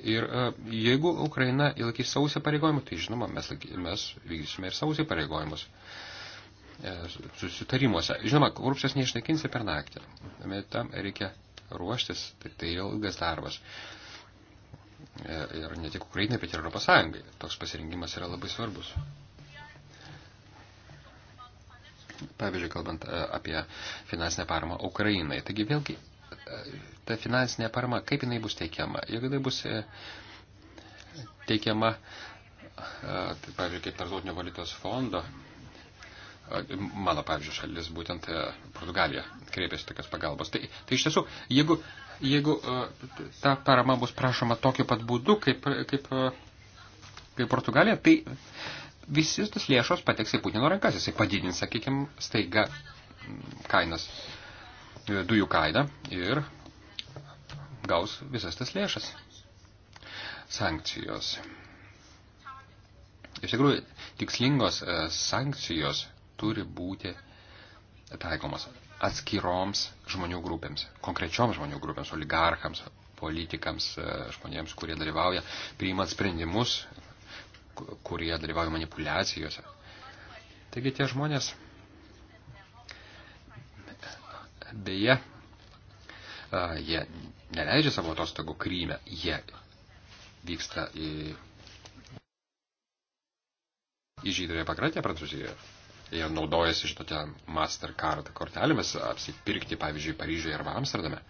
S5: Ir jeigu Ukraina įlaikys savo įsipareigojimus, tai žinoma, mes, mes vykdysime ir savo įsipareigojimus e, susitarimuose. Žinoma, korupcijos neišnaikinsi per naktį. Bet tam reikia ruoštis, tai, tai ilgas darbas. E, ir ne tik Ukrainai, bet ir Europos Sąjungai. Toks pasirinkimas yra labai svarbus. Pavyzdžiui, kalbant e, apie finansinę paramą Ukrainai. Taigi vėlgi, e, ta finansinė parama, kaip jinai bus teikiama? Jeigu jinai bus teikiama, tai, pavyzdžiui, kaip tarptautinio valiutos fondo mano, pavyzdžiui, šalis, būtent e, Portugalija, kreipėsi tokios pagalbos. Tai, tai iš tiesų, jeigu, jeigu e, ta parama bus prašoma tokiu pat būdu, kaip, kaip, e, kaip Portugalija, tai visi tas lėšos pateks į Putino rankas, jisai padidins, sakykime, staiga mm, kainas, dujų kainą ir gaus visas tas lėšas. Sankcijos. Iš tikrųjų, tikslingos sankcijos turi būti taikomas atskiroms žmonių grupėms, konkrečioms žmonių grupėms, oligarchams, politikams, e, žmonėms, kurie dalyvauja priimant sprendimus, kurie dalyvauja manipulacijose. Taigi tie žmonės beje, e, jie neleidžia savo atostogų kryme, jie vyksta į, į žydrąją pakratę Prancūzijoje jie naudojasi šitokią Mastercard kortelėmis apsipirkti, pavyzdžiui, Paryžiuje arba Amsterdame.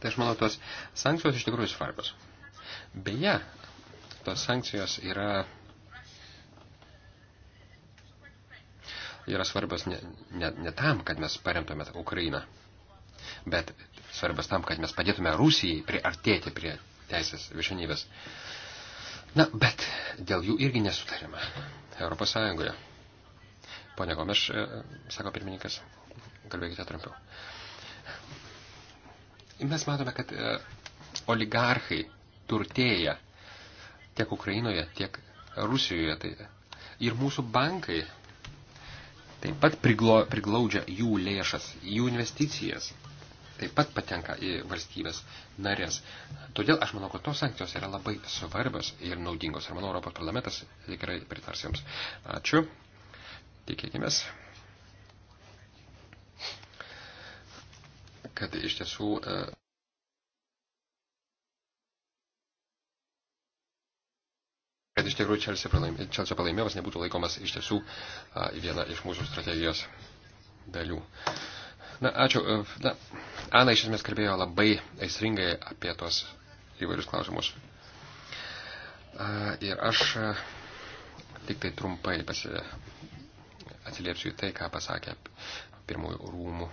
S5: Tai aš manau, tos sankcijos iš tikrųjų svarbios. Beje, tos sankcijos yra, yra svarbios ne, ne, ne tam, kad mes paremtume Ukrainą, bet svarbios tam, kad mes padėtume Rusijai priartėti prie teisės viršenybės. Na, bet dėl jų irgi nesutarėme. Europos Sąjungoje. Pone Gomeš, e, sako pirmininkas, kalbėkite trumpiau. Mes matome, kad e, oligarchai turtėja tiek Ukrainoje, tiek Rusijoje. Tai ir mūsų bankai taip pat priglo, priglaudžia jų lėšas, jų investicijas taip pat patenka į valstybės narės. Todėl aš manau, kad tos sankcijos yra labai svarbios ir naudingos. Ir manau, Europos parlamentas tikrai pritars jums. Ačiū. Tikėkime, kad iš tiesų. E, kad iš tikrųjų Čelsio pralaimėjimas nebūtų laikomas iš tiesų viena iš mūsų strategijos dalių. Na, ačiū. Na, Ana iš esmės kalbėjo labai aistringai apie tos įvairius klausimus. Ir aš tik tai trumpai pasi... atsiliepsiu į tai, ką pasakė pirmųjų rūmų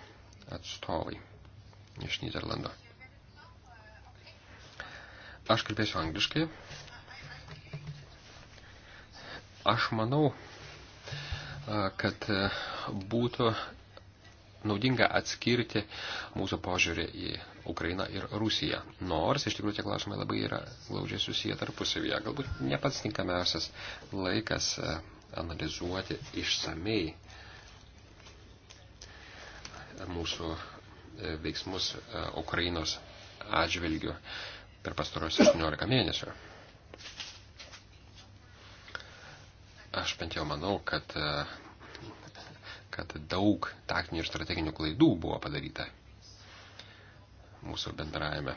S5: atstovai iš Niderlando. Aš kalbėsiu angliškai. Aš manau, kad būtų naudinga atskirti mūsų požiūrį į Ukrainą ir Rusiją. Nors iš tikrųjų tie klausimai labai yra glaudžiai susiję tarpusavyje. Galbūt ne pats tinkamiausias laikas e, analizuoti išsamei e, mūsų e, veiksmus Ukrainos atžvilgių per pastarosius 18 mėnesių. Aš bent jau manau, kad kad daug taktinių ir strateginių klaidų buvo padaryta mūsų bendrajame.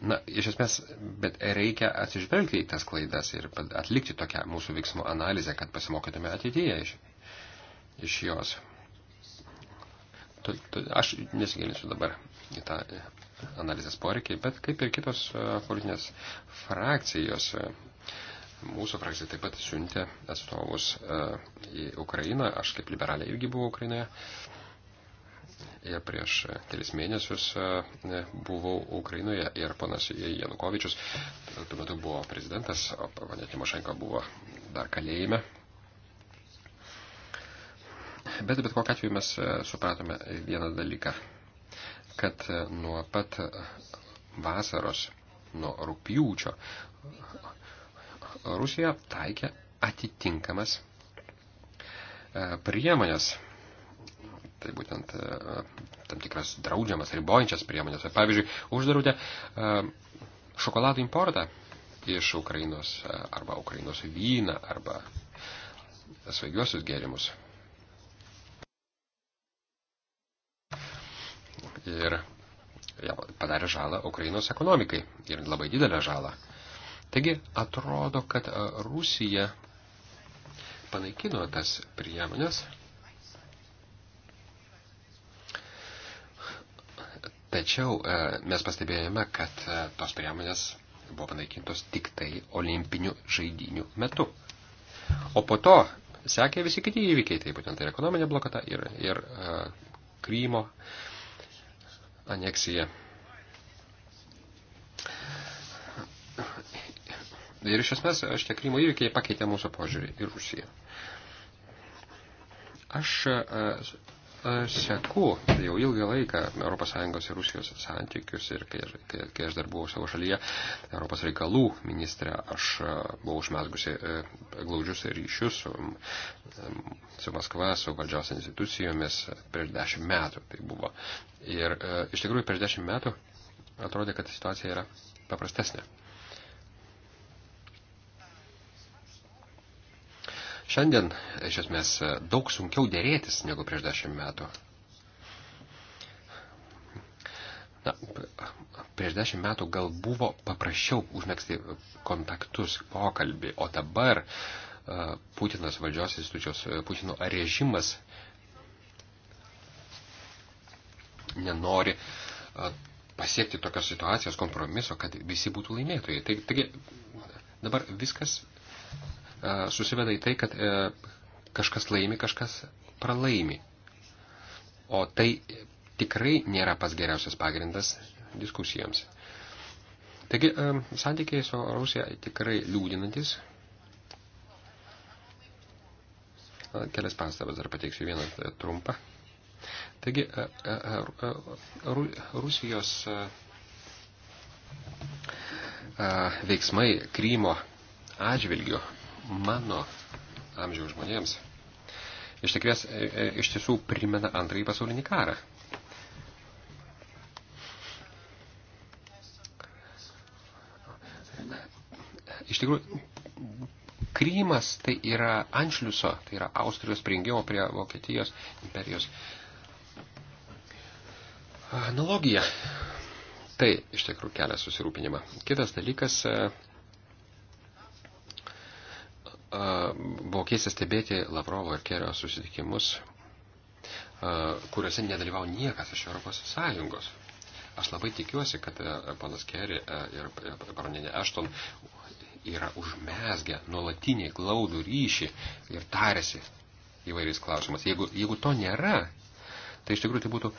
S5: Na, iš esmės, bet reikia atsižvelgti į tas klaidas ir atlikti tokią mūsų veiksmų analizę, kad pasimokytume ateityje iš, iš jos. Aš nesigilinsiu dabar į tą analizės poreikį, bet kaip ir kitos politinės frakcijos Mūsų frakcija taip pat siuntė atstovus e, į Ukrainą. Aš kaip liberalė irgi buvau Ukrainoje. Ir prieš kelis mėnesius e, buvau Ukrainoje ir panas Janukovičius, tuo metu buvo prezidentas, o panė Timošenko buvo dar kalėjime. Bet bet kokiu atveju mes e, supratome vieną dalyką, kad nuo pat vasaros, nuo rūpjūčio, Rusija taikė atitinkamas e, priemonės. Tai būtent e, tam tikras draudžiamas, ribojančias priemonės. Pavyzdžiui, uždraudė e, šokolado importą iš Ukrainos arba Ukrainos vyną arba svaigiuosius gėrimus. Ir padarė žalą Ukrainos ekonomikai ir labai didelę žalą. Uh, Taigi atrodo, kad e, Rusija panaikino tas priemonės. Tačiau e, mes pastebėjome, kad e, tos priemonės buvo panaikintos tik tai olimpinių žaidinių metu. O po to sekė visi kiti įvykiai, tai būtent ir ekonominė blokada, ir, ir uh, Krymo aneksija. Ir iš esmės šitie Krymo įvykiai pakeitė mūsų požiūrį į Rusiją. Aš e, e, seku jau ilgą laiką ES ir Rusijos santykius ir kai, kai, kai aš dar buvau savo šalyje Europos reikalų ministrė, aš e, buvau užmesgusi glaudžius ryšius su, su Maskva, su valdžios institucijomis prieš dešimt metų tai buvo. Ir iš tikrųjų prieš dešimt metų atrodė, kad situacija yra paprastesnė. Šiandien, iš esmės, daug sunkiau dėrėtis negu prieš dešimt metų. Na, prieš dešimt metų gal buvo paprasčiau užmėgsti kontaktus, pokalbį, o dabar e, Putinas valdžios institucijos, e, Putino režimas nenori e, pasiekti tokios situacijos kompromiso, kad visi būtų laimėtojai. Taigi, taigi dabar viskas E, susiveda į tai, kad e, kažkas laimi, kažkas pralaimi. O tai tikrai nėra pas geriausias pagrindas diskusijoms. Taigi, e, santykiai su Rusija tikrai liūdinantis. Kelias pastabas dar pateiksiu vieną trumpą. Taigi, Rusijos veiksmai Krymo atžvilgiu mano amžiaus žmonėms iš, tikrės, e, e, iš tiesų primena antrąjį pasaulinį karą. Iš tikrųjų, Krymas tai yra Anšliuso, tai yra Austrijos prijungimo prie Vokietijos imperijos analogija. Tai iš tikrųjų kelia susirūpinimą. Kitas dalykas e, Buvo keista stebėti Lavrovo ir Kerio susitikimus, kuriuose nedalyvau niekas iš Europos Sąjungos. Aš labai tikiuosi, kad panas Kerry ir baroninė Ešton yra užmesgę nuolatinį glaudų ryšį ir tarėsi įvairiais klausimas. Jeigu, jeigu to nėra, tai iš tikrųjų tai būtų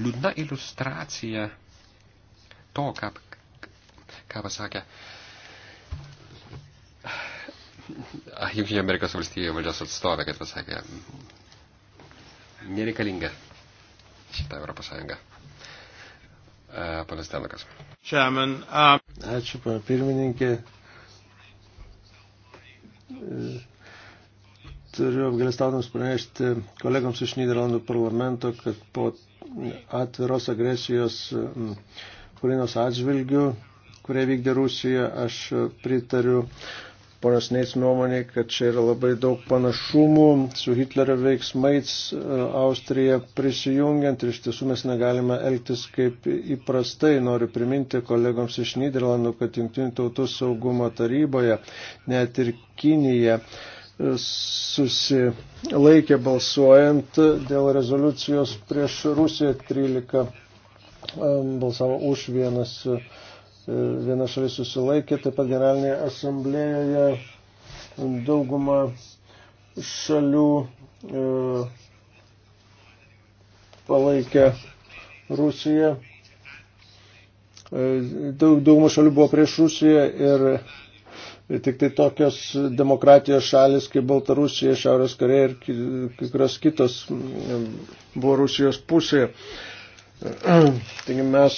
S5: liūdna iliustracija to, ką, ką pasakė uh, Junktinių Amerikos valstybių valdžios atstovė, kad pasakė, nereikalinga šitą Europos Sąjungą. E, Panas Tenakas. Chairman, um... Ačiū,
S8: pana pirmininkė. E,
S2: turiu apgalestavimus pranešti kolegams iš Niderlandų parlamento, kad po atviros agresijos Ukrainos atžvilgių, kurie vykdė Rusija, aš pritariu uh, ponios Neits nuomonė, kad čia yra labai daug panašumų su Hitlerio veiksmais e, Austrija prisijungiant ir iš tiesų mes negalime elgtis kaip įprastai. Noriu priminti kolegoms iš Niderlandų, kad Junktinių tautų saugumo taryboje net ir Kinija e, susilaikė balsuojant dėl rezoliucijos prieš Rusiją 13 e, balsavo už vienas viena šalis susilaikė, taip pat generalinėje asamblėjoje dauguma šalių e, palaikė Rusiją. E, daug, daugumą šalių buvo prieš Rusiją ir tik tai tokios demokratijos šalis kaip Baltarusija, Šiaurės Koreja ir kai kurios kitos buvo Rusijos pusėje. Taigi mes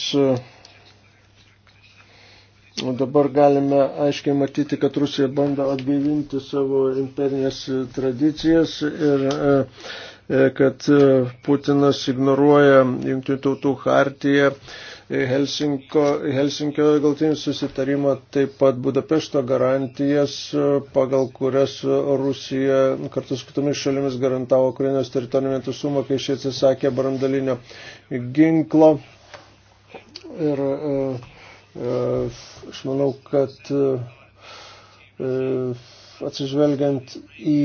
S2: Dabar galime aiškiai matyti, kad Rusija bando atgaivinti savo imperinės tradicijas ir e, e, kad e, Putinas ignoruoja Junktinių tautų hartiją, Helsinko, Helsinkio galtinį susitarimą, taip pat Budapešto garantijas, pagal kurias Rusija kartu su kitomis šalimis garantavo Ukrainos teritorinį vientisumą, kai šie atsisakė brandalinio ginklo. Ir, uh, Aš manau, kad e, atsižvelgiant į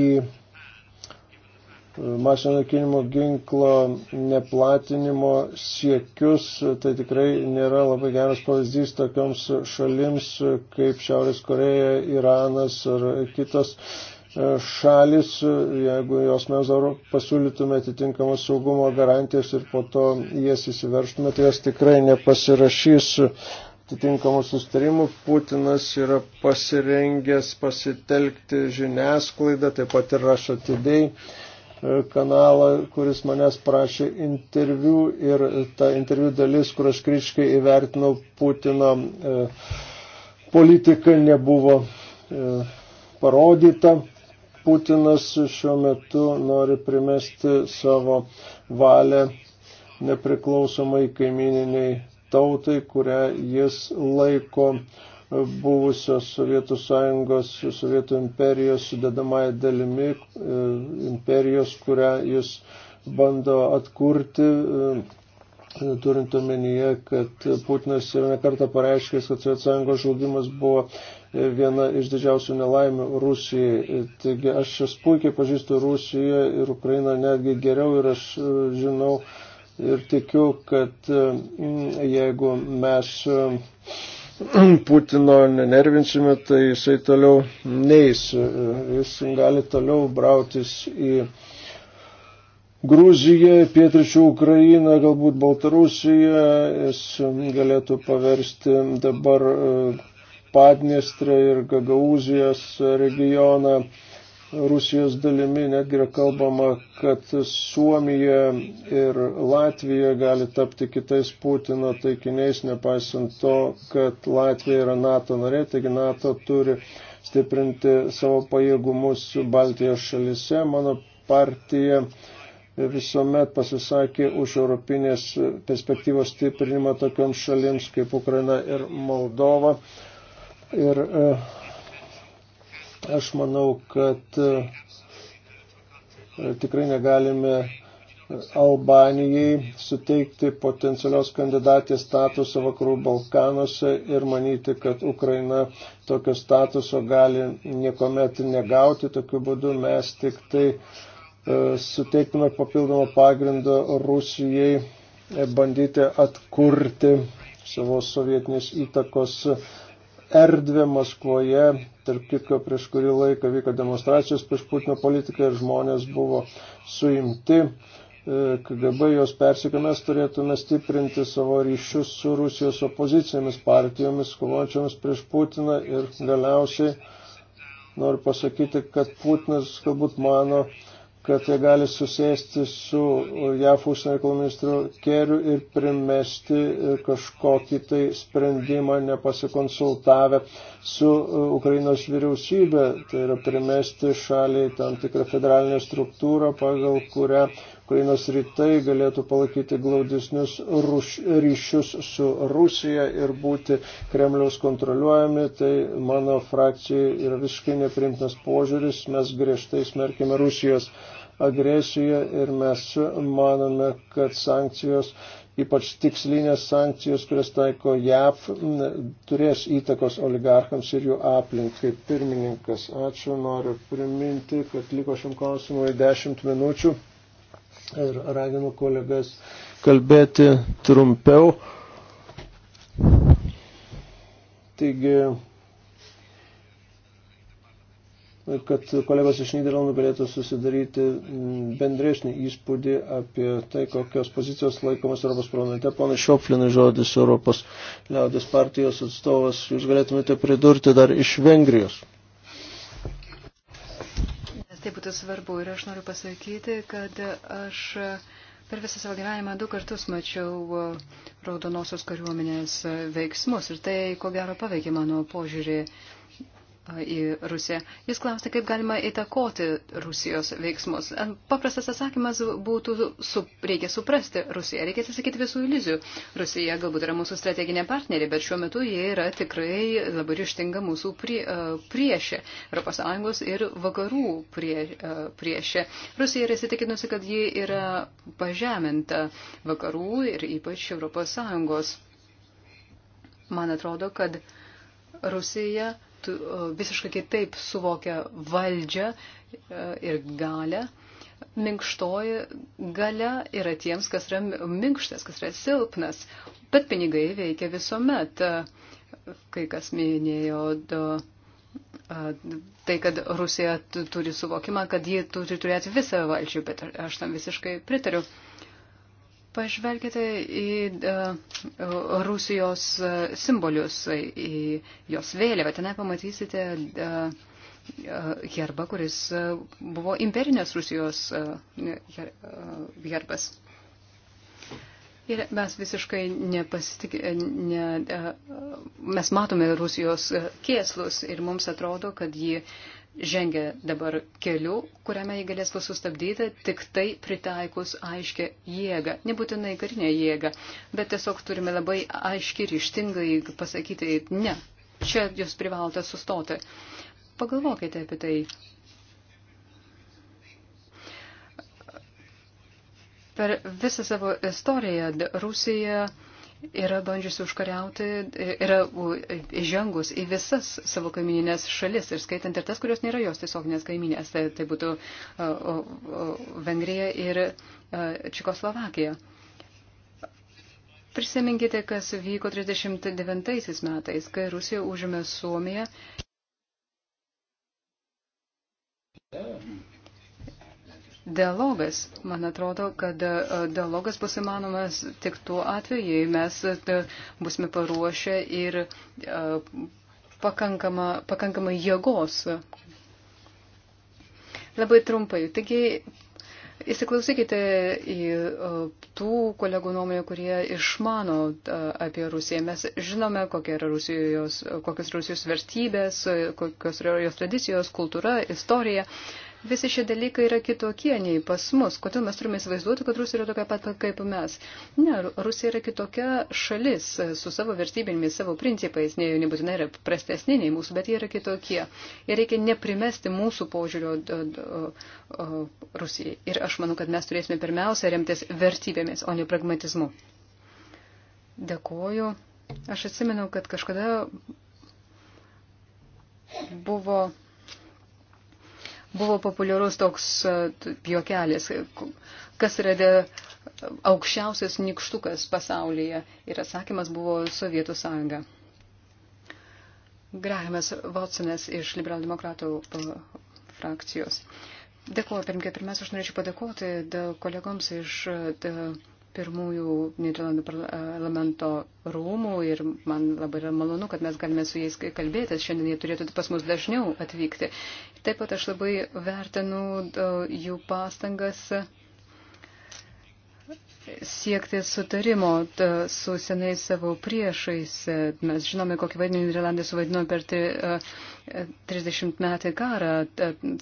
S2: masinio naikinimo ginklo neplatinimo siekius, tai tikrai nėra labai geras pavyzdys tokioms šalims kaip Šiaurės Koreja, Iranas ar kitos e, šalis, jeigu jos mes pasiūlytume atitinkamas saugumo garantijas ir po to jas įsiverštume, tai jos tikrai nepasirašys atitinkamų sustarimų. Putinas yra pasirengęs pasitelkti žiniasklaidą, taip pat ir rašo atidėjai e, kanalą, kuris manęs prašė interviu ir ta interviu dalis, kur aš kriškai įvertinau Putino e, politiką, nebuvo e, parodyta. Putinas šiuo metu nori primesti savo valią nepriklausomai kaimininiai tautai, kurią jis laiko buvusios Sovietų sąjungos, Sovietų imperijos sudedamąją dalimi, e, imperijos, kurią jis bando atkurti, e, turint omenyje, kad Putinas yra nekartą pareiškęs, kad Sovietų sąjungos žlugimas buvo e, viena iš didžiausių nelaimių Rusijai. Taigi aš jas puikiai pažįstu Rusiją ir Ukrainą netgi geriau ir aš žinau, ir tikiu, kad e, jeigu mes e, Putino nenervinsime, tai jisai toliau neis. E, jis gali toliau brautis į Gruziją, pietričių Ukrainą, galbūt Baltarusiją. Jis galėtų paversti dabar Padniestrę ir Gagaūzijos regioną Rusijos dalimi, netgi yra kalbama, kad Suomija ir Latvija gali tapti kitais Putino taikiniais, nepaisant to, kad Latvija yra NATO narė, taigi NATO turi stiprinti savo pajėgumus Baltijos šalise. Mano partija visuomet pasisakė už europinės perspektyvos stiprinimą tokioms šalims kaip Ukraina ir Moldova. Ir, e, Aš manau, kad e, tikrai negalime Albanijai suteikti potencialios kandidatės statusą Vakarų Balkanuose ir manyti, kad Ukraina tokio statuso gali niekuomet negauti. Tokiu būdu mes tik tai uh, suteiktume papildomą pagrindą Rusijai e, bandyti atkurti savo sovietinės įtakos erdvę Maskvoje, Tarp kitko, prieš kurį laiką vyko demonstracijos prieš Putino politiką ir žmonės buvo suimti. E, KGB jos persikė, mes turėtume stiprinti savo ryšius su Rusijos opozicijomis partijomis, kovočiamis prieš Putiną ir galiausiai noriu pasakyti, kad Putinas galbūt mano, kad jie gali susėsti su JAF užsienio reikalų ministru Keriu ir primesti kažkokį tai sprendimą nepasikonsultavę su Ukrainos vyriausybė. Tai yra primesti šaliai tam tikrą federalinę struktūrą, pagal kurią Ukrainos rytai galėtų palaikyti glaudesnius ryšius su Rusija ir būti Kremliaus kontroliuojami. Tai mano frakcijai yra visiškai neprimtas požiūris. Mes griežtai smerkime Rusijos agresiją ir mes manome, kad sankcijos, ypač tikslinės sankcijos, kurias taiko JAV, turės įtakos oligarchams ir jų aplinkai. Pirmininkas, ačiū, noriu priminti, kad liko šiam klausimui 10 minučių ir raginu kolegas kalbėti trumpiau. Taigi, kad kolegos iš Niderlandų galėtų susidaryti mm, bendresnį įspūdį apie tai, kokios pozicijos laikomas Europos parlamente. Pana Šioplinai žodis Europos liaudės partijos atstovas, jūs galėtumėte pridurti dar iš Vengrijos.
S4: Nes tai būtų svarbu ir aš noriu pasakyti, kad aš per visą savo gyvenimą du kartus mačiau raudonosios kariuomenės veiksmus ir tai, ko gero, paveikė mano požiūrį į Rusiją. Jis klausė, kaip galima įtakoti Rusijos veiksmus. Paprastas atsakymas būtų, su, reikia suprasti Rusiją, reikia atsisakyti visų iliuzijų. Rusija galbūt yra mūsų strateginė partnerė, bet šiuo metu jie yra tikrai labai ryštinga mūsų prie, priešė, ES ir vakarų prie, priešė. Rusija yra įsitikinusi, kad ji yra pažeminta vakarų ir ypač ES. Man atrodo, kad Rusija visiškai kitaip suvokia valdžią e, ir galę. Minkštoji gale yra tiems, kas yra minkštas, kas yra silpnas, bet pinigai veikia visuomet. Kai kas minėjo tai, kad Rusija turi suvokimą, kad ji turi turėti visą valdžią, bet aš tam visiškai pritariu. Uh, Pažvelkite į uh, Rusijos e, simbolius, į jos vėliavą. Tenai pamatysite uh, herbą, kuris uh, buvo imperinės Rusijos uh, herbas. Ir mes visiškai nepasitikė, ne, uh, mes matome Rusijos kėslus ir mums atrodo, kad ji uh, žengia dabar keliu, kuriame jį galės bus sustabdyta tik tai pritaikus aiškę jėgą. Nebūtinai karinę jėgą, bet tiesiog turime labai aiškiai ir ištingai pasakyti, ne, čia jūs privalote sustoti. Pagalvokite apie tai. Per visą savo istoriją Rusija yra bandžiusi užkariauti, yra žengus į visas savo kaimininės šalis, ir skaitant ir tas, kurios nėra jos tiesioginės kaiminės, tai, tai būtų Vengrija ir Čikoslovakija. Prisiminkite, kas vyko 39 metais, kai Rusija užėmė Suomiją. dialogas. Man atrodo, kad e, dialogas bus įmanomas tik tuo atveju, jei mes e, busime paruošę ir pakankamą, e, pakankamą jėgos. Labai trumpai. Taigi, Įsiklausykite į tų kolegų nuomonę, kurie išmano apie Rusiją. Mes žinome, kokia yra Rusijos, kokios Rusijos vertybės, kokios yra jos tradicijos, kultūra, istorija visi šie dalykai yra kitokie nei pas mus. Kodėl mes turime įsivaizduoti, kad Rusija yra tokia pat kaip mes? Ne, Rusija yra kitokia šalis e, su savo vertybėmis, savo principais, ne, nebūtinai yra prastesnė nei mūsų, bet jie yra kitokie. Ir reikia neprimesti mūsų požiūrio d, d, d, Rusijai. Ir aš manau, kad mes turėsime pirmiausia remtis vertybėmis, o ne pragmatizmu. Dėkuoju. Aš atsimenu, kad kažkada buvo buvo populiarus toks e, juokelis, kas yra de aukščiausias nikštukas pasaulyje. Ir atsakymas buvo Sovietų sąjunga. Grahamas Watsonas iš liberaldemokratų e, frakcijos. Dėkuoju, pirmkė, pirmiausia, aš norėčiau padėkoti kolegoms iš e, pirmųjų Niderlandų parlamento rūmų ir man labai yra malonu, kad mes galime su jais kalbėtis. Šiandien jie turėtų pas mus dažniau atvykti. Taip pat aš labai vertinu uh, jų pastangas siekti sutarimo su senais savo priešais. Mes žinome, kokį vaidmenį Irlandai suvaidino per 30 metį karą,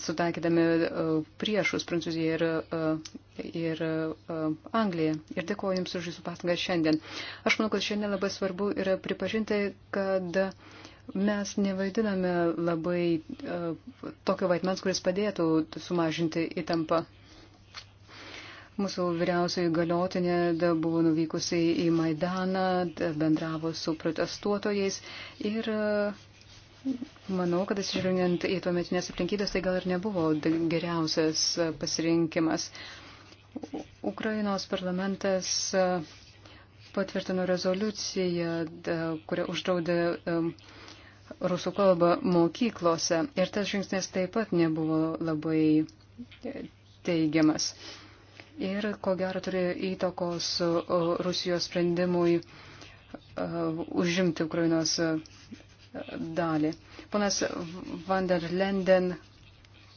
S4: sutaikydami priešus Prancūziją ir, ir Angliją. Ir dėkoju Jums už Jūsų pastangas šiandien. Aš manau, kad šiandien labai svarbu yra pripažinti, kad mes nevaidiname labai tokio vaidmens, kuris padėtų sumažinti įtampą. Mūsų vyriausioji galiotinė buvo nuvykusi į Maidaną, bendravo su protestuotojais ir manau, kad atsižvelgiant į tuometinės aplinkybės, tai gal ir nebuvo geriausias pasirinkimas. Ukrainos parlamentas patvirtino rezoliuciją, kurią uždraudė rusų kalbą mokyklose ir tas žingsnis taip pat nebuvo labai teigiamas ir ko gero turėjo įtakos Rusijos sprendimui užimti Ukrainos dalį. Ponas van der Lenden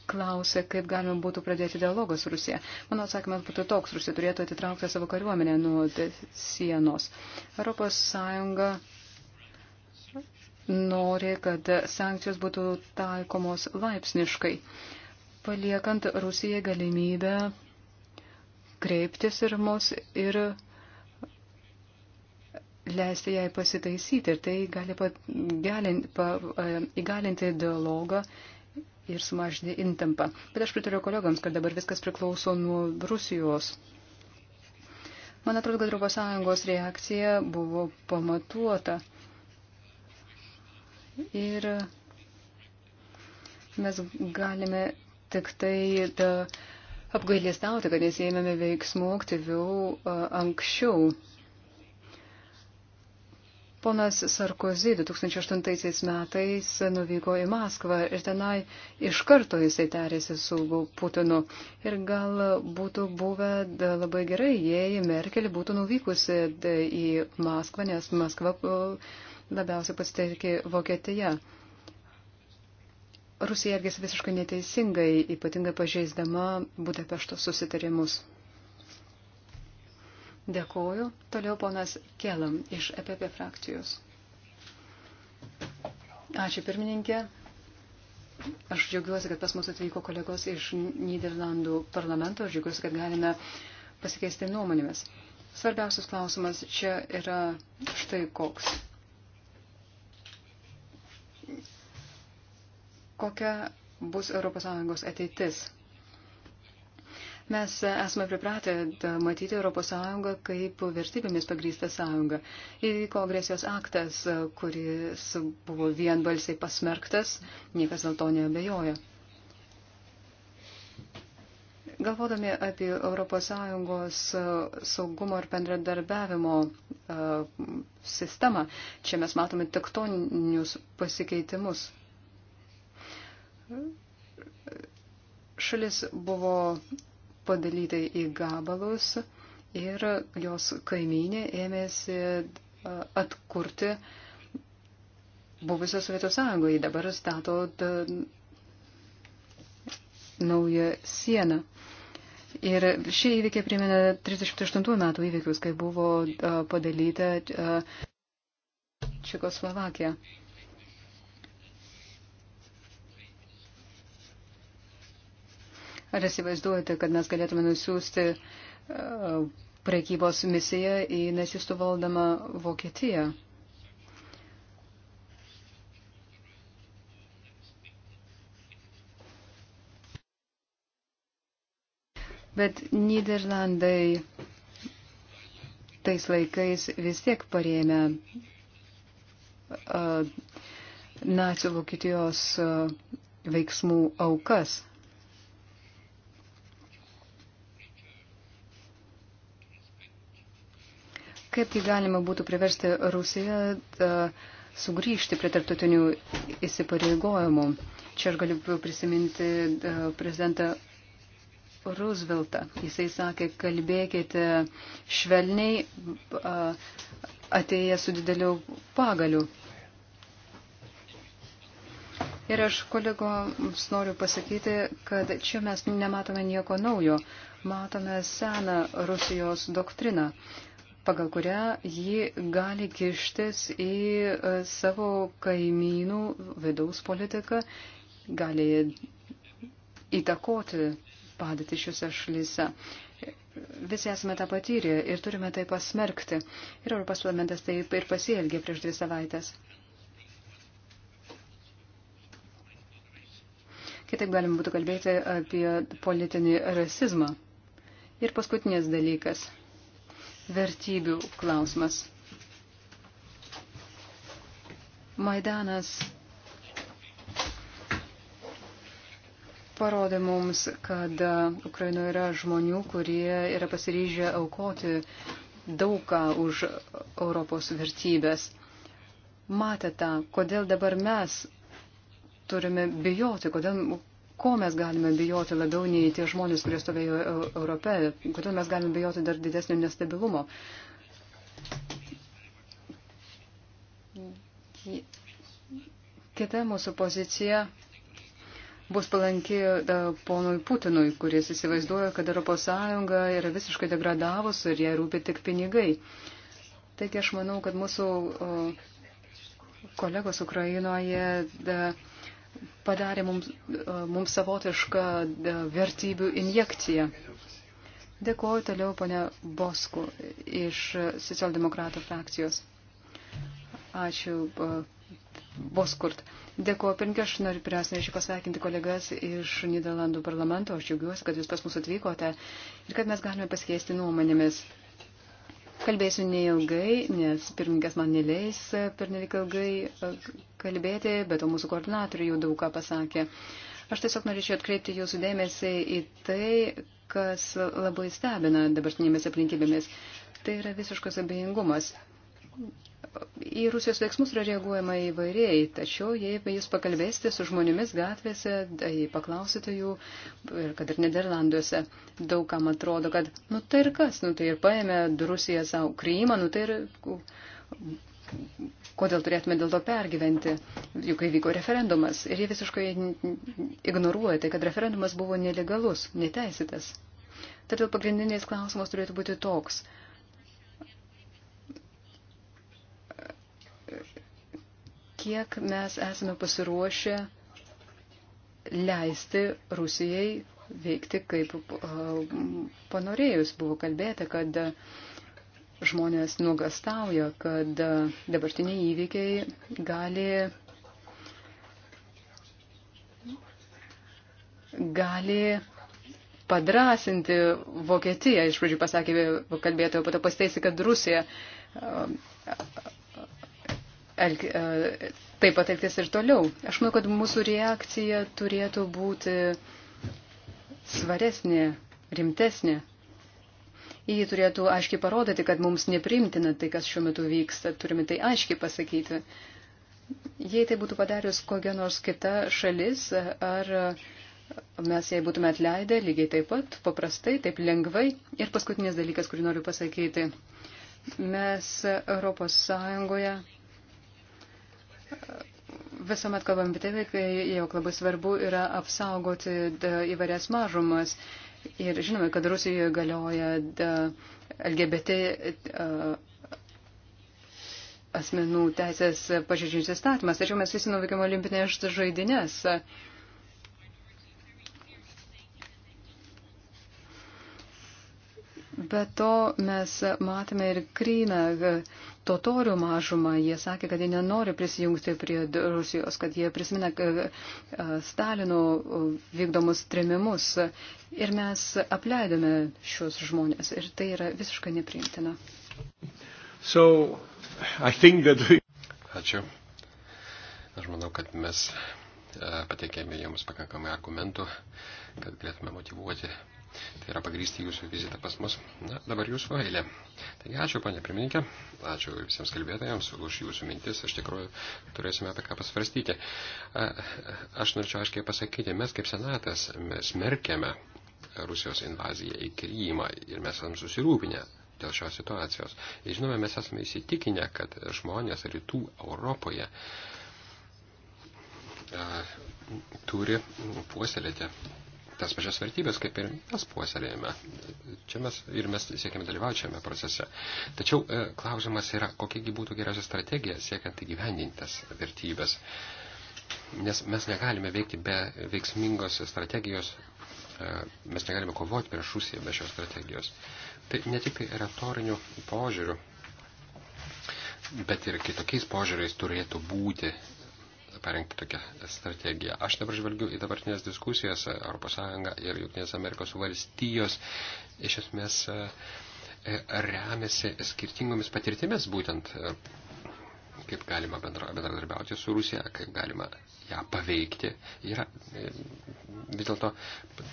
S4: klausė, kaip galima būtų pradėti dialogą su Rusija. Mano atsakymas būtų toks, Rusija turėtų atitraukti savo kariuomenę nuo sienos. Europos Sąjunga nori, kad sankcijos būtų taikomos laipsniškai, paliekant Rusijai galimybę kreiptis ir mus ir leisti jai pasitaisyti. Ir tai gali pagelinti, pa, įgalinti dialogą ir sumažinti intampą. Bet aš pritariu kolegams, kad dabar viskas priklauso nuo Rusijos. Man atrodo, kad Europos Sąjungos reakcija buvo pamatuota. Ir mes galime tik tai da, ta, apgailėstauti, kad nesėmėme veiksmų aktyviau anksčiau. Ponas Sarkozy 2008 metais nuvyko į Maskvą ir tenai iš karto jisai tarėsi su Putinu. Ir gal būtų buvę labai gerai, jei Merkel būtų nuvykusi į Maskvą, nes Maskva labiausiai pasitikė Vokietija. Rusija elgėsi visiškai neteisingai, ypatingai pažeisdama Budapešto susitarimus. Dėkoju. Toliau ponas Kelam iš EPP frakcijos. Ačiū pirmininkė. Aš džiaugiuosi, kad pas mus atvyko kolegos iš Niderlandų parlamento. Aš džiaugiuosi, kad galime pasikeisti nuomonėmis. Svarbiausias klausimas čia yra štai koks. kokia bus ES ateitis. Mes esame pripratę matyti ES kaip vertybėmis pagrįstą sąjungą. Įvyko agresijos aktas, kuris buvo vienbalsiai pasmerktas, niekas dėl to neabejoja. Galvodami apie ES saugumo ir bendradarbiavimo sistemą, čia mes matome tektoninius pasikeitimus Šalis buvo padalyta į gabalus ir jos kaimynė ėmėsi atkurti buvusios Sovietų sąjungoje. Dabar stato naują sieną. Ir šie įvykiai primena 38 metų įvykius, kai buvo padalyta Čekoslovakija. Ar įsivaizduojate, kad mes galėtume nusiųsti uh, prekybos misiją į nacistų valdomą Vokietiją? Bet Niderlandai tais laikais vis tiek parėmė uh, nacių Vokietijos uh, veiksmų aukas. Kaip tai galima būtų priversti Rusiją e, sugrįžti prie tarptautinių įsipareigojimų? Čia aš galiu prisiminti e, prezidentą Rooseveltą. Jisai sakė, kalbėkite švelniai, atėję su dideliu pagaliu. Ir aš kolegoms noriu pasakyti, kad čia mes nematome nieko naujo. Matome seną Rusijos doktriną pagal kurią ji gali kištis į e, savo kaimynų vidaus politiką, gali įtakoti padėtį šiuose šalyse. Visi esame tą patyrę ir turime tai pasmerkti. Ir Europos parlamentas taip ir pasielgė prieš dvi savaitės. Kitaip galim būtų kalbėti apie politinį rasizmą. Ir paskutinis dalykas – vertybių klausimas. Maidanas parodė mums, kad Ukrainoje yra žmonių, kurie yra pasiryžę aukoti daugą už Europos vertybės. Matėte, kodėl dabar mes turime bijoti, kodėl, ko mes galime bijoti labiau nei tie žmonės, kurie stovėjo Europe, kodėl mes galime bijoti dar didesnio nestabilumo. Kita mūsų pozicija bus palanki e, ponui Putinui, kuris įsivaizduoja, kad ES yra visiškai degradavus ir jai rūpi tik pinigai. Taigi aš manau, kad mūsų e, kolegos Ukrainoje da, e, uh, padarė mums, e, mums savotišką e, vertybių injekciją. Dėkuoju toliau ponia Bosku iš socialdemokratų frakcijos. Ačiū, e, Boskurt. Dėkuoju, pirmkia, aš noriu pirmiausia norėčiau pasveikinti kolegas iš Niderlandų parlamento. Aš džiaugiuosi, kad jūs pas mus atvykote ir kad mes galime pasikeisti nuomonėmis. Kalbėsiu neilgai, nes pirmininkas man neleis per nelik ilgai e, kalbėti, bet o mūsų koordinatoriai jau daug ką pasakė. Aš tiesiog norėčiau atkreipti jūsų dėmesį į tai, kas labai stebina dabartinėmis aplinkybėmis. Tai yra visiškas abejingumas į Rusijos veiksmus yra reaguojama įvairiai, tačiau jei jūs pakalbėsite su žmonėmis gatvėse, jei tai paklausite jų, kad ir Niderlanduose, daug kam atrodo, kad, nu tai ir kas, nu tai ir paėmė Rusiją savo Krymą, nu tai ir kodėl turėtume dėl to pergyventi, juk įvyko referendumas ir jie visiškai ignoruoja tai, kad referendumas buvo nelegalus, neteisėtas. Todėl pagrindinės klausimas turėtų būti toks, kiek mes esame pasiruošę leisti Rusijai veikti, kaip uh, panorėjus buvo kalbėta, kad uh, žmonės nuogastauja, kad uh, dabartiniai įvykiai gali, gali padrasinti Vokietiją. Iš pradžių pasakė kalbėtojo, po to pasteisi, kad Rusija elg, e, taip pat elgtis ir toliau. Aš manau, kad mūsų reakcija turėtų būti svaresnė, rimtesnė. Jie turėtų aiškiai parodyti, kad mums neprimtina tai, kas šiuo metu vyksta. Turime tai aiškiai pasakyti. Jei tai būtų padarius kokia nors kita šalis, ar mes jai būtume atleidę lygiai taip pat, paprastai, taip lengvai. Ir paskutinis dalykas, kurį noriu pasakyti. Mes Europos Sąjungoje Visuomet kalbam apie tai, kai jau labai svarbu yra apsaugoti įvairias mažumas. Ir žinome, kad Rusijoje galioja LGBT asmenų teisės pažeidžiantis įstatymas, tačiau mes visi nuvykėme olimpinės žaidinės. Be to mes matome ir Kryną, totorių mažumą. Jie sakė, kad jie nenori prisijungti prie Rusijos, kad jie prisimena e, e, Stalino e, vykdomus trimimus. Ir mes apleidome šios žmonės. Ir tai yra visiškai nepriimtina.
S1: So,
S5: that... Ačiū. Aš manau, kad mes pateikėme jiems pakankamai argumentų, kad galėtume motivuoti Tai yra pagrysti jūsų vizitą pas mus. Na, dabar jūsų eilė. Taigi ačiū, panė pirmininkė, ačiū visiems kalbėtojams už jūsų mintis. Iš tikrųjų, turėsime apie ką pasvarstyti. Aš norėčiau aiškiai pasakyti, mes kaip senatas mes smerkėme Rusijos invaziją į Krymą ir mes esam susirūpinę dėl šios situacijos. Ir žinome, mes esame įsitikinę, kad žmonės rytų Europoje a, turi puoselėti tas pačias vertybės, kaip ir mes puoselėjame. Čia mes ir mes siekiame dalyvauti šiame procese. Tačiau e, klausimas yra, kokiagi būtų geriausia strategija siekiant įgyvendintas vertybės. Nes mes negalime veikti be veiksmingos strategijos, e, mes negalime kovoti prieš Rusiją be šios strategijos. Tai ne tik tai retorinių požiūrių, bet ir kitokiais požiūriais turėtų būti parengti tokią strategiją. Aš dabar žvelgiu į dabartinės diskusijas ES ir Junktinės Amerikos valstijos iš esmės e, e, remiasi skirtingomis patirtimis būtent, e, kaip galima bendra, bendradarbiauti su Rusija, kaip galima ją paveikti. Yra vis dėlto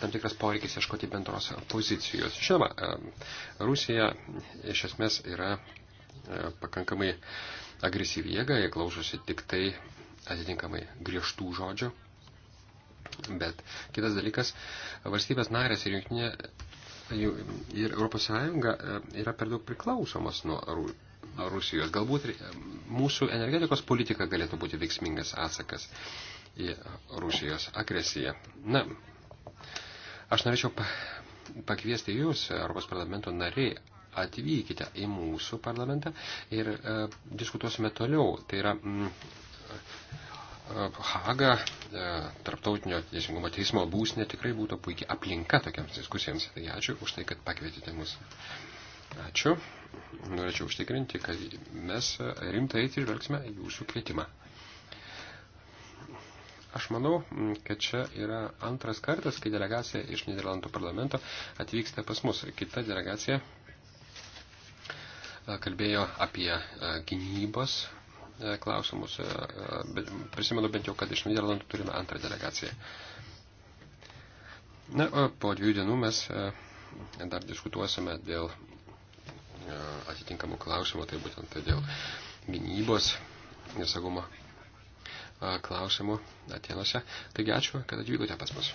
S5: tam tikras poreikis ieškoti bendros pozicijos. Žinoma, Rusija iš esmės yra pakankamai agresyvi jėga, jie klausosi tik tai atitinkamai griežtų žodžių. Bet kitas dalykas, valstybės narės ir jungtinė ir Europos Sąjunga e, yra per daug priklausomos nuo Rusijos. Galbūt e, mūsų energetikos politika galėtų būti veiksmingas atsakas į Rusijos agresiją. Na, aš norėčiau pakviesti jūs, Europos parlamento nariai, atvykite į mūsų parlamentą ir e, diskutuosime toliau. Tai yra, m, Haga, e, Tarptautinio teisingumo teismo būsnė, tikrai būtų puikia aplinka tokiams diskusijams. Taigi ačiū už tai, kad pakvietėte mus. Ačiū. Norėčiau užtikrinti, kad mes rimtai atsižvelgsime jūsų kvietimą. Aš manau, kad čia yra antras kartas, kai delegacija iš Niderlandų parlamento atvyksta pas mus. Kita delegacija e, kalbėjo apie e, gynybos E, klausimus. E, prisimenu bent jau, kad iš Niderlandų turime antrą delegaciją. Na, o po dviejų dienų mes e, dar diskutuosime dėl atitinkamų klausimų, tai būtent tai dėl gynybos nesaugumo klausimų Atenose. Taigi ačiū, kad atvykote pas mus.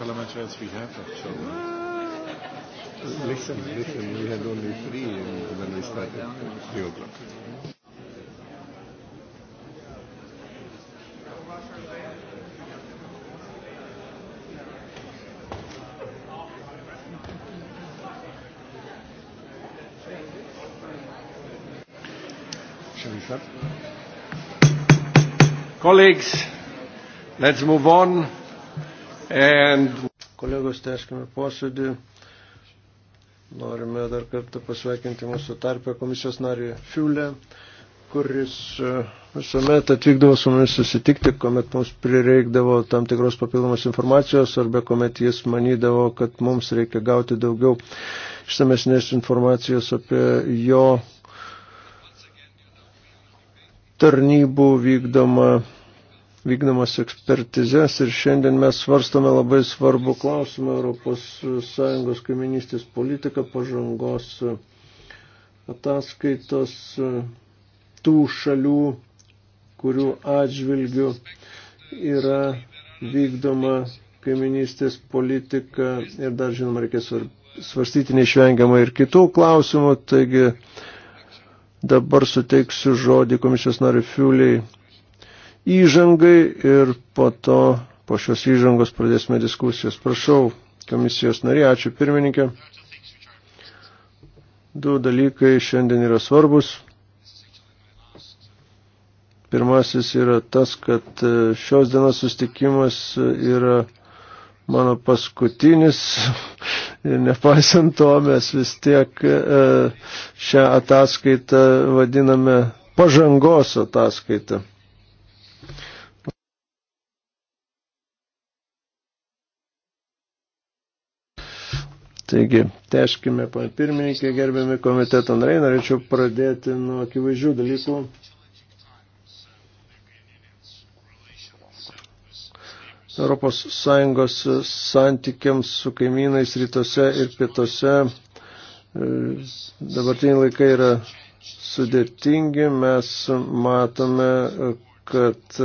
S6: parliamentarians we have actually. Mm. Listen, listen, we had only three uh, when we started three o'clock.
S1: Colleagues, let's move on. And... Kolegos, teškime posėdį.
S2: Norime dar kartą pasveikinti mūsų tarpę komisijos narį Fiulę, kuris e, visuomet atvykdavo su mumis susitikti, kuomet mums prireikdavo tam tikros papildomos informacijos arba kuomet jis manydavo, kad mums reikia gauti daugiau išsamesnės informacijos apie jo tarnybų vykdomą vykdomas ekspertizės ir šiandien mes svarstame labai svarbų klausimą ES kaiminystės politiką, pažangos ataskaitos tų šalių, kurių atžvilgių yra vykdoma kaiminystės politika ir dar žinoma reikės svarstyti neišvengiamai ir kitų klausimų, taigi dabar suteiksiu žodį komisijos nariu Fiuliai įžangai ir po to, po šios įžangos pradėsime diskusijas. Prašau, komisijos narė, ačiū pirmininkė. Du dalykai šiandien yra svarbus. Pirmasis yra tas, kad e, šios dienos sustikimas yra mano paskutinis ir nepaisant to mes vis tiek e, šią ataskaitą vadiname pažangos ataskaitą. Taigi, teškime, pan pirmininkė, gerbiami komiteto nariai, norėčiau pradėti nuo akivaizdžių dalykų. Europos Sąjungos santykiams su kaimynais rytuose ir pietuose e, dabartiniai laikai yra sudėtingi. Mes matome, kad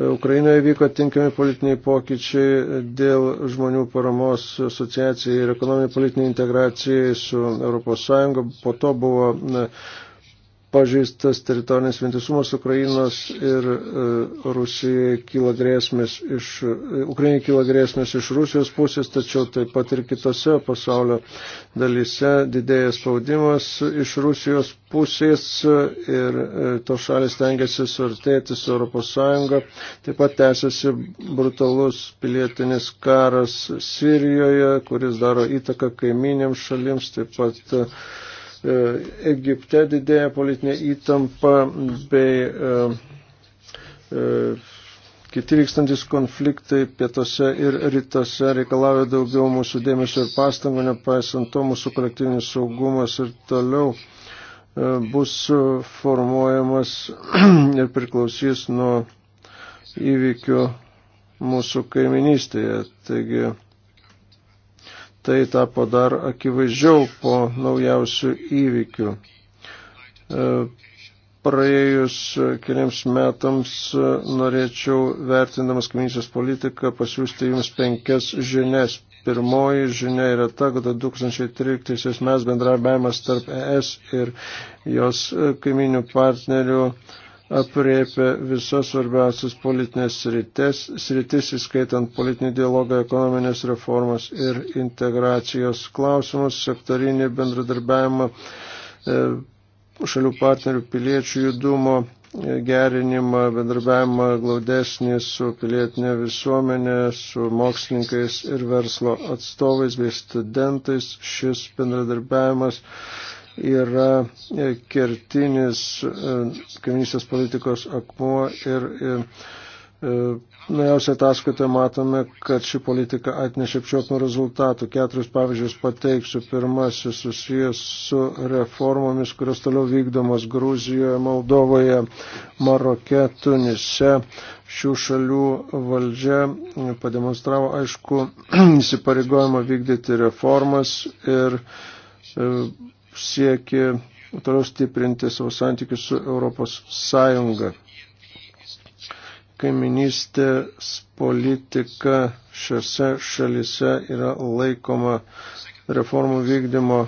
S2: E, Ukrainoje vyko tinkami politiniai pokyčiai dėl žmonių paramos asociacijai ir ekonominė politinė integracijai su ES. Po to buvo e, pažeistas teritorinės vientisumas Ukrainos ir e, Rusijai kyla grėsmės iš, e, Ukrainai kyla grėsmės iš Rusijos pusės, tačiau taip pat ir kitose pasaulio dalyse didėja spaudimas iš Rusijos pusės ir e, tos šalis tengiasi suartėti su Europos Sąjunga. Taip pat tęsiasi brutalus pilietinis karas Sirijoje, kuris daro įtaką kaiminėms šalims, taip pat E, Egipte didėja politinė įtampa bei e, e, kiti vykstantis konfliktai pietose ir rytuose reikalauja daugiau mūsų dėmesio ir pastangų, nepaisant to mūsų kolektyvinis saugumas ir toliau bus formuojamas ir priklausys nuo įvykių mūsų kaiminystėje. Taigi Tai tapo dar akivaizdžiau po naujausių įvykių. E, praėjus keliams metams norėčiau, vertindamas komisijos politiką, pasiūsti jums penkias žinias. Pirmoji žinia yra ta, kad 2013 mes bendrabiavimas tarp ES ir jos kaiminių partnerių apriepia visas svarbiausias politinės sritis, sritis, įskaitant politinį dialogą, ekonominės reformas ir integracijos klausimus, sektorinį bendradarbiavimą, e, šalių partnerių piliečių judumo e, gerinimą, bendradarbiavimą glaudesnį su pilietinė visuomenė, su mokslininkais ir verslo atstovais bei studentais. Šis bendradarbiavimas yra e, kertinis e, kaiminystės politikos akmuo ir, ir e, naujausia ataskaitoje matome, kad ši politika atnešė apčiopimų rezultatų. Keturis pavyzdžius pateiksiu. Pirmasis susijęs su reformomis, kurios toliau vykdomos Gruzijoje, Moldovoje, Maroke, Tunise. Šių šalių valdžia pademonstravo aišku įsipareigojimą vykdyti reformas ir siekė toliau stiprinti savo santykius su Europos Sąjunga. Kaiminystės politika šiose šalise yra laikoma reformų vykdymo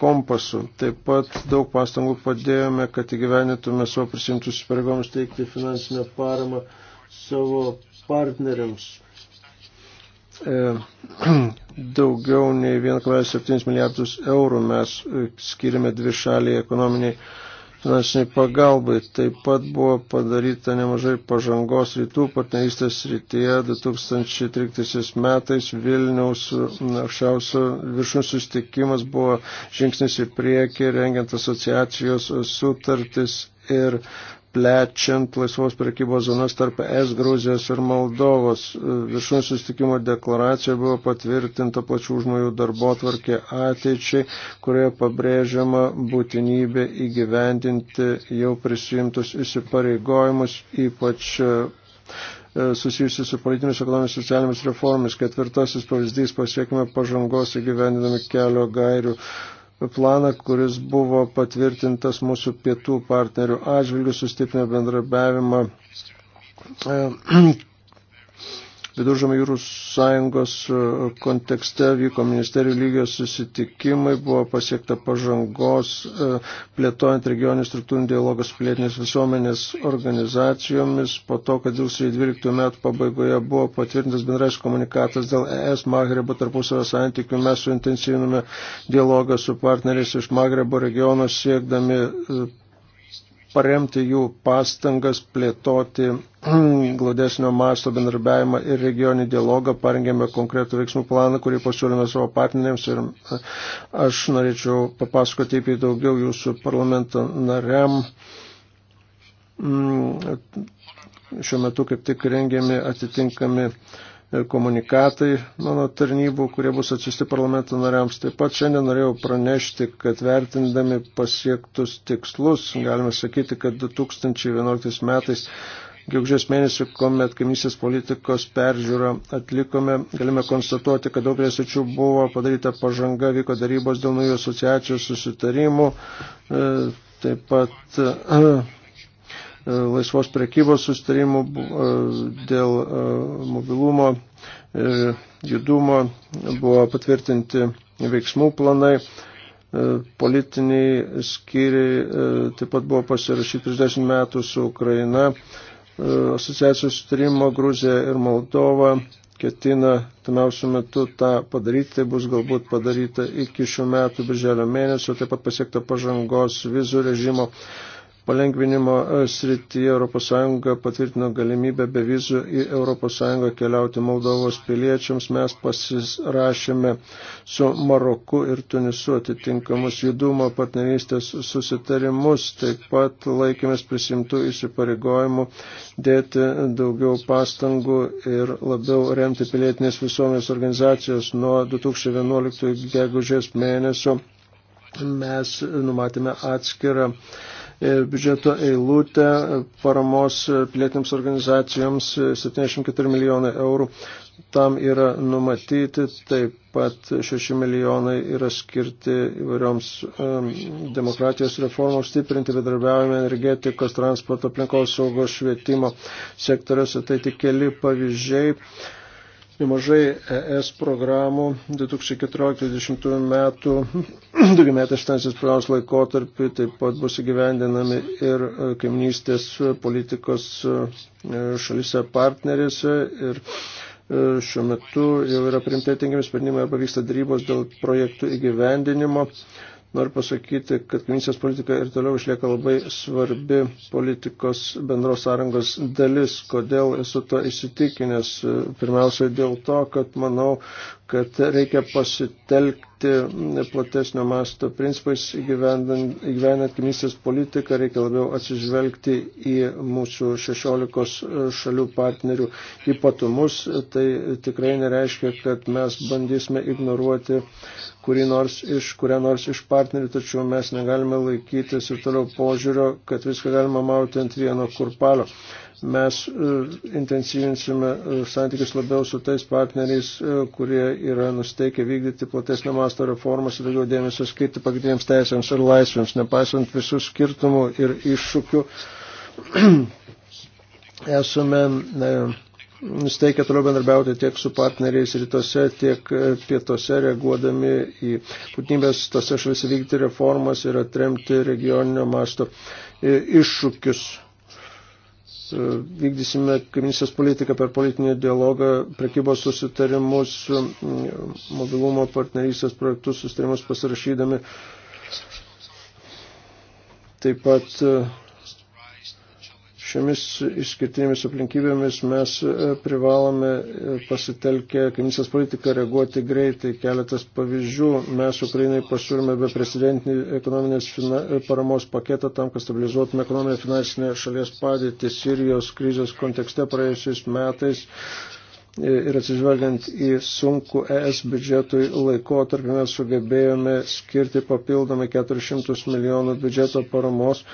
S2: kompasu. Taip pat daug pastangų padėjome, kad įgyvenitume savo prisimtus įsipareigomus teikti finansinę paramą savo partneriams. E, daugiau nei 1,7 milijardus eurų mes e, skirime dvi šaliai ekonominiai finansiniai pagalbai. Taip pat buvo padaryta nemažai pažangos rytų partnerystės rytyje 2013 metais Vilniaus aukščiausio viršūnų sustikimas buvo žingsnis į priekį, rengiant asociacijos sutartis ir plečiant laisvos prekybos zonas tarp Es, Gruzijos ir Moldovos. Viršūnų sustikimo deklaracija buvo patvirtinta plačių žmonių darbo tvarkė ateičiai, kurioje pabrėžiama būtinybė įgyvendinti jau prisimtus įsipareigojimus, ypač e, susijusi su politinės, ekonominės, socialinėmis reformomis. Ketvirtasis pavyzdys pasiekime pažangos įgyvendinami kelio gairių planą, kuris buvo patvirtintas mūsų pietų partnerių atžvilgių, sustiprinę bendrabiavimą e, Viduržamio jūrų sąjungos e, kontekste vyko ministerijų lygio susitikimai, buvo pasiekta pažangos e, plėtojant regioninį struktūrinį dialogą su pilietinės visuomenės organizacijomis. Po to, kad 2012 metų pabaigoje buvo patvirtintas bendrais komunikatas dėl ES Magrebo tarpusavio santykių, mes suintensyvinome dialogą su partneriais iš Magrebo regiono siekdami e, paremti jų pastangas plėtoti glaudesnio masto bendrabiavimą ir regioninį dialogą. Parengėme konkretų veiksmų planą, kurį pasiūlėme savo partneriams ir e, aš norėčiau papasakoti apie daugiau jūsų parlamento nariam. Mm, šiuo metu kaip tik rengiami atitinkami uh, komunikatai mano tarnybų, kurie bus atsisti parlamento nariams. Taip pat šiandien norėjau pranešti, kad vertindami pasiektus tikslus, galime sakyti, kad 2011 metais Gegužės mėnesį, kuomet komisijos politikos peržiūrą atlikome, galime konstatuoti, kad daug lėsičių buvo padaryta pažanga, vyko darybos dėl naujų asociacijų susitarimų, e, taip pat e, E, laisvos prekybos sustarimų, e, dėl e, mobilumo, judumo, buvo patvirtinti veiksmų planai, politiniai skyriai, taip pat buvo pasirašyti 30 metų su Ukraina, asociacijos sustarimo Gruzija ir Moldova ketina tamiausių metų tą padaryti, tai bus galbūt padaryta iki šių metų birželio mėnesio, taip pat pasiekta pažangos vizų režimo palengvinimo e, srityje ES patvirtino galimybę be vizų į ES keliauti Moldovos piliečiams. Mes pasirašėme su Maroku ir Tunisu atitinkamus judumo partnerystės susitarimus. Taip pat laikėmės prisimtų įsipareigojimų dėti daugiau pastangų ir labiau remti pilietinės visuomenės organizacijos nuo 2011 gegužės mėnesio mes numatėme atskirą E, biudžeto eilutę e, paramos e, pilietinėms organizacijoms 74 milijonai eurų. Tam yra numatyti, taip pat 6 milijonai yra skirti įvairioms um, demokratijos reformoms stiprinti, bedarbiavime energetikos, transporto, aplinkos saugos, švietimo sektoriuose. Tai tik keli pavyzdžiai nemažai ES programų 2014-2020 metų daugiametės finansinės programos laikotarpį taip pat bus įgyvendinami ir e, kaimnystės politikos e, šalise partnerėse ir e, šiuo metu jau yra primtai tinkami sprendimai arba vyksta darybos dėl projektų įgyvendinimo. Noriu pasakyti, kad kaiminystės politika ir toliau išlieka labai svarbi politikos bendros sąrangos dalis. Kodėl esu to įsitikinęs? Pirmiausiai dėl to, kad manau, kad reikia pasitelkti platesnio masto principais įgyvenant kaimynystės politiką, reikia labiau atsižvelgti į mūsų 16 šalių partnerių ypatumus. Tai tikrai nereiškia, kad mes bandysime ignoruoti kuri nors iš, kurią nors iš partnerių, tačiau mes negalime laikytis ir toliau požiūrio, kad viską galima mauti ant vieno kurpalio mes e, intensyvinsime e, santykius labiau su tais partneriais, e, kurie yra nusteikę vykdyti platesnio masto reformas ir daugiau dėmesio skirti pagrindiniams teisėms ir laisvėms, nepaisant visų skirtumų ir iššūkių. Esame ne, nusteikę toliau bendarbiauti tiek su partneriais rytuose, tiek pietuose, reaguodami į būtinybės tose šalise vykdyti reformas ir atremti regioninio masto iššūkius vykdysime komisijos politiką per politinį dialogą, prekybos susitarimus, mobilumo partnerystės projektus, susitarimus pasirašydami. Taip pat Šiomis išskirtinėmis aplinkybėmis mes e, privalome e, pasitelkę komisijos politiką reaguoti greitai. Keletas pavyzdžių. Mes Ukrainai pasiūlėme beprecedentinį ekonominės fina, e, paramos paketą tam, kad stabilizuotume ekonominę finansinę šalies padėtį Sirijos krizės kontekste praėjusiais metais ir atsižvelgiant į sunkų ES biudžetui laikotarpį mes sugebėjome skirti papildomai 400 milijonų biudžeto paramos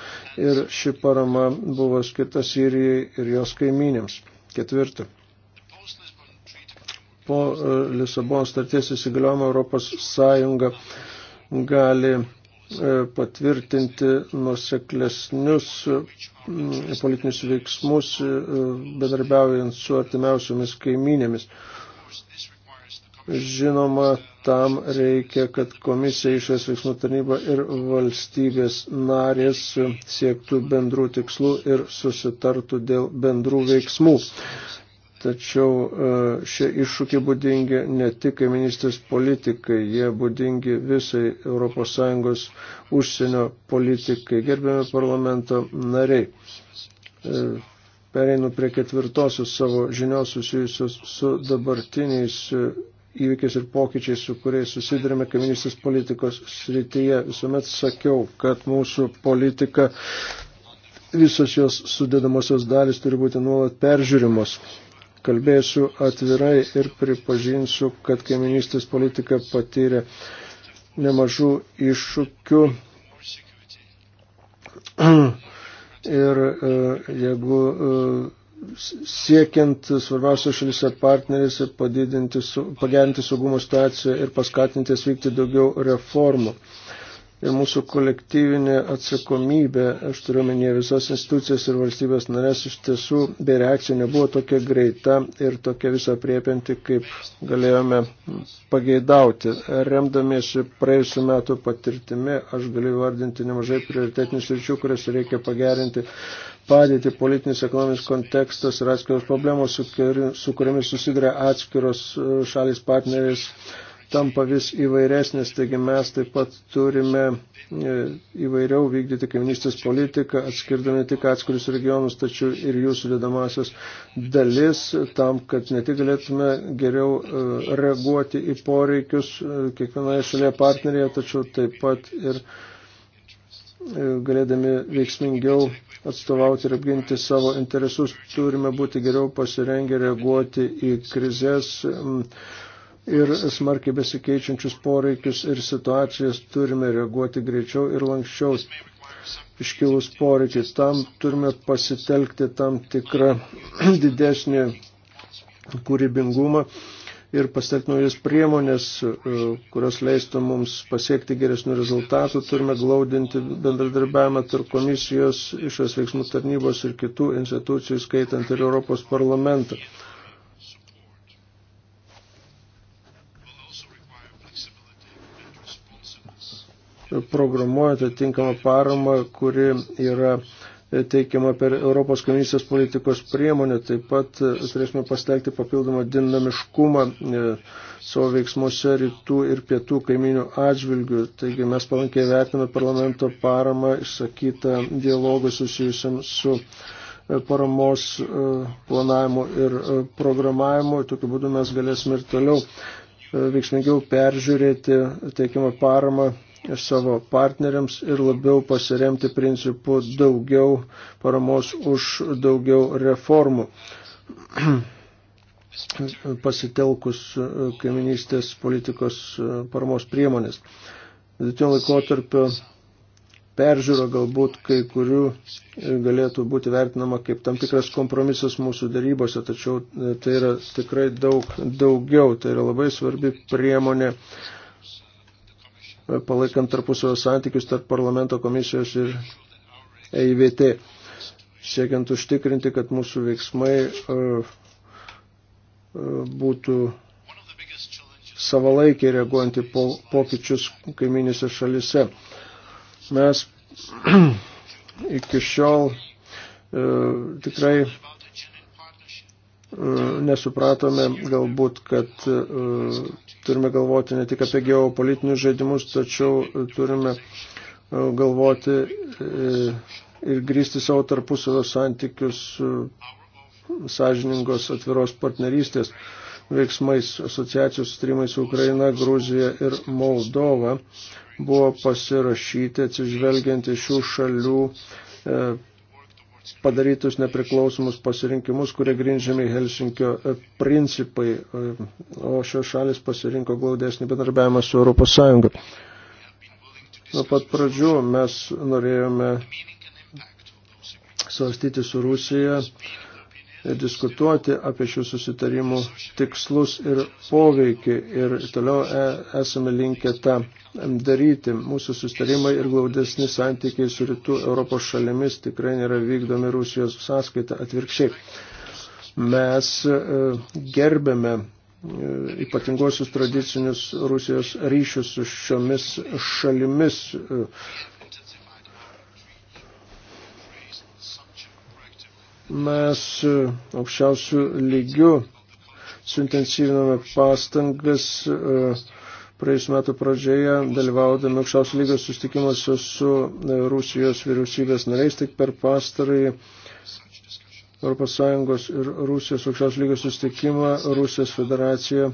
S2: ir ši parama buvo skirta Sirijai ir jos kaiminėms. Ketvirta. Po e, Lisabono starties įsigaliojimo Europos Sąjunga gali E, patvirtinti nuseklesnius mm, politinius veiksmus, e, bendarbiaujant su artimiausiomis kaiminėmis. Žinoma, tam reikia, kad komisija išės veiksmų tarnyba ir valstybės narės siektų bendrų tikslų ir susitartų dėl bendrų veiksmų. Tačiau e, šie iššūkiai būdingi ne tik kaiminystės politikai, jie būdingi visai ES užsienio politikai. Gerbėme parlamento nariai. E, pereinu prie ketvirtosios savo žinios susijusios su dabartiniais e, įvykiais ir pokyčiais, su kuriais susidurime kaiminystės politikos srityje. Visuomet sakiau, kad mūsų politika visos jos sudėdamosios dalis turi būti nuolat peržiūrimos kalbėsiu atvirai ir pripažinsiu, kad kaiminystės politika patyrė nemažų iššūkių. ir e, jeigu e, siekiant svarbiausios šalyse partnerėse pagerinti saugumo situaciją ir paskatinti svykti daugiau reformų ir mūsų kolektyvinė atsakomybė, aš turiu minėti visos institucijos ir valstybės narės, iš tiesų be reakcijų nebuvo tokia greita ir tokia viso priepinti, kaip galėjome pageidauti. Remdamiesi praėjusiu metu patirtimi, aš galiu vardinti nemažai prioritetinių sričių, kurias reikia pagerinti padėti, politinis ekonominis kontekstas ir atskiros problemos, su kuriamis susiduria atskiros e, šalis partneris tampa vis įvairesnės, taigi mes taip pat turime e, įvairiau vykdyti kaimynystės politiką, atskirdami tik atskirius regionus, tačiau ir jų sudėdamasios dalis, tam, kad ne tik galėtume geriau e, reaguoti į poreikius e, kiekvienoje šalyje partnerėje, tačiau taip pat ir galėdami veiksmingiau atstovauti ir apginti savo interesus, turime būti geriau pasirengę reaguoti į krizės, ir smarkiai besikeičiančius poreikius ir situacijas turime reaguoti greičiau ir lankščiau iškilus poreikiai. Tam turime pasitelkti tam tikrą didesnį kūrybingumą ir pasitelkti naujas priemonės, e, kurios leistų mums pasiekti geresnių rezultatų. Turime glaudinti bendradarbiavimą tarp komisijos, išos veiksmų tarnybos ir kitų institucijų, skaitant ir Europos parlamentą. programuojate tinkamą paramą, kuri yra teikiama per Europos komisijos politikos priemonę. Taip pat e, turėsime pasteikti papildomą dinamiškumą e, savo veiksmuose rytų ir pietų kaiminių atžvilgių. Taigi mes palankiai vertiname parlamento paramą išsakytą dialogą susijusiam su e, paramos planavimu ir programavimu. Tokiu būdu mes galėsime ir toliau veiksmingiau peržiūrėti teikiamą paramą savo partneriams ir labiau pasiremti principu daugiau paramos už daugiau reformų. pasitelkus e, kaiminystės politikos e, paramos priemonės. Vidutinio laikotarpio peržiūra galbūt kai kurių e, galėtų būti vertinama kaip tam tikras kompromisas mūsų darybose, tačiau tai yra tikrai daug daugiau, tai yra labai svarbi priemonė palaikant tarpusavio santykius tarp parlamento komisijos ir EIVT, siekiant užtikrinti, kad mūsų veiksmai e, e, būtų savalaikiai reaguojant į po, pokyčius kaiminėse šalise. Mes iki šiol e, tikrai nesupratome galbūt, kad e, turime galvoti ne tik apie geopolitinius žaidimus, tačiau turime e, galvoti e, ir grįsti savo tarpusavio santykius sąžiningos atviros partnerystės veiksmais, asociacijos sustrimais su Ukraina, Gruzija ir Moldova buvo pasirašyti atsižvelgiant į šių šalių padarytus nepriklausomus pasirinkimus, kurie grindžiami Helsinkio e, principai, e, o šios šalis pasirinko glaudesnį bendarbiavimą su Europos Sąjunga. Nuo pat pradžių mes norėjome svarstyti su Rusija ir diskutuoti apie šių susitarimų tikslus ir poveikį ir toliau e, esame linkę tą daryti. Mūsų sustarimai ir glaudesni santykiai su rytų Europos šalimis tikrai nėra vykdomi Rusijos sąskaita atvirkščiai. Mes e, gerbėme e, ypatingosius tradicinius Rusijos ryšius su šiomis šalimis. E, mes aukščiausių lygių suintensyviname pastangas uh, praėjusiu metu pradžioje, dalyvaudami aukščiausio lygos sustikimuose su e, Rusijos vyriausybės nariais, tik per pastarąjį ES ir Rusijos aukščiausio lygos sustikimą Rusijos federacija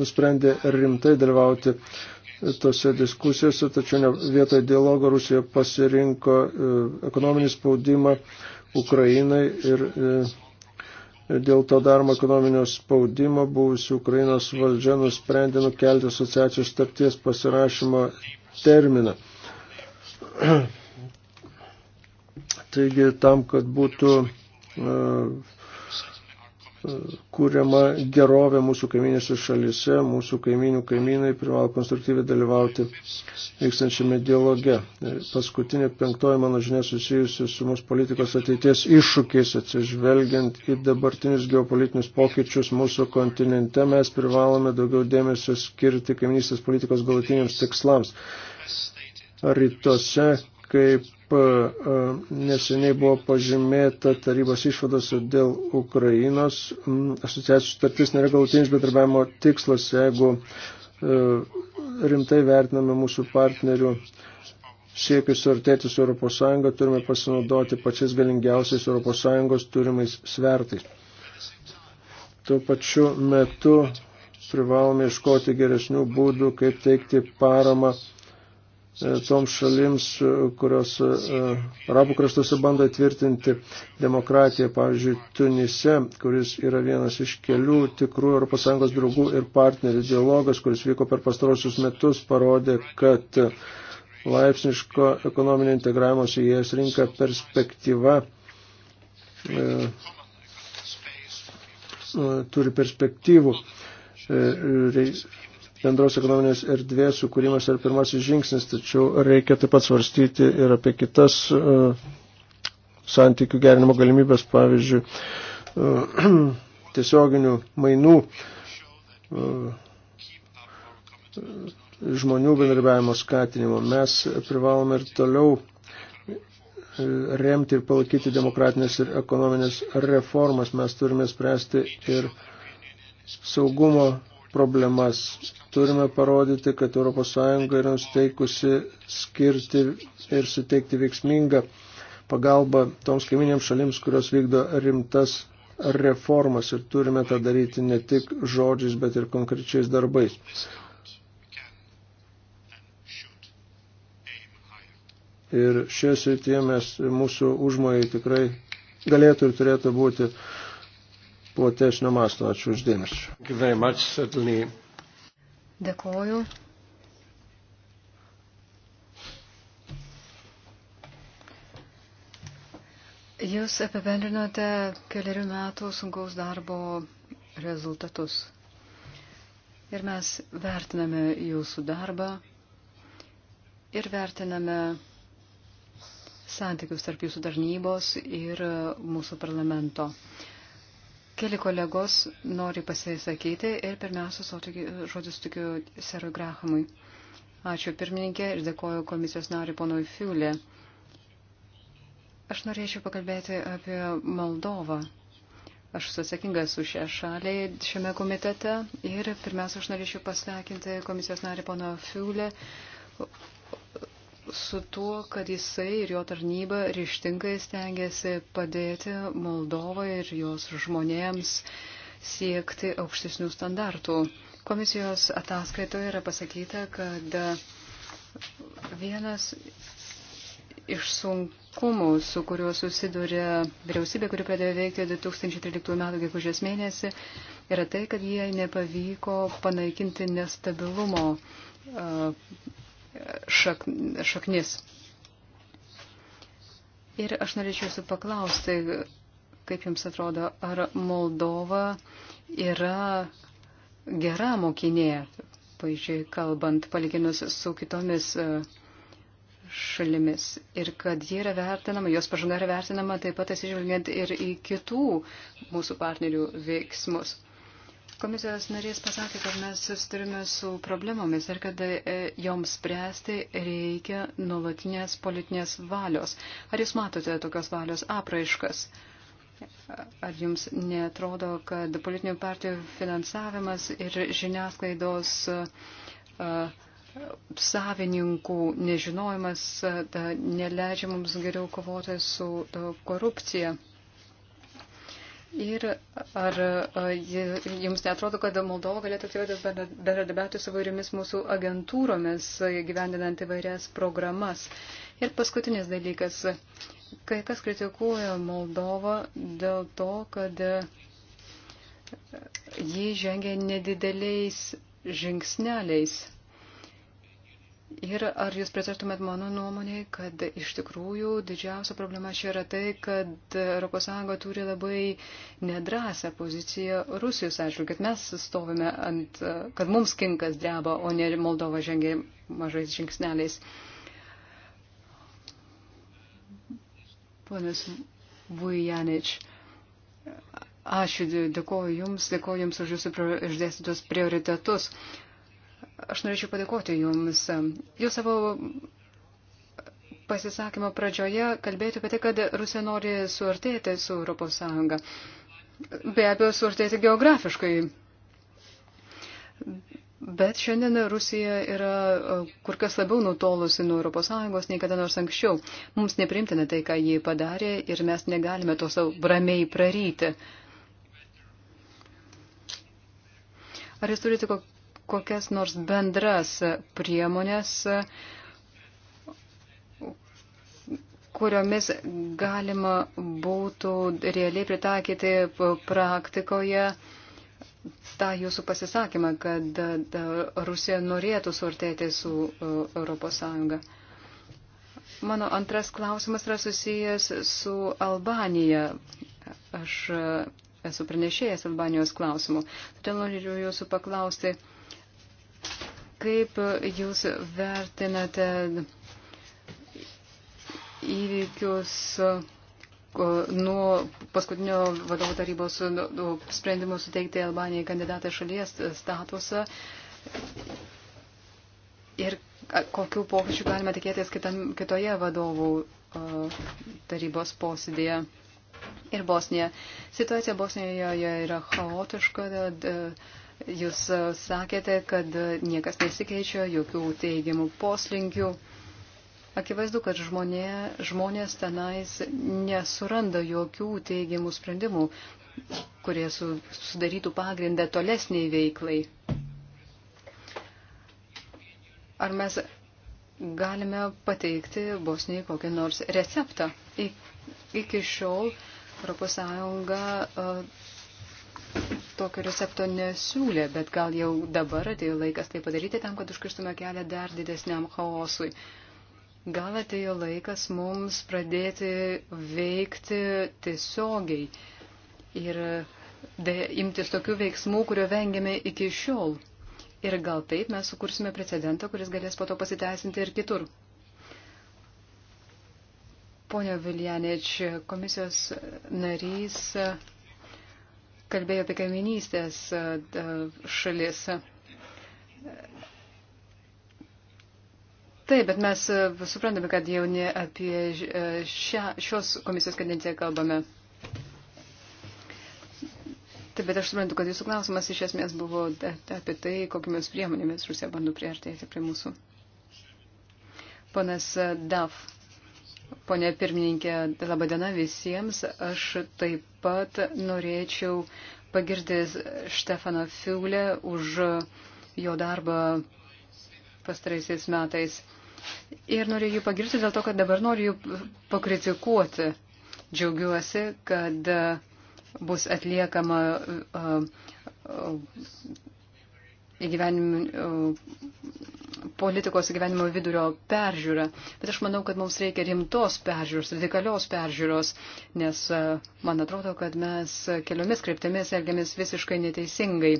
S2: nusprendė rimtai dalyvauti e, tose diskusijose, tačiau ne, vietoj dialogo Rusija pasirinko e, ekonominį spaudimą Ukrainai ir Dėl to daroma ekonominio spaudimo buvusi Ukrainos valdžia nusprendė nukelti asociacijos starties pasirašymo terminą. Taigi tam, kad būtų uh, kūriama gerovė mūsų kaiminėse šalise, mūsų kaiminių kaimynai privalo konstruktyviai dalyvauti vykstančiame dialoge. E, paskutinė penktoji mano žinia susijusi su mūsų politikos ateities iššūkiais, atsižvelgiant į dabartinius geopolitinius pokyčius mūsų kontinente, mes privalome daugiau dėmesio skirti kaiminystės politikos galutiniams tikslams. Rytuose, kaip E, e, neseniai buvo pažymėta tarybos išvadose dėl Ukrainos. Asociacijos sutartis nėra galutinis bendradarbiavimo tikslas, jeigu e, rimtai vertiname mūsų partnerių siekius suartėti su ES, turime pasinaudoti pačiais galingiausiais ES turimais svertais. Tuo pačiu metu privalome iškoti geresnių būdų, kaip teikti paramą E, toms šalims, e, kurios e, arabų kraštuose bando įtvirtinti demokratiją, pavyzdžiui, Tunise, kuris yra vienas iš kelių tikrų ES draugų ir partnerių. Dialogas, kuris vyko per pastarosius metus, parodė, kad laipsniško ekonominio integravimosi į ES rinką perspektyva e, turi perspektyvų. E, bendros ekonominės erdvės sukūrimas yra pirmasis žingsnis, tačiau reikia taip pat svarstyti ir apie kitas uh, santykių gerinimo galimybės, pavyzdžiui, uh, tiesioginių mainų uh, žmonių bendarbiavimo skatinimo. Mes privalome ir toliau remti ir palaikyti demokratinės ir ekonominės reformas. Mes turime spręsti ir saugumo problemas. Turime parodyti, kad ES yra nusteikusi skirti ir suteikti veiksmingą pagalbą toms kaiminėms šalims, kurios vykdo rimtas reformas ir turime tą daryti ne tik žodžiais, bet ir konkrečiais darbais. Ir šioje srityje mes, mūsų užmojai tikrai galėtų ir turėtų būti platesnio masto. Ačiū uždėmesį.
S4: Dėkoju. Jūs apibendrinote keliarių metų sunkaus darbo rezultatus. Ir mes vertiname jūsų darbą ir vertiname santykius tarp jūsų tarnybos ir mūsų parlamento. Keli kolegos nori pasisakyti ir pirmiausia, žodis tikiu Serui Grahamui. Ačiū pirmininkė ir dėkoju komisijos nariu ponui Fiulė. Aš norėčiau pakalbėti apie Moldovą. Aš susakingas už šią šalį šiame komitete ir pirmiausia, aš norėčiau pasveikinti komisijos narį pono Fiulę su tuo, kad jisai ir jo tarnyba ryštingai stengiasi padėti Moldovai ir jos žmonėms siekti aukštesnių standartų. Komisijos ataskaitoje yra pasakyta, kad vienas iš sunkumų, su kuriuo susiduria vyriausybė, kuri pradėjo veikti 2013 m. gegužės mėnesį, yra tai, kad jie nepavyko panaikinti nestabilumo uh, šak, šaknis. Ir aš norėčiau jūsų paklausti, kaip jums atrodo, ar Moldova yra gera mokinė, pažiūrėjau, kalbant, palyginus su kitomis e, šalimis. Ir kad ji yra vertinama, jos pažanga yra vertinama taip pat atsižvelgiant ir į kitų mūsų partnerių veiksmus. Komisijos narys pasakė, kad mes susiturime su problemomis ir kad e, joms spręsti reikia nuolatinės politinės valios. Ar jūs matote tokios valios apraiškas? Ar jums netrodo, kad politinių partijų finansavimas ir žiniasklaidos uh, savininkų nežinojimas uh, neleidžia mums geriau kovoti su uh, korupcija? Ir ar jums netrodo, kad Moldova galėtų aktyviau bendradarbiauti su vairiomis mūsų agentūromis, gyvendinant įvairias programas? Ir paskutinis dalykas, kai kas kritikuoja Moldovą dėl to, kad jį žengia nedideliais žingsneliais. Ir ar jūs pritartumėt mano nuomonėje, kad iš tikrųjų didžiausia problema čia yra tai, kad ES turi labai nedrasę poziciją Rusijos atžvilgiu, kad mes stovime ant, kad mums kinkas dreba, o ne Moldova žengia mažais žingsneliais. Ponas Vujanič, ačiū, dėkoju Jums, dėkoju Jums už Jūsų išdėstytus prioritetus. Uh, Aš norėčiau padėkoti Jums. Jūs savo pasisakymo pradžioje kalbėjote apie tai, kad Rusija nori suartėti su Europos Sąjunga. Be abejo, suartėti geografiškai. Bet šiandien Rusija yra e, kur kas labiau nutolusi nuo ES nei kada nors anksčiau. Mums neprimtina tai, ką jie padarė ir mes negalime to savo bramiai praryti. Ar jūs turite kok kokias nors bendras priemonės, kuriomis galima būtų realiai pritaikyti praktikoje tą jūsų pasisakymą, kad Rusija norėtų suartėti su ES. Mano antras klausimas yra susijęs su Albanija. Aš e, esu pranešėjęs Albanijos klausimų. Todėl noriu jūsų paklausti, Kaip Jūs vertinate įvykius nuo paskutinio vadovų tarybos nu, nu, sprendimo suteikti Albanijai kandidatą šalies statusą ir kokių pokyčių galima tikėtis kitam, kitoje vadovų tarybos posėdėje ir Bosnija. Situacija Bosnijoje yra chaotiška, Jūs e, sakėte, kad e, niekas nesikeičia, jokių teigiamų poslinkių. Akivaizdu, kad žmonė, žmonės tenais nesuranda jokių teigiamų sprendimų, kurie su, sudarytų pagrindą tolesniai veiklai. Ar mes galime pateikti Bosnijai kokį nors receptą? I, iki šiol ES tokio recepto nesiūlė, bet gal jau dabar atėjo laikas tai padaryti tam, kad užkirstume kelią dar didesniam chaosui. Gal atėjo laikas mums pradėti veikti tiesiogiai ir imtis tokių veiksmų, kurio vengėme iki šiol. Ir gal taip mes sukursime precedentą, kuris galės po to pasiteisinti ir kitur. Pone Viljanič, komisijos narys kalbėjo apie kaiminystės šalis. Taip, bet mes suprantame, kad jau ne apie šią, šios komisijos kadenciją kalbame. Taip, bet aš suprantu, kad jūsų klausimas iš esmės buvo apie tai, kokiamis priemonėmis Rusija bando priartėti prie mūsų. Ponas Daf. Pone pirmininkė, laba diena visiems. Aš taip pat norėčiau pagirdęs Štefano Fiulę už jo darbą pastaraisiais metais. Ir norėjau jų pagirti dėl to, kad dabar noriu jų pakritikuoti. Džiaugiuosi, kad bus atliekama įgyvenim politikos gyvenimo vidurio peržiūrą. Bet aš manau, kad mums reikia rimtos peržiūros, radikalios peržiūros, nes e, man atrodo, kad mes keliomis kryptimis elgiamės visiškai neteisingai.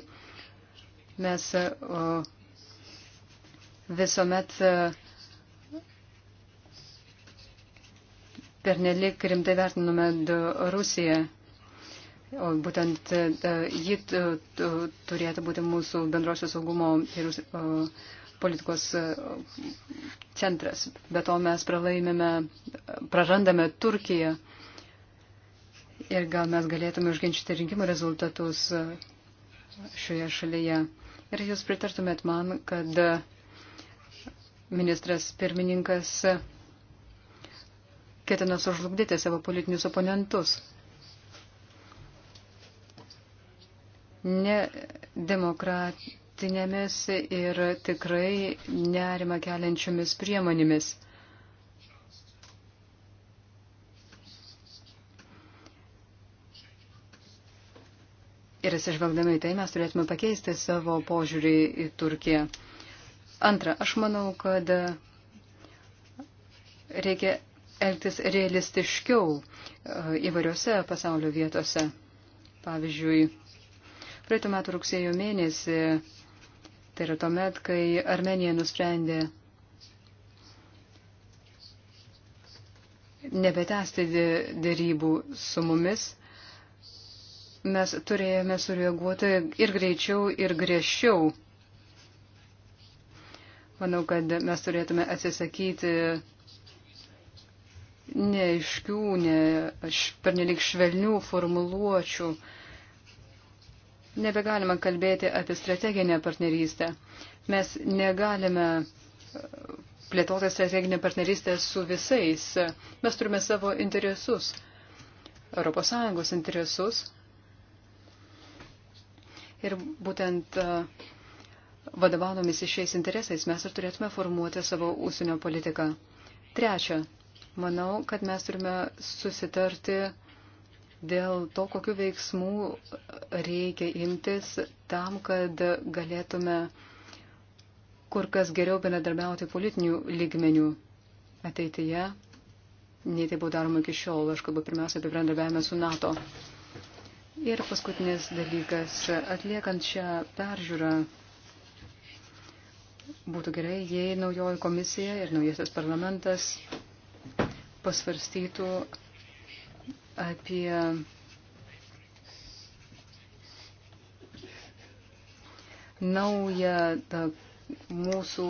S4: Mes e, visuomet e, pernelik rimtai vertiname Rusiją. O būtent ji turėtų būti mūsų bendrosios saugumo ir politikos e, centras. Be to mes prarandame Turkiją ir gal mes galėtume užginčyti rinkimų rezultatus e, šioje šalyje. Ir jūs pritartumėt man, kad e, ministras pirmininkas ketina sužlugdyti savo politinius oponentus. Ne demokrat drastiškinėmis ir tikrai nerima keliančiomis priemonėmis. Ir atsižvelgdami į tai mes turėtume pakeisti savo požiūrį į Turkiją. Antra, aš manau, kad reikia elgtis realistiškiau e, įvairiose pasaulio vietose. Pavyzdžiui, praeitų metų rugsėjo mėnesį Tai yra tuomet, kai Armenija nusprendė nebetesti dėrybų su mumis, mes turėjome sureaguoti ir greičiau, ir griežčiau. Manau, kad mes turėtume atsisakyti neaiškių, ne, per nelik švelnių formuluočių, uh, nebegalima kalbėti apie strateginę partnerystę. Mes negalime e, plėtoti strateginę partnerystę su visais. Mes turime savo interesus, ES interesus. Ir būtent e, vadovaudomis šiais interesais mes ir turėtume formuoti savo ūsinio politiką. Trečia, manau, kad mes turime susitarti dėl to, kokiu veiksmu reikia imtis tam, kad galėtume kur kas geriau bendradarbiauti politinių lygmenių ateityje, nei tai buvo daroma iki šiol. Aš kalbu pirmiausia apie bendradarbiavimą su NATO. Ir paskutinis dalykas, atliekant šią peržiūrą, būtų gerai, jei naujoji komisija ir naujasis parlamentas pasvarstytų apie naują ta, mūsų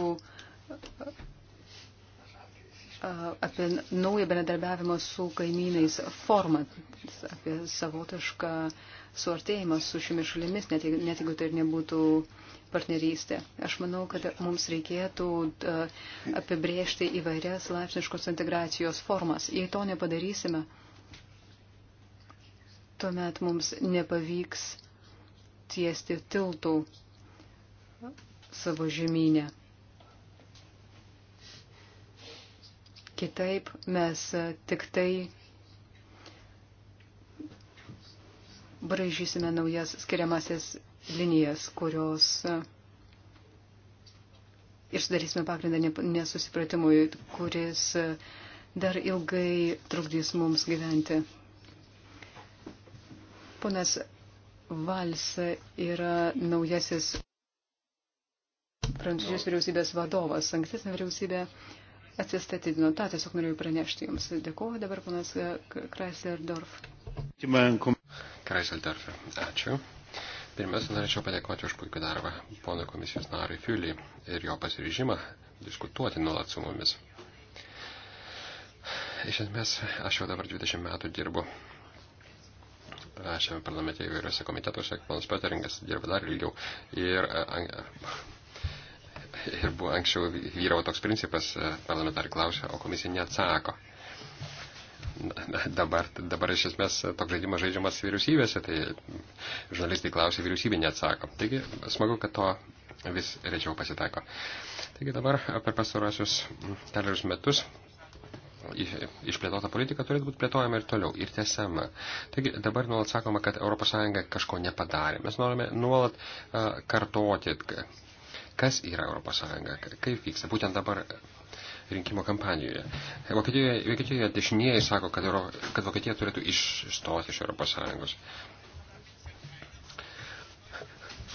S4: apie naują bendradarbiavimą su kaimynais formą, apie savotišką suartėjimą su šiomis šalimis, net, net jeigu tai ir nebūtų partnerystė. Aš manau, kad mums reikėtų apibriežti įvairias laipsniškos integracijos formas. Jei to nepadarysime, tuomet mums nepavyks tiesti tiltų savo žemynę. Kitaip mes tik tai bražysime naujas skiriamasias linijas, kurios ir sudarysime pagrindą nesusipratimui, kuris dar ilgai trukdys mums gyventi. Ponas Valsa yra naujasis Prancūzijos vyriausybės vadovas. Ankstesnė vyriausybė atsistatydino. Ta tiesiog norėjau pranešti jums. Dėkuoju dabar ponas Kreisler-Dorf.
S5: Kreisler-Dorf, ačiū. Pirmiausia, norėčiau padėkoti už puikų darbą pono komisijos nariui Fiuliui ir jo pasiryžimą diskutuoti nuolat su mumis. Iš esmės, aš jau dabar 20 metų dirbu šiame parlamente įvairiose komitetuose, ponas Peteringas dirba dar ilgiau. Ir, ir buvo anksčiau vyravo toks principas, e, parlamentarai klausia, o komisija neatsako. Dabar, dabar iš esmės toks žaidimas žaidžiamas vyriausybėse, tai žurnalistai klausia, vyriausybė neatsako. Taigi smagu, kad to vis rečiau pasitaiko. Taigi dabar per pastarosius kelius metus išplėtota politika turėtų būti plėtojama ir toliau, ir tesama. Taigi dabar nuolat sakoma, kad ES kažko nepadarė. Mes norime nuolat kartoti, kas yra ES, kaip vyksta. Būtent dabar rinkimo kampanijoje. Vokietijoje, Vokietijoje dešinieji sako, kad, Euro, kad Vokietija turėtų išstoti iš ES.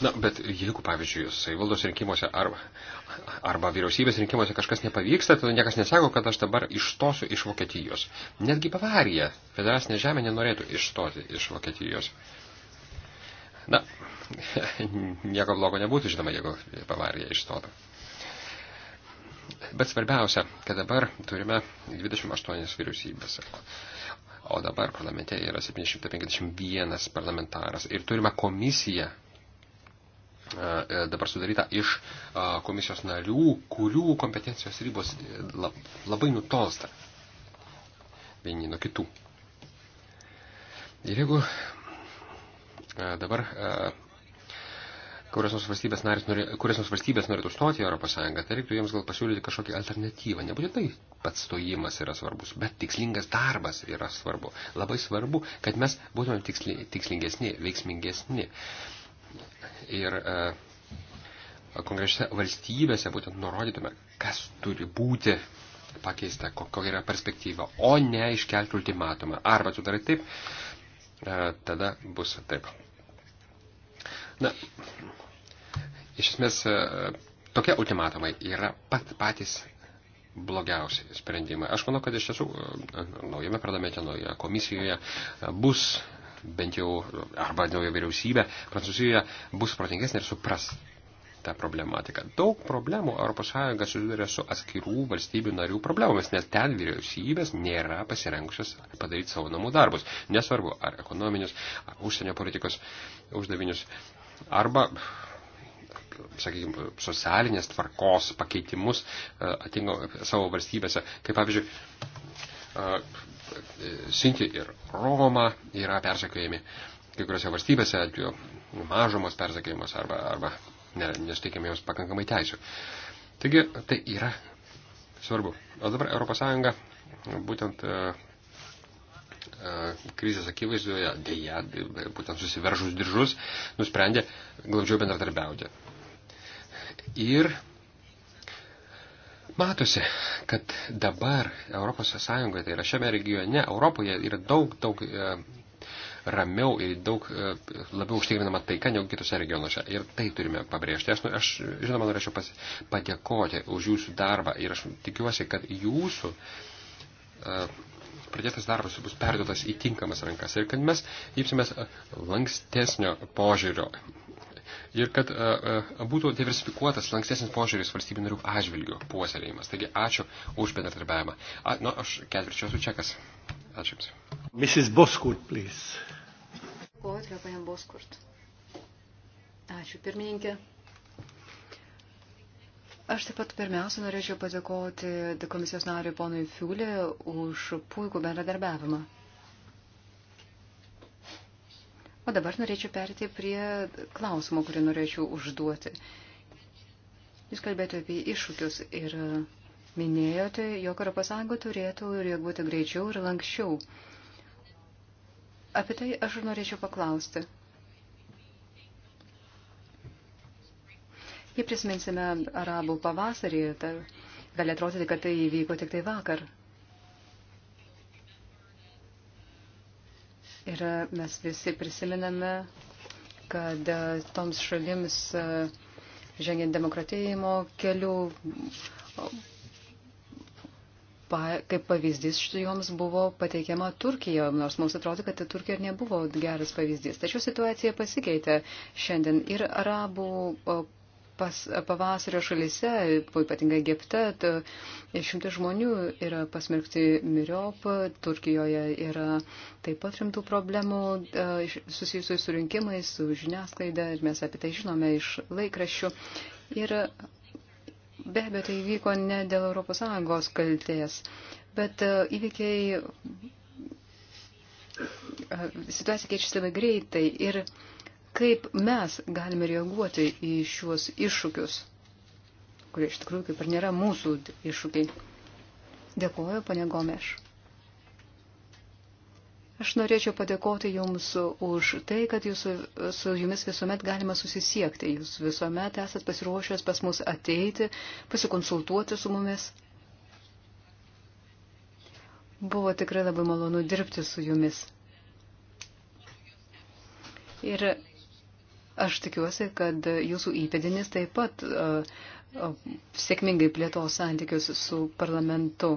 S5: Na, bet jeigu, pavyzdžiui, savivaldos rinkimuose arba, arba vyriausybės rinkimuose kažkas nepavyksta, tada niekas nesako, kad aš dabar išstosiu iš Vokietijos. Netgi Bavarija, federacinė žemė, nenorėtų išstoti iš Vokietijos. Na, nieko blogo nebūtų, žinoma, jeigu Bavarija išstotų. Bet svarbiausia, kad dabar turime 28 vyriausybės. O dabar parlamente yra 751 parlamentaras ir turime komisiją, E, e, dabar sudaryta iš e, komisijos narių, kurių kompetencijos ribos labai nutolsta vieni nuo kitų. Ir jeigu dabar kurios nors valstybės, norė, kurios nors valstybės norėtų stoti į Europos Sąjungą, tai reiktų jiems gal pasiūlyti kažkokią alternatyvą. Nebūtinai pats stojimas yra svarbus, bet tikslingas darbas yra svarbu. Labai svarbu, kad mes būtume tiksli, tikslingesni, veiksmingesni. Uh, ir e, konkrečiose valstybėse būtent nurodytume, kas turi būti pakeista, kokia yra perspektyva, o ne iškelti ultimatumą. Arba tu darai taip, e, tada bus taip. Na, iš esmės, e, tokie ultimatumai yra pat patys blogiausi sprendimai. Aš manau, kad iš tiesų naujame parlamente, naujoje komisijoje bus bent jau, arba nauja vyriausybė Prancūzijoje bus protingesnė ir supras tą problematiką. Daug problemų ES susiduria su atskirų valstybių narių problemomis, nes ten vyriausybės nėra pasirengusios padaryti savo namų darbus. Nesvarbu, ar ekonominius, ar užsienio politikos uždavinius, arba sakykime, socialinės tvarkos pakeitimus e, atingo savo valstybėse. Kaip pavyzdžiui, Sinti ir Roma yra persekiojami kai kuriuose valstybėse, jų mažumos persekiojimas arba, arba nesuteikiam jiems pakankamai teisų. Taigi tai yra svarbu. O dabar ES būtent e, e, krizės akivaizdoje, dėja, būtent susiveržus diržus, nusprendė glaudžiau bendradarbiauti. Ir Matosi, kad dabar ES, tai yra šiame regione, Europoje yra daug, daug e, ramiau ir daug e, labiau užtikrinama taika negu kitose regionuose. Ir tai turime pabrėžti. Aš, nu, aš žinoma, norėčiau pas, padėkoti už jūsų darbą ir aš tikiuosi, kad jūsų e, pradėtas darbas bus perduotas į tinkamas rankas ir kad mes imsimės e, lankstesnio požiūrio ir kad a, e, a, e, būtų diversifikuotas, lankstesnis požiūris valstybių narių atžvilgių puoselėjimas. Taigi ačiū už bendradarbiavimą. A, nu, aš ketvirčio esu čekas. Ačiū Jums.
S1: Mrs. Boskurt, please.
S4: Dėkuoju, ponė Boskurt. Ačiū, pirmininkė. Aš taip pat pirmiausia norėčiau padėkoti komisijos nariui ponui Fiulė už puikų bendradarbiavimą. O dabar norėčiau perėti prie klausimo, kurį norėčiau užduoti. Jūs kalbėjote apie iššūkius ir minėjote, jog Europos Sąjunga turėtų reaguoti greičiau ir lankščiau. Apie tai aš ir norėčiau paklausti. Jei prisiminsime arabų pavasarį, tai gali atrodyti, kad tai įvyko tik tai vakar. Ir mes visi prisiminame, kad e, toms šalims e, žengiant demokratėjimo kelių, kaip pavyzdys joms buvo pateikiama Turkija, nors mums atrodo, kad Turkija nebuvo geras pavyzdys. Tačiau situacija pasikeitė šiandien ir arabų pas, pavasario šalise, ypatingai Egipte, šimtai žmonių yra pasmerkti miriop, Turkijoje yra taip pat rimtų problemų e, susijusių su rinkimais, su žiniasklaida ir mes apie tai žinome iš laikraščių. Ir be abejo, tai vyko ne dėl ES kaltės, bet e, įvykiai, e, situacija keičiasi labai greitai. Ir kaip mes galime reaguoti į šiuos iššūkius, kurie iš tikrųjų kaip ir nėra mūsų iššūkiai. Dėkuoju, pane Gomeš. Aš norėčiau padėkoti Jums už tai, kad jūs, su Jumis visuomet galima susisiekti. Jūs visuomet esat pasiruošęs pas mus ateiti, pasikonsultuoti su mumis. Buvo tikrai labai malonu dirbti su Jumis. Ir Aš tikiuosi, kad jūsų įpėdinis taip pat uh, uh, sėkmingai plėto santykius su parlamentu.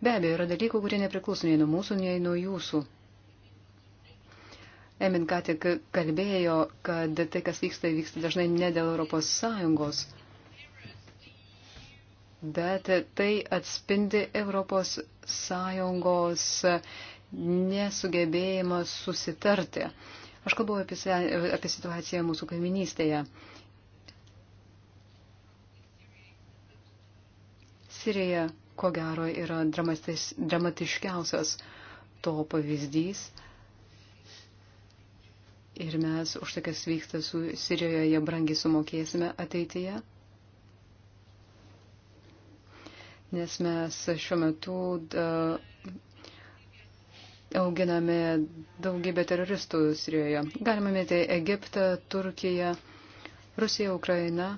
S4: Be abejo, yra dalykų, kurie nepriklauso nei nuo mūsų, nei nuo jūsų. Emin ką tik kalbėjo, kad tai, kas vyksta, vyksta dažnai ne dėl Europos Sąjungos, bet tai atspindi Europos Sąjungos nesugebėjimą susitarti. Uh, Aš kalbu apie, apie situaciją mūsų kaiminystėje. Sirija, ko gero, yra dramatis, dramatiškiausias to pavyzdys. Ir mes už tai, kas vyksta su Sirijoje, brangiai sumokėsime ateityje. Nes mes šiuo metu da, auginami daugybė teroristų Sirijoje. Galima mėti Egiptą, Turkiją, Rusiją, Ukrainą.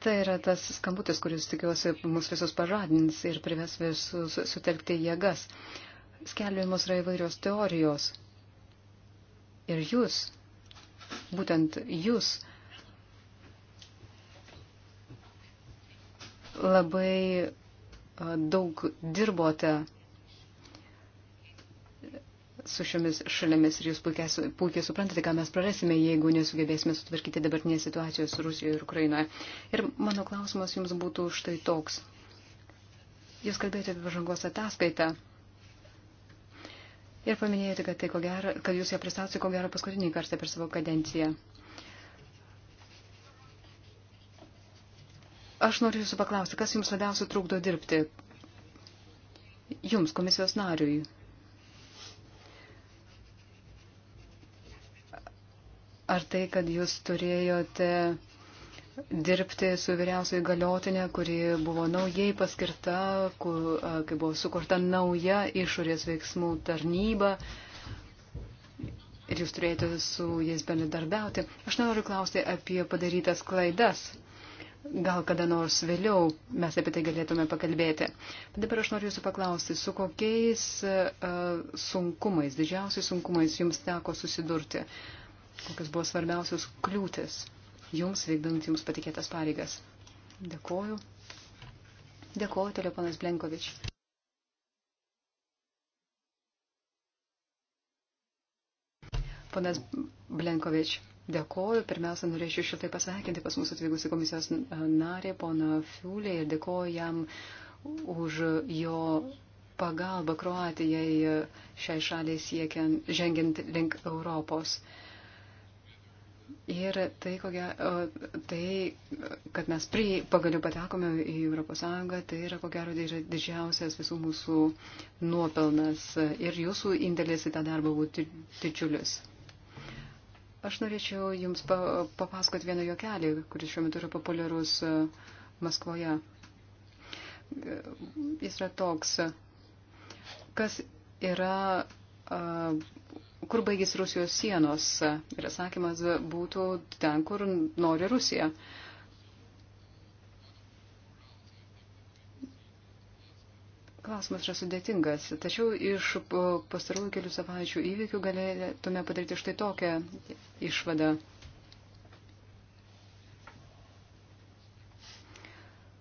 S4: Tai yra tas skambutis, kuris tikiuosi mus visus pažadins ir prives visus sutelkti jėgas. Skelbiamos yra įvairios teorijos. Ir jūs, būtent jūs, labai daug dirbote su šiomis šalimis ir jūs puikiai, puikiai suprantate, ką mes prarasime, jeigu nesugebėsime sutvarkyti dabartinės situacijos Rusijoje ir Ukrainoje. Ir mano klausimas jums būtų štai toks. Jūs kalbėjote apie pažangos ataskaitą ir paminėjote, kad, tai, ko gero, kad jūs ją pristatysite tai ko gero paskutinį kartą per savo kadenciją. Aš noriu jūsų paklausti, kas jums labiausiai trukdo dirbti? Jums, komisijos nariui. Ar tai, kad jūs turėjote dirbti su vyriausiai galiotinė, kuri buvo naujai paskirta, kur, kai buvo sukurta nauja išorės veiksmų tarnyba ir jūs turėjote su jais bendradarbiauti. Aš noriu klausti apie padarytas klaidas Gal kada nors vėliau mes apie tai galėtume pakalbėti. Bet dabar aš noriu jūsų paklausti, su kokiais uh, sunkumais, didžiausiais sunkumais jums teko susidurti? Kokios buvo svarbiausios kliūtis jums vykdant jums patikėtas pareigas? Dėkoju. Dėkoju, toliau panas Blenkovič. Panas Blenkovič. Dėkoju. Pirmiausia, norėčiau šiltai pasveikinti pas mūsų atvykusi komisijos narė, pona Fiulė, ir dėkoju jam už jo pagalbą Kroatijai šiai šaliai siekiant, žengiant link Europos. Ir tai, kokia, tai kad mes prie, pagaliau patekome į ES, tai yra ko gero didžiausias visų mūsų nuopelnas ir jūsų indėlis į tą darbą būtų didžiulis. Aš norėčiau Jums papasakoti vieną jokelį, kuris šiuo metu yra populiarus e, Maskvoje. E, jis yra toks, kas yra, e, kur baigis Rusijos sienos. Ir atsakymas būtų ten, kur nori Rusija. Uh, Klausimas yra sudėtingas, tačiau iš uh, pastarųjų kelių savaičių įvykių galėtume padaryti štai tokią išvadą.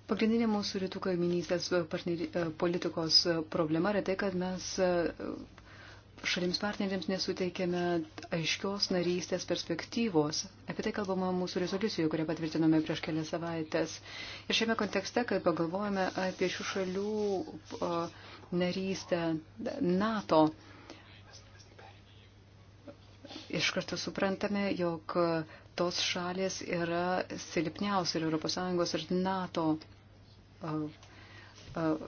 S4: Pagrindinė mūsų rytų kaiminystės uh, politikos uh, problema yra tai, kad mes šalims partneriams nesuteikėme aiškios narystės perspektyvos. Apie tai kalbama mūsų rezoliucijoje, kurią patvirtinome prieš kelias savaitės. Ir šiame kontekste, kai pagalvojame apie šių šalių narystę NATO, iš karto suprantame, jog tos šalės yra silpniausi ir ES ir NATO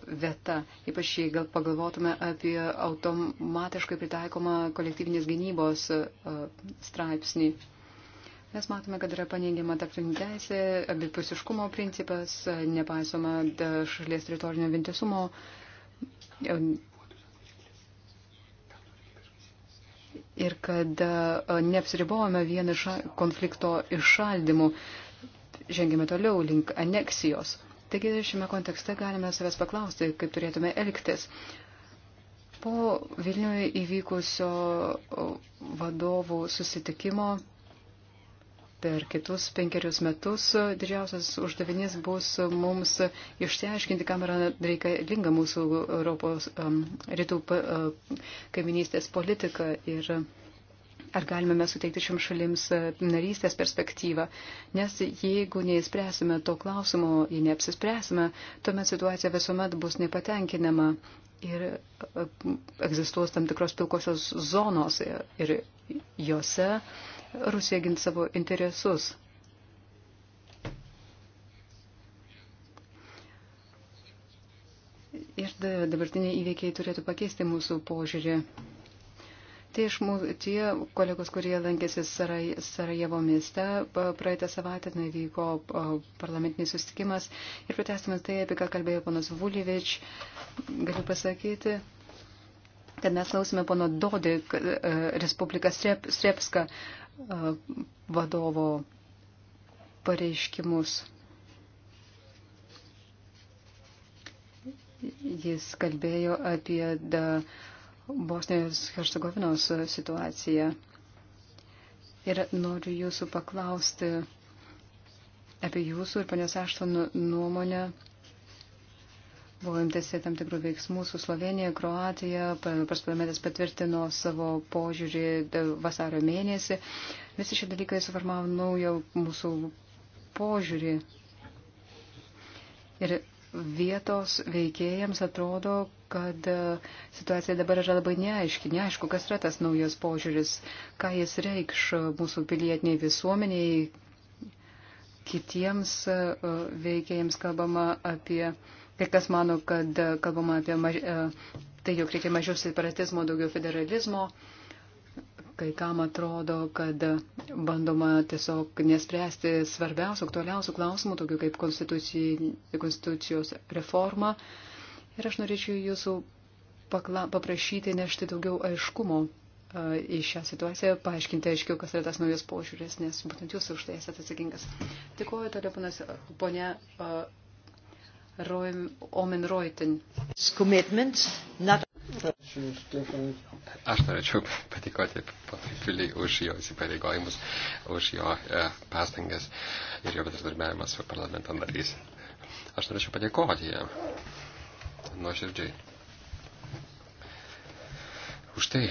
S4: vieta, ypač jei gal pagalvotume apie automatiškai pritaikomą kolektyvinės gynybos straipsnį. Mes matome, kad yra paneigiama tarptautinė teisė, abipusiškumo principas, nepaisoma šalies teritorinio vientisumo. Ir kad neapsiribojame vieną konflikto iššaldimu, žengėme toliau link aneksijos. Taigi šiame kontekste galime savęs paklausti, kaip turėtume elgtis. Po Vilniuje įvykusio vadovų susitikimo per kitus penkerius metus didžiausias uždavinys bus mums išsiaiškinti, kam yra reikalinga mūsų Europos um, rytų uh, kaiminystės politika. Ir, uh, Ar galime mes suteikti šioms šalims e, narystės perspektyvą? Nes jeigu neįspręsime to klausimo, jei neapsispręsime, tuomet situacija visuomet bus nepatenkinama ir e, egzistuos tam tikros pilkosios zonos ir jose Rusija gint savo interesus. Ir dabartiniai įveikiai turėtų pakeisti mūsų požiūrį. Tai iš mūsų tie kolegos, kurie lankėsi Sarai, Sarajevo mieste, praeitą savaitę vyko parlamentinis susitikimas ir pratestamas tai, apie ką kalbėjo ponas Vulievič, galiu pasakyti, kad mes klausime pono Dodik, Respublika Srep, Srepska vadovo pareiškimus. Jis kalbėjo apie da, uh, Bosnijos Hercegovinos situaciją. Ir noriu jūsų paklausti apie jūsų ir panios Ašton nuomonę. Buvo imtasi tam tikrų veiksmų su Slovenija, Kroatija, parlamentas patvirtino savo požiūrį e, vasario mėnesį. Visi šie dalykai suformavo naują mūsų požiūrį. Ir vietos veikėjams atrodo, kad e, situacija dabar yra labai neaiški. Neaišku, kas yra tas naujas požiūris, ką jis reikš mūsų pilietiniai visuomeniai, kitiems e, veikėjams kalbama apie, kai kas mano, kad kalbama apie maž, e, tai, jog reikia mažiau separatizmo, daugiau federalizmo. Uh, kai kam atrodo, kad bandoma tiesiog nespręsti svarbiausių, aktualiausių klausimų, tokių kaip konstitucijos reforma. Ir aš norėčiau jūsų pakla, paprašyti nešti daugiau aiškumo e, į šią situaciją, paaiškinti aiškiau, kas yra tas naujas požiūris, nes būtent jūs už tai esate atsakingas. Tikuoju, toliau panas ponia uh, Omen Reutin. Not... Aš
S5: norėčiau patikoti ponui Piliai už jo įsipareigojimus, už jo e, pastangas ir jo bendradarbiavimą su parlamento nariais. Aš norėčiau padėkoti jam nuoširdžiai už tai,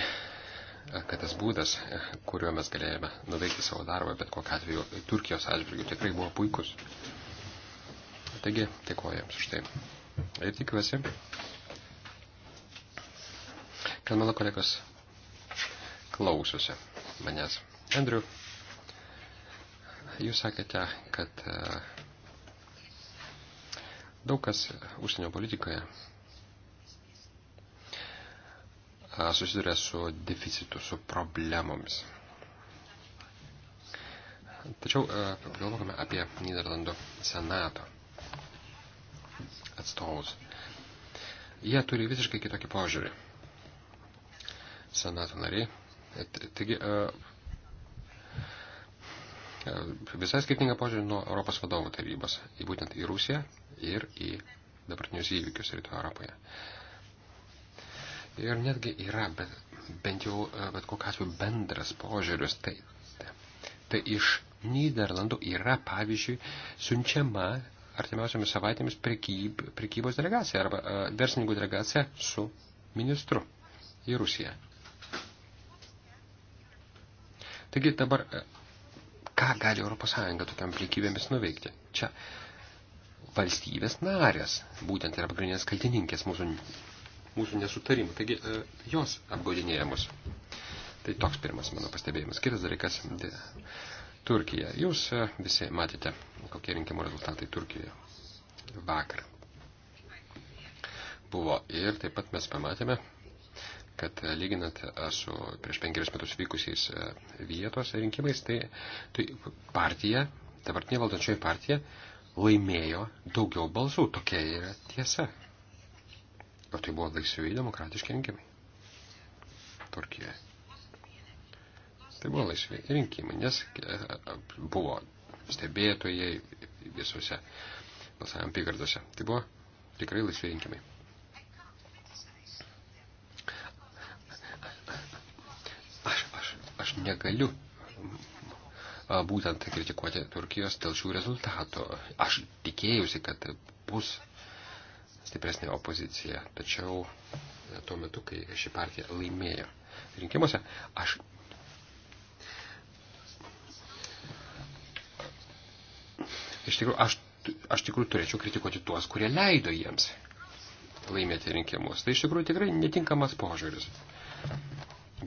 S5: kad tas būdas, e, kuriuo mes galėjome nuveikti savo darbą, bet kokiu atveju Turkijos atžvilgiu tikrai buvo puikus. Taigi, dėkuoju jums už tai. Ir tikiuosi, kad mano kolegos klausosi manęs. Andriu, jūs sakėte, kad e, daug kas užsienio politikoje e, susiduria su deficitu, su problemomis. Tačiau pagalvokime e, apie Niderlandų senato atstovus. Jie turi visiškai kitokį požiūrį senato nariai. E, taigi, e, e, visai skirtingą požiūrį nuo Europos vadovų tarybos, į būtent į Rusiją ir į dabartinius įvykius rytų Europoje. Ir netgi yra, bet, bent jau, bet kokiu atveju bendras požiūris, tai, tai, tai iš Niderlandų yra, pavyzdžiui, siunčiama artimiausiamis savaitėmis prekyb, prekybos delegacija arba uh, verslininkų delegacija su ministru į Rusiją. Taigi dabar, e, ką gali ES tokiam aplinkybėmis nuveikti? Čia valstybės narės, būtent yra pagrindinės kaltininkės mūsų, mūsų nesutarimų. Taigi e, jos apgaudinėja mus. Tai toks pirmas mano pastebėjimas. Kitas dalykas. De, Turkija. Jūs e, visi matėte, kokie rinkimų rezultatai Turkijoje vakar. Buvo ir taip pat mes pamatėme, kad e, lyginant e, su prieš penkerius metus vykusiais e, vietos rinkimais, tai, tai partija, dabartinė valdančioji partija, laimėjo daugiau balsų. Tokia yra tiesa. O tai buvo laisvi demokratiški rinkimai. Turkijoje. Tai buvo laisvi rinkimai, nes buvo stebėtojai visose balsavimo apygardose. Tai buvo tikrai laisvi rinkimai. negaliu būtent kritikuoti Turkijos dėl šių rezultatų. Aš tikėjausi, kad bus stipresnė opozicija, tačiau e, tuo metu, kai ši partija laimėjo rinkimuose, aš iš tikrųjų, aš, aš tikrųjų turėčiau kritikuoti tuos, kurie leido jiems laimėti rinkimus. Tai iš tikrųjų tikrai netinkamas požiūris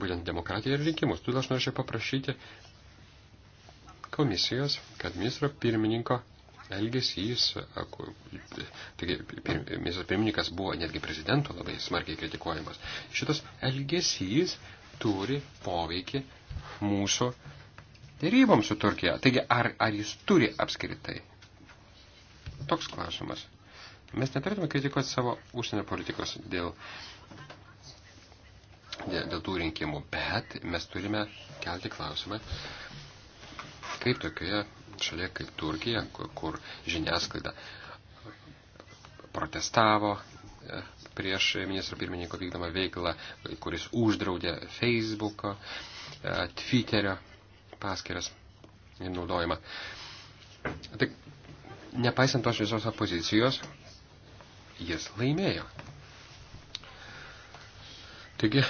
S5: būtent demokratiją ir rinkimus. Todėl aš norėčiau paprašyti komisijos, kad ministro pirmininko elgesys, taigi ministras pirmininkas buvo netgi prezidento labai smarkiai kritikuojamas, šitas elgesys turi poveikį mūsų dėryboms su Turkija. Taigi, ar, ar jis turi apskritai? Toks klausimas. Mes neturėtume kritikuoti savo užsienio politikos dėl uh, dėl tų rinkimų, bet mes turime kelti klausimą, kaip tokioje šalia kaip Turkija, kur, kur žiniasklaida protestavo e, prieš ministro pirmininko vykdomą veiklą, kuris uždraudė Facebook'o, e, Twitterio paskiras ir naudojimą. Tai nepaisant tos visos opozicijos, jis laimėjo. Taigi,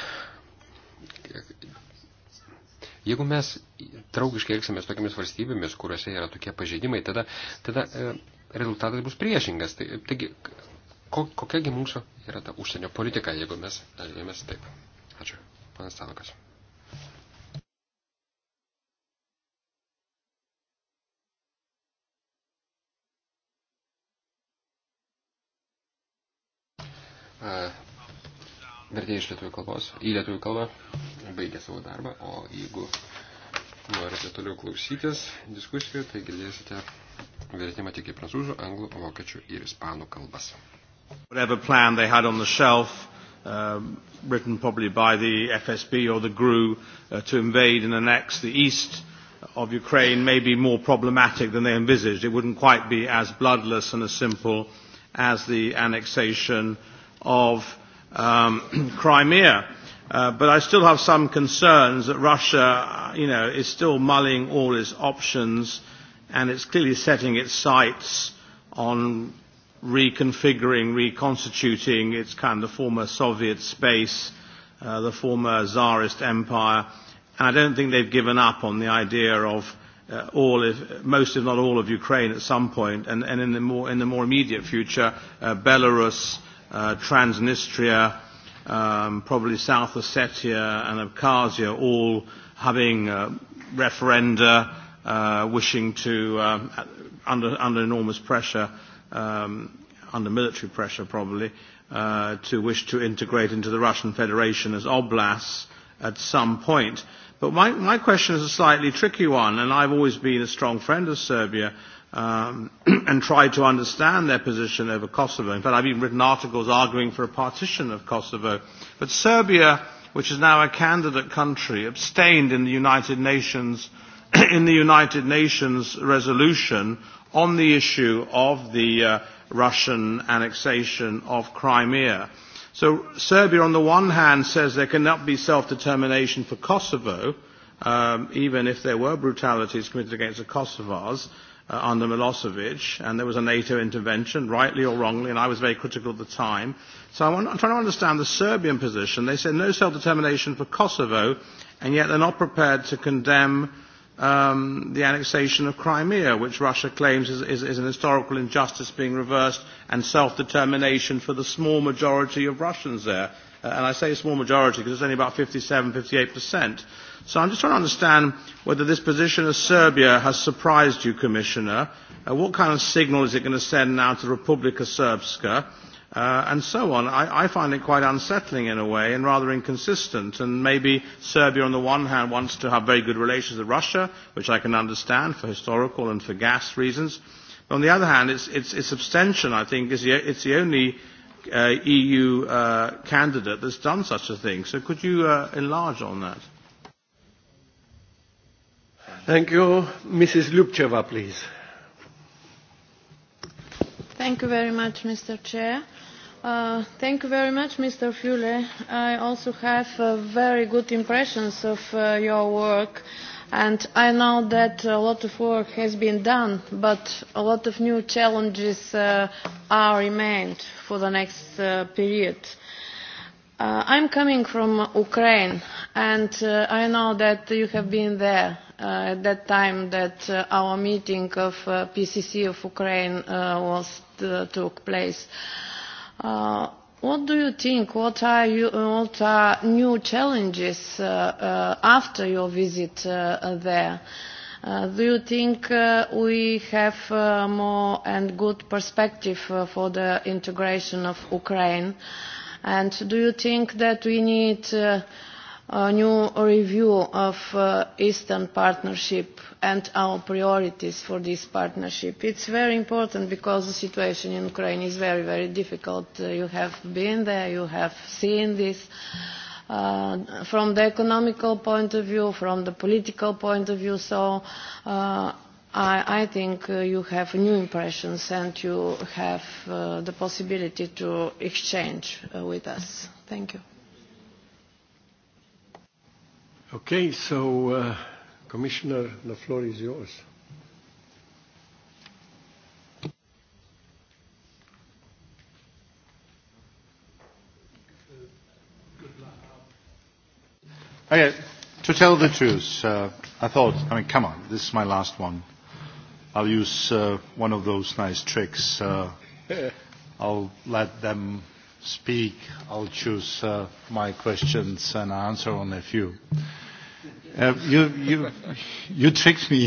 S5: jeigu mes draugiškai elgsimės tokiamis valstybėmis, kuriuose yra tokie pažeidimai, tada, tada e, rezultatas bus priešingas. Tai, taigi, ko, kokiagi mūsų yra ta užsienio politika, jeigu mes elgiamės taip. Ačiū, panas Tanakas vertėjai iš lietuvių kalbos į lietuvių kalbą baigė savo darbą, o jeigu norite toliau klausytis diskusijų, tai girdėsite vertimą tik į prancūzų, anglų, vokiečių ir ispanų kalbas.
S8: Whatever plan they had on the shelf, uh, written probably by the FSB or the GRU uh, to invade and annex the east of Ukraine may be more problematic than they envisaged. It wouldn't quite be as bloodless and as simple as the annexation of um, Crimea. Uh, but I still have some concerns that Russia, uh, you know, is still mulling all its options, and it's clearly setting its sights on reconfiguring, reconstituting its kind of the former Soviet space, uh, the former Tsarist empire. And I don't think they've given up on the idea of uh, all, if, most if not all, of Ukraine at some point, and, and in, the more, in the more immediate future, uh, Belarus uh, Transnistria, um, probably South Ossetia and Abkhazia all having uh, referenda, uh, wishing to, uh, under, under enormous pressure, um, under military pressure probably, uh, to wish to integrate into the Russian Federation as oblasts at some point. But my, my question is a slightly tricky one, and I've always been a strong friend of Serbia um, and tried to understand their position over Kosovo. In fact, I've even written articles arguing for a partition of Kosovo. But Serbia, which is now a candidate country, abstained in the United Nations, in the United Nations resolution on the issue of the uh, Russian annexation of Crimea. So Serbia, on the one hand, says there cannot be self-determination for Kosovo, um, even if there were brutalities committed against the Kosovars uh, under Milosevic, and there was a NATO intervention, rightly or wrongly, and I was very critical at the time. So I'm, I'm trying to understand the Serbian position. They said no self-determination for Kosovo, and yet they're not prepared to condemn um, the annexation of Crimea, which Russia claims is, is, is an historical injustice being reversed, and self-determination for the small majority of Russians there. Uh, and I say small majority because it's only about 57, 58 percent. So I'm just trying to understand whether this position of Serbia has surprised you, Commissioner. Uh, what kind of signal is it going to send now to Republika Srpska? Uh, and so on. I, I find it quite unsettling in a way and rather inconsistent. And maybe Serbia, on the one hand, wants to have very good relations with Russia, which I can understand for historical and for gas reasons. But on the other hand, its, its, its abstention, I think, is the, it's the only uh, EU uh, candidate that's done such a thing. So could you uh, enlarge on that?
S1: Thank you. Mrs. Lubcheva, please.
S7: Thank you very much, Mr. Chair. Uh, thank you very much, Mr. Fule. I also have uh, very good impressions of uh, your work, and I know that a lot of work has been done, but a lot of new challenges uh, are remained for the next uh, period. Uh, I'm coming from Ukraine, and uh, I know that you have been there uh, at that time that uh, our meeting of uh, PCC of Ukraine uh, was uh, took place. Uh, what do you think? What are, you, uh, what are new challenges uh, uh, after your visit uh, there? Uh, do you think uh, we have uh, more and good perspective uh, for the integration of Ukraine? And do you think that we need uh, a new review of uh, Eastern Partnership and our priorities for this partnership. It's very important because the situation in Ukraine is very, very difficult. Uh, you have been there, you have seen this. Uh, from the economical point of view, from the political point of view, so uh, I, I think uh, you have new impressions and you have uh, the possibility to exchange uh, with us. Thank you.
S1: Okay, so uh, Commissioner, the floor is yours.
S3: Okay, to tell the truth, uh, I thought, I mean, come on, this is my last one. I'll use uh, one of those nice tricks. Uh, I'll let them speak. I'll choose uh, my questions and answer on a few. Uh, Uh, you, you, you tricked me.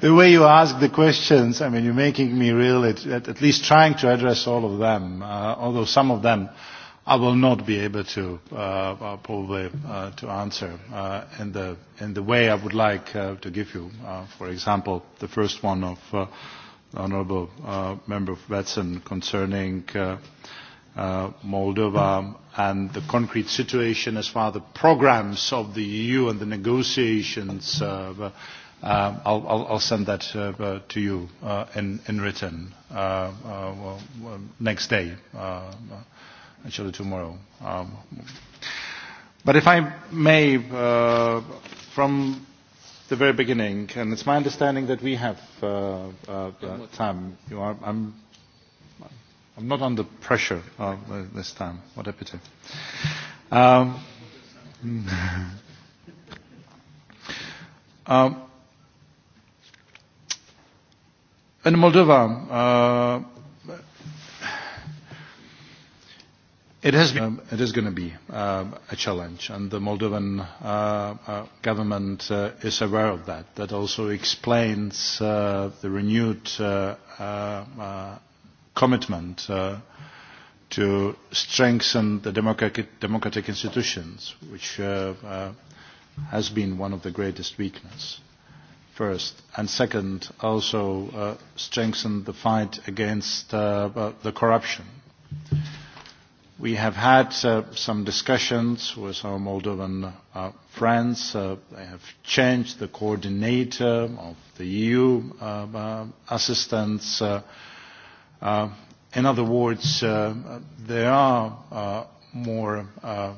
S3: the way you ask the questions, I mean, you're making me really, at, at least trying to address all of them, uh, although some of them I will not be able to uh, uh, probably uh, to answer uh, in, the, in the way I would like uh, to give you. Uh, for example, the first one of uh, Honourable uh, Member Watson concerning uh, uh, Moldova and the concrete situation as far as the programs of the EU and the negotiations. Uh, uh, um, I'll, I'll, I'll send that uh, uh, to you uh, in, in written uh, uh, well, well, next day, uh, uh, actually tomorrow. Um, but if I may, uh, from the very beginning, and it's my understanding that we have uh, uh, uh time. You are, I'm I'm not under pressure uh, this time. What a pity. Um, um, in Moldova, uh, it has been, um, it is going to be uh, a challenge, and the Moldovan uh, uh, government uh, is aware of that. That also explains uh, the renewed uh, uh, uh commitment uh, to strengthen the democratic, democratic institutions, which uh, uh, has been one of the greatest weaknesses, first. And second, also uh, strengthen the fight against uh, uh, the corruption. We have had uh, some discussions with our Moldovan uh, friends. Uh, they have changed the coordinator of the EU uh, uh, assistance. Uh, Uh, in other words, uh, there are uh, more uh,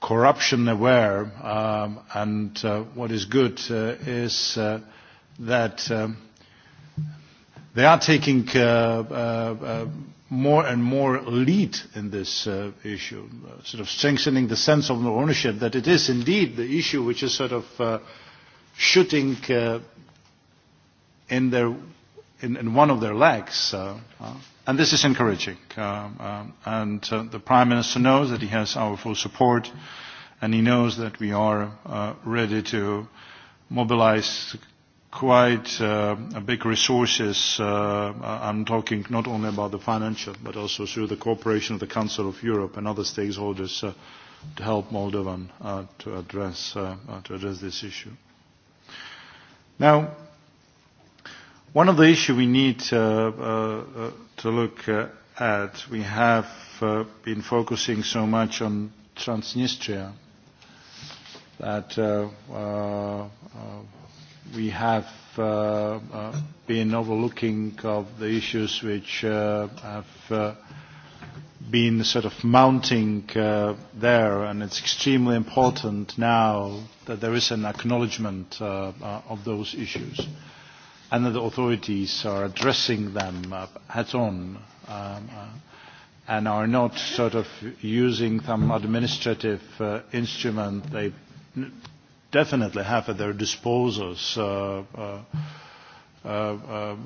S3: corruption aware, um, and uh, what is good uh, is uh, that um, they are taking uh, uh, uh, more and more lead in this uh, issue, uh, sort of strengthening the sense of ownership that it is indeed the issue which is sort of uh, shooting uh, in their in, in one of their legs. Uh, uh, and this is encouraging. Uh, um, and uh, the Prime Minister knows that he has our full support, and he knows that we are uh, ready to mobilize quite uh, big resources. Uh, uh, I'm talking not only about the financial, but also through the cooperation of the Council of Europe and other stakeholders uh, to help Moldovan uh, to, address, uh, uh, to address this issue. Now, One of the issues we need uh, uh, uh, to look uh, at, we have uh, been focusing so much on Transnistria that uh, uh, uh, we have uh, uh, been overlooking of the issues which uh, have uh, been sort of mounting uh, there, and it's extremely important now that there is an acknowledgement uh, uh, of those issues. Uh, and that the authorities are addressing them uh, head on um, uh, and are not sort of using some administrative uh, instrument they definitely have at their disposal, uh, uh, uh, uh,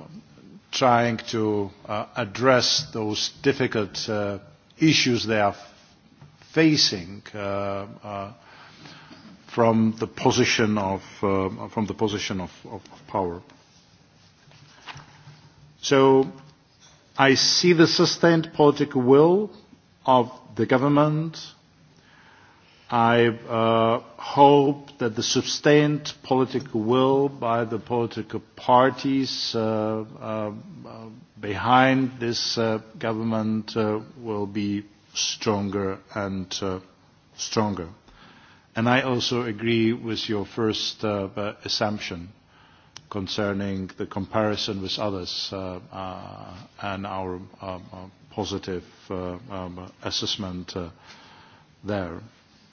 S3: trying to uh, address those difficult uh, issues they are facing uh, uh, from the position of, uh, from the position of, of, of power. Uh, So I see the sustained political will of the government. I uh, hope that the sustained political will by the political parties uh, uh, uh behind this uh, government uh, will be stronger and uh, stronger. And I also agree with your first uh, uh assumption concerning the comparison with others uh, uh, and our um, uh, positive uh, um, assessment uh, there.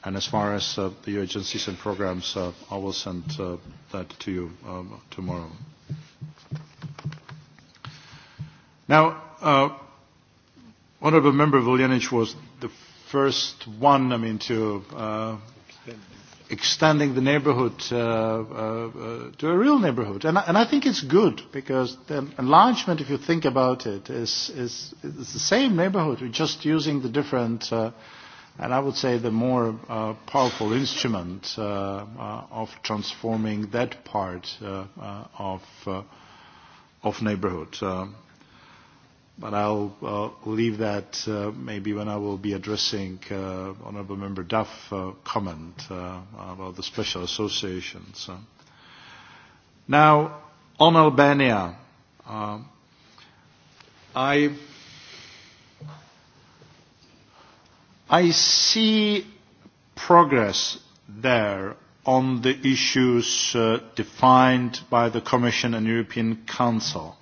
S3: And as far as uh, the agencies and programs, uh, I will send uh, that to you um, tomorrow. Now, uh, Honourable Member Vuljanic was the first one, I mean, to uh, extending the neighborhood uh, uh, uh, to a real neighborhood. And, and I think it's good because the enlargement, if you think about it, is, is, is the same neighborhood. We're just using the different, uh, and I would say the more uh, powerful instrument uh, uh, of transforming that part uh, uh, of, uh, of neighborhood. Uh, but I'll, I'll uh, leave that uh, maybe when I will be addressing uh, Honourable Member Duff's uh, comment uh, about the special associations. Uh, now, on Albania, uh, I, I see progress there on the issues uh, defined by the Commission and European Council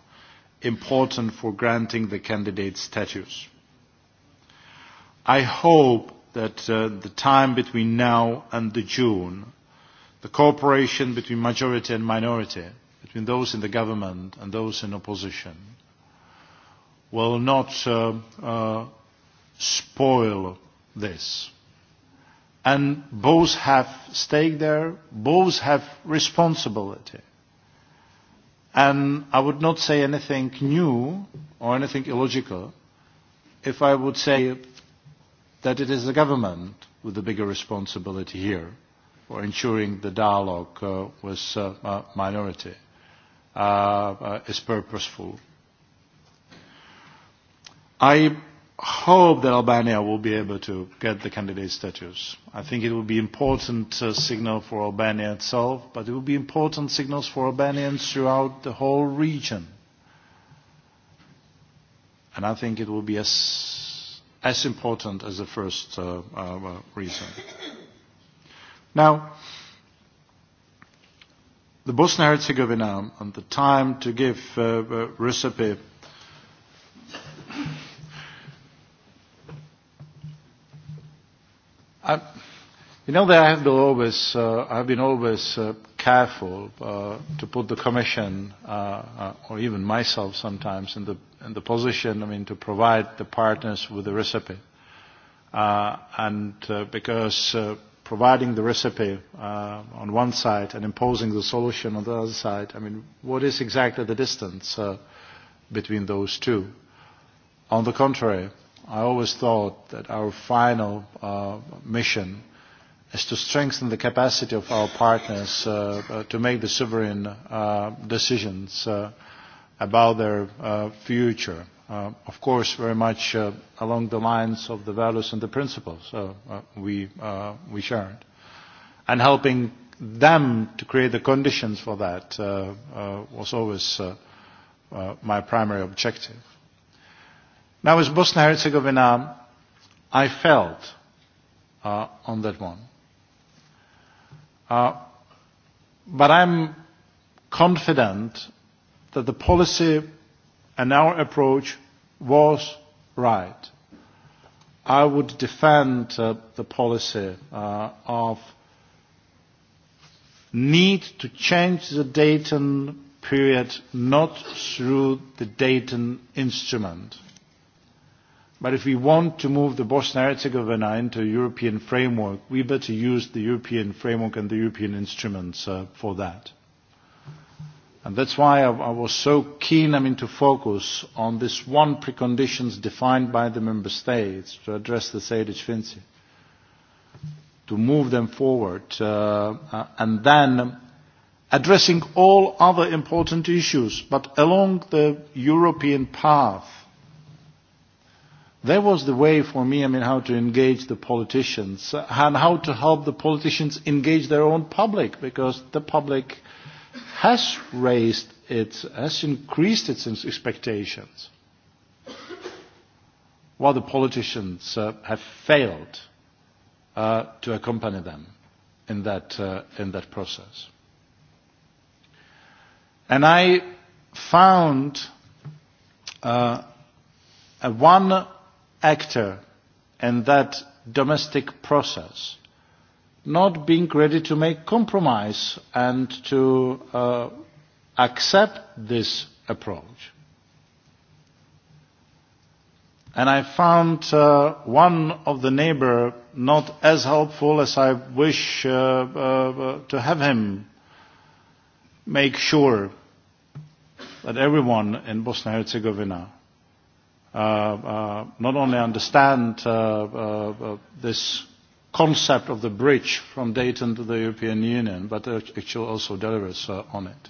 S3: important for granting the candidate status. I hope that uh, the time between now and the June, the cooperation between majority and minority, between those in the government and those in opposition, will not uh, uh, spoil this. And both have stake there, both have responsibility And I would not say anything new or anything illogical if I would say that it is the government with the bigger responsibility here for ensuring the dialogue uh, with uh, uh, minority uh, uh, is purposeful. I hope that Albania will be able to get the candidate status. I think it will be important uh, signal for Albania itself, but it will be important signals for Albanians throughout the whole region. And I think it will be as, as important as the first uh, uh, reason. Now, the Bosnia-Herzegovina and the time to give uh, uh, recipe I, you know that I have to always, uh, I've been always uh, careful uh, to put the Commission uh, uh, or even myself sometimes in the in the position, I mean, to provide the partners with the recipe, uh, and uh, because. Uh, providing the recipe uh, on one side and imposing the solution on the other side, I mean, what is exactly the distance uh, between those two? On the contrary, I always thought that our final uh, mission is to strengthen the capacity of our partners uh, uh, to make the sovereign uh, decisions uh, about their uh, future. Uh, of course, very much uh, along the lines of the values and the principles uh, uh, we, uh, we shared. And helping them to create the conditions for that uh, uh, was always uh, uh, my primary objective. Now, as Bosnia and Herzegovina, I felt uh, on that one. Uh, but I'm confident that the policy and our approach was right. I would defend uh, the policy uh, of need to change the Dayton period not through the Dayton instrument But if we want to move the Bosnia-Herzegovina into a European framework, we better use the European framework and the European instruments uh, for that. And that's why I, I was so keen, I mean, to focus on this one preconditions defined by the member states to address the Sejdic Finci, to move them forward, uh, uh, and then addressing all other important issues, but along the European path That was the way for me, I mean, how to engage the politicians and how to help the politicians engage their own public because the public has raised its, has increased its expectations while the politicians uh, have failed uh, to accompany them in that, uh, in that process. And I found uh, a one actor in that domestic process not being ready to make compromise and to uh, accept this approach. And I found uh, one of the neighbor not as helpful as I wish uh, uh, uh to have him make sure that everyone in Bosnia and Herzegovina uh, uh, not only understand uh, uh, uh, this concept of the bridge from Dayton to the European Union, but actually also delivers uh, on it.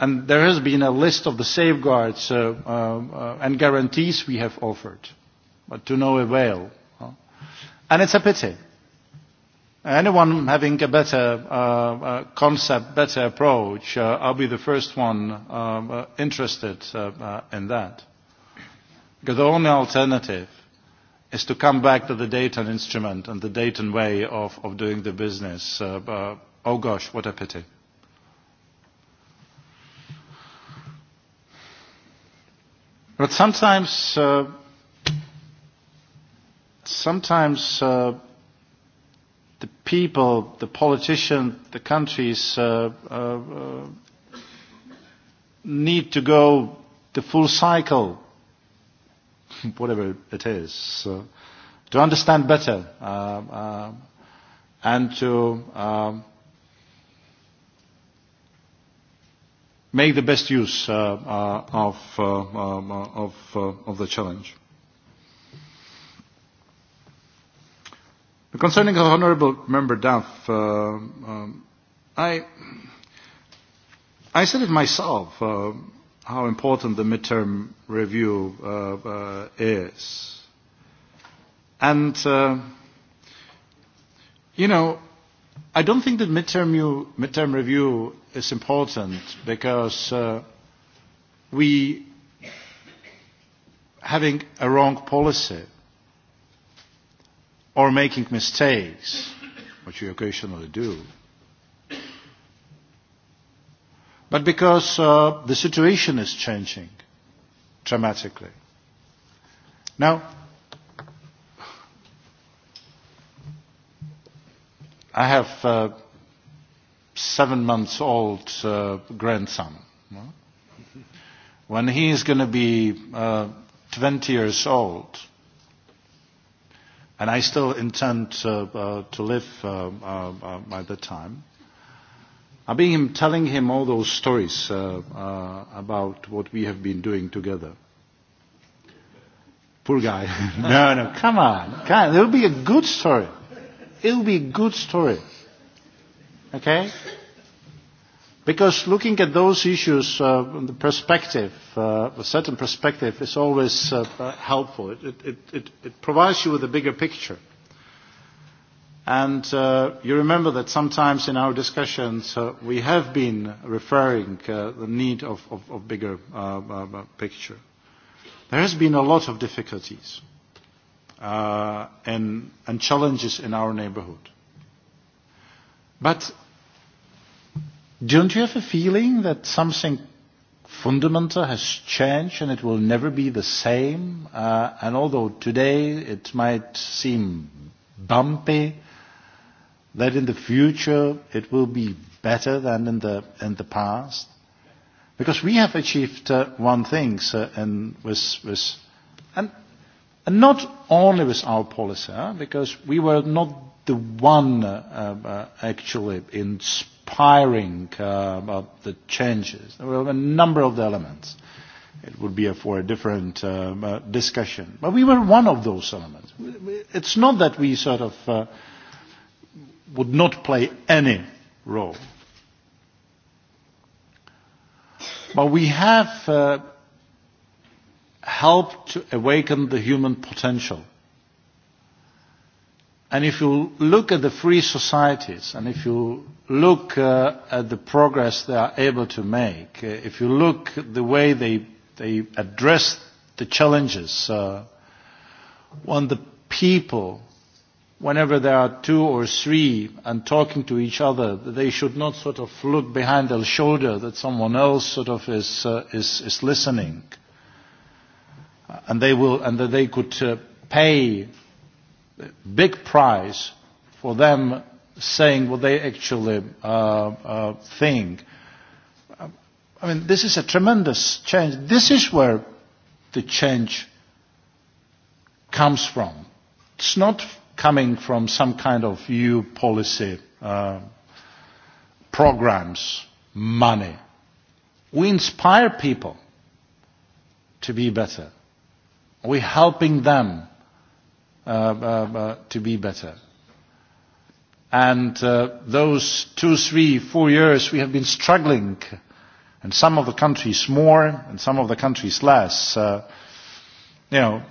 S3: And there has been a list of the safeguards uh, uh, uh, and guarantees we have offered, but to no avail. Huh? And it's a pity Anyone having a better uh, uh, concept, better approach, uh, I'll be the first one um, uh, interested uh, uh, in that. Because the only alternative is to come back to the Dayton instrument and the Dayton way of, of doing the business. Uh, uh, oh gosh, what a pity. But sometimes, uh, sometimes uh, the people, the politicians, the countries uh, uh, uh, need to go the full cycle, whatever it is, so, to understand better uh, uh, and to um, make the best use uh, uh, of, uh, um, uh, of, uh, of the challenge. Concerning the Honourable Member Duff, uh, um, I, I said it myself uh, how important the midterm review uh, uh, is. And, uh, you know, I don't think that midterm, you, midterm review is important because uh, we having a wrong policy or making mistakes, which you occasionally do, but because uh, the situation is changing dramatically. Now, I have a uh, seven months old uh, grandson. No? When he is going to be uh, 20 years old, And I still intend to, uh, to live uh, uh, uh by that time. I've been telling him all those stories uh, uh, about what we have been doing together. Poor guy. no, no, come on. Come on. It'll be a good story. It'll be a good story. Okay? Because looking at those issues, uh, the perspective, uh, a certain perspective, is always uh, helpful. It, it, it, it provides you with a bigger picture. And uh, you remember that sometimes in our discussions uh, we have been referring uh, the need of, of, of bigger uh, uh, picture. There has been a lot of difficulties uh, and, and challenges in our neighborhood. But Don't you have a feeling that something fundamental has changed and it will never be the same? Uh, and although today it might seem bumpy, that in the future it will be better than in the, in the past? Because we have achieved uh, one thing, so, and, with, with, and, and not only with our policy, huh? because we were not the one uh, uh, actually in Spain inspiring uh, about the changes. There were a number of the elements. It would be a, for a different uh, uh, discussion. But we were one of those elements. It's not that we sort of uh, would not play any role. But we have uh, helped to awaken the human potential And if you look at the free societies, and if you look uh, at the progress they are able to make, uh, if you look at the way they, they address the challenges, uh, when the people, whenever there are two or three and talking to each other, they should not sort of look behind their shoulder that someone else sort of is, uh, is, is listening. And they will, and that they could uh, pay big price for them saying what they actually uh, uh, think. Uh, I mean, this is a tremendous change. This is where the change comes from. It's not coming from some kind of EU policy uh, programs, money. We inspire people to be better. We're helping them Uh, uh, uh, to be better. And uh, those two, three, four years we have been struggling, and some of the countries more and some of the countries less. Uh, you know,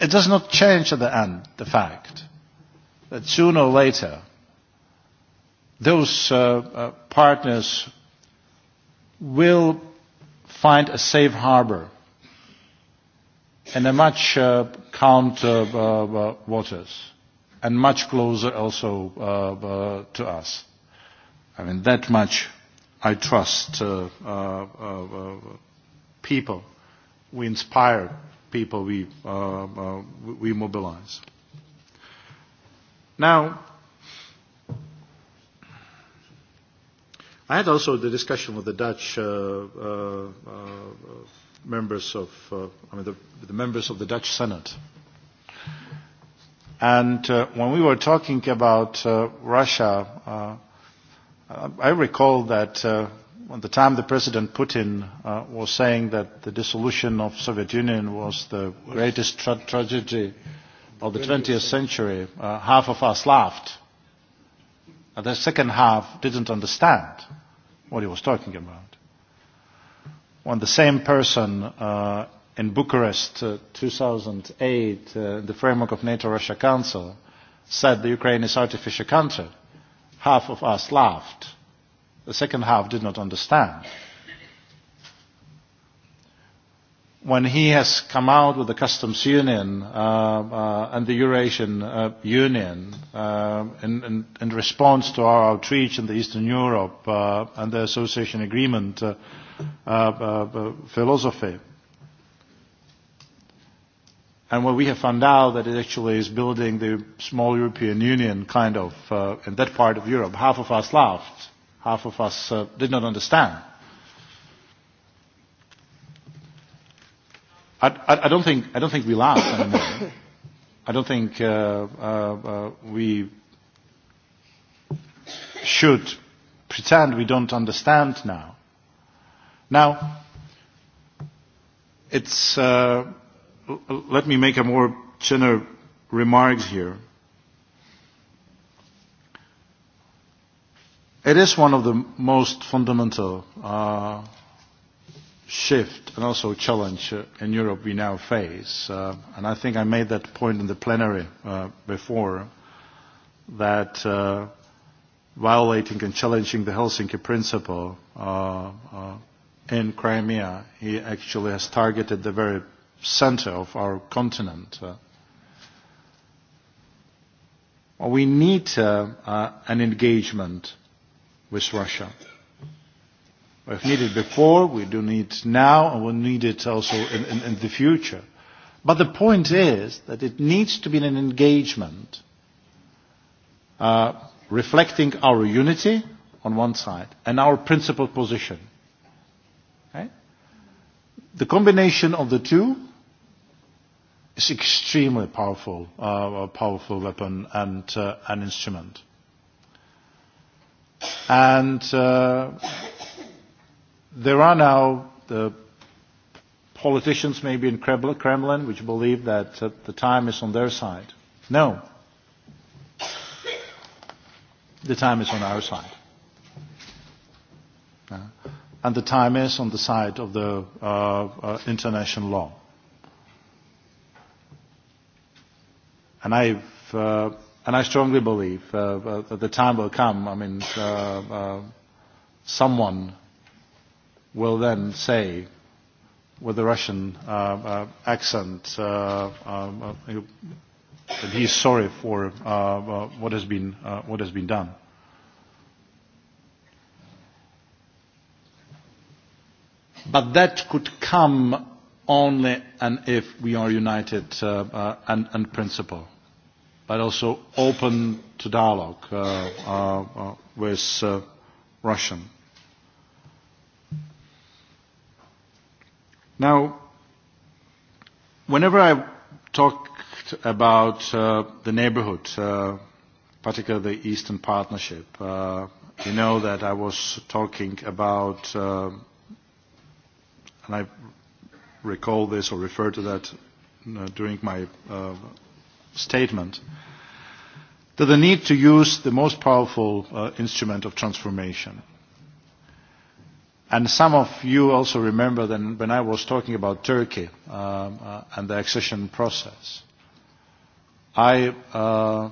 S3: it does not change at the end the fact that sooner or later those uh, uh, partners will find a safe harbor in a much uh, calm uh, uh, waters and much closer also uh, uh, to us. I mean, that much I trust uh, uh, uh, people. We inspire people we, uh, uh, we mobilize. Now, I had also the discussion with the Dutch uh, uh, uh, members of, uh, I mean, the, the members of the Dutch Senate. And uh, when we were talking about uh, Russia, uh, I recall that uh, at the time the President Putin uh, was saying that the dissolution of Soviet Union was the greatest tra tragedy of the 20th century, uh, half of us laughed. And the second half didn't understand what he was talking about when the same person uh, in Bucharest uh, 2008, uh, the framework of NATO-Russia Council, said the Ukraine is artificial country, half of us laughed. The second half did not understand. when he has come out with the customs union uh, uh, and the Eurasian uh, Union uh, in, in, in response to our outreach in the Eastern Europe uh, and the association agreement uh, uh, uh, philosophy. And what we have found out that it actually is building the small European Union kind of uh, in that part of Europe. Half of us laughed, half of us uh, did not understand. Uh, I, I, I, don't think, I don't think we laugh anymore. I don't think uh, uh, uh, we should pretend we don't understand now. Now, it's, uh, l- let me make a more general remark here. It is one of the most fundamental uh, shift and also challenge uh, in Europe we now face. Uh, and I think I made that point in the plenary uh, before that uh, violating and challenging the Helsinki principle uh, uh, in Crimea, he actually has targeted the very center of our continent. Uh, we need uh, uh, an engagement with Russia. Uh, We've needed it before, we do need it now, and we'll need it also in, in, in the future. But the point is that it needs to be an engagement uh, reflecting our unity on one side and our principled position. Okay? The combination of the two is extremely powerful, uh, a powerful weapon and uh, an instrument. And uh, there are now the uh, politicians maybe in Kremlin which believe that uh, the time is on their side. No. The time is on our side. Uh, and the time is on the side of the uh, uh, international law. And, I've, uh, and I strongly believe uh, uh, that the time will come, I mean, uh, uh, someone will then say with a Russian uh, uh, accent uh, um, uh, that he is sorry for uh, uh, what, has been, uh, what has been done. But that could come only and if we are united uh, uh, and, and principle, but also open to dialogue uh, uh, uh, with uh, Russian. Now, whenever I talked about uh, the neighborhood, uh, particularly the Eastern Partnership, uh, you know that I was talking about, uh, and I recall this or refer to that uh, during my uh, statement, to the need to use the most powerful uh, instrument of transformation – And some of you also remember that when I was talking about Turkey um, uh, and the accession process, I uh,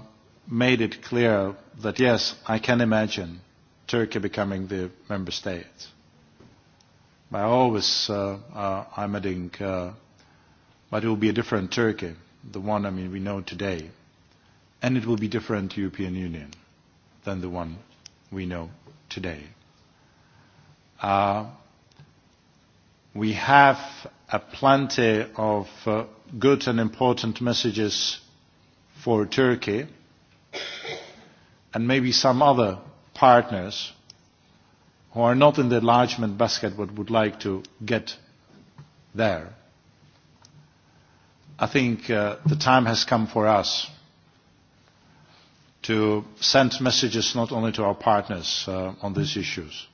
S3: made it clear that yes, I can imagine Turkey becoming the member state. But I always uh, uh, I'm adding, uh, but it will be a different Turkey, the one I mean we know today, and it will be different European Union than the one we know today. Uh, we have a plenty of uh, good and important messages for Turkey and maybe some other partners who are not in the enlargement basket but would like to get there. I think uh, the time has come for us to send messages not only to our partners uh, on these issues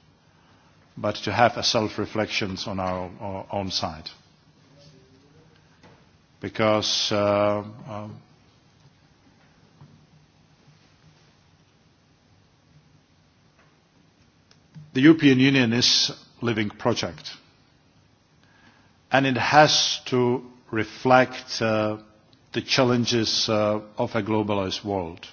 S3: but to have a self-reflections on our, our own side. Because uh, uh, the European Union is a living project and it has to reflect uh, the challenges uh, of a globalized world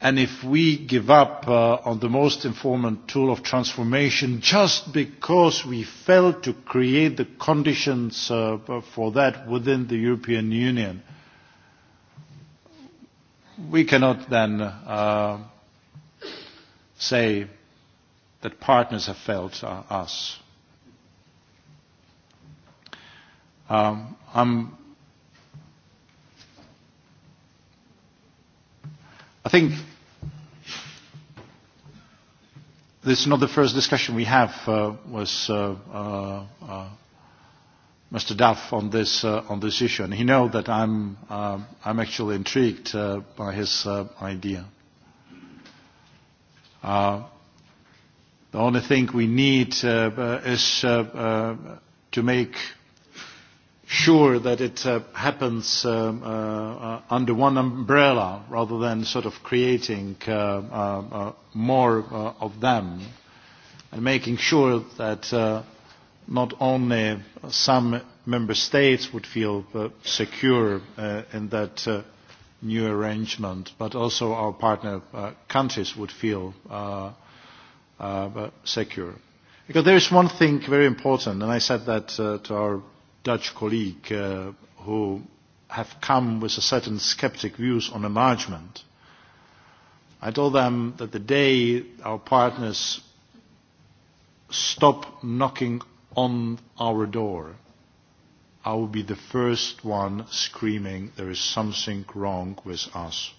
S3: And if we give up uh, on the most important tool of transformation just because we failed to create the conditions uh, for that within the European Union, we cannot then uh, say that partners have failed uh, us. Um, I'm I think this is not the first discussion we have uh, with uh, uh, uh Mr. Duff on this, uh, on this issue, and he knows that I'm, uh, I'm actually intrigued uh, by his uh, idea. Uh, the only thing we need uh, uh, is uh, uh, to make sure that it uh, happens um, uh, uh, under one umbrella rather than sort of creating uh, uh, uh, more uh, of them and making sure that uh, not only some member states would feel uh, secure uh, in that uh, new arrangement, but also our partner uh, countries would feel uh, uh, secure. Because there is one thing very important, and I said that uh, to our Dutch colleague uh, who have come with a certain skeptic views on enlargement. I told them that the day our partners stop knocking on our door, I will be the first one screaming there is something wrong with us.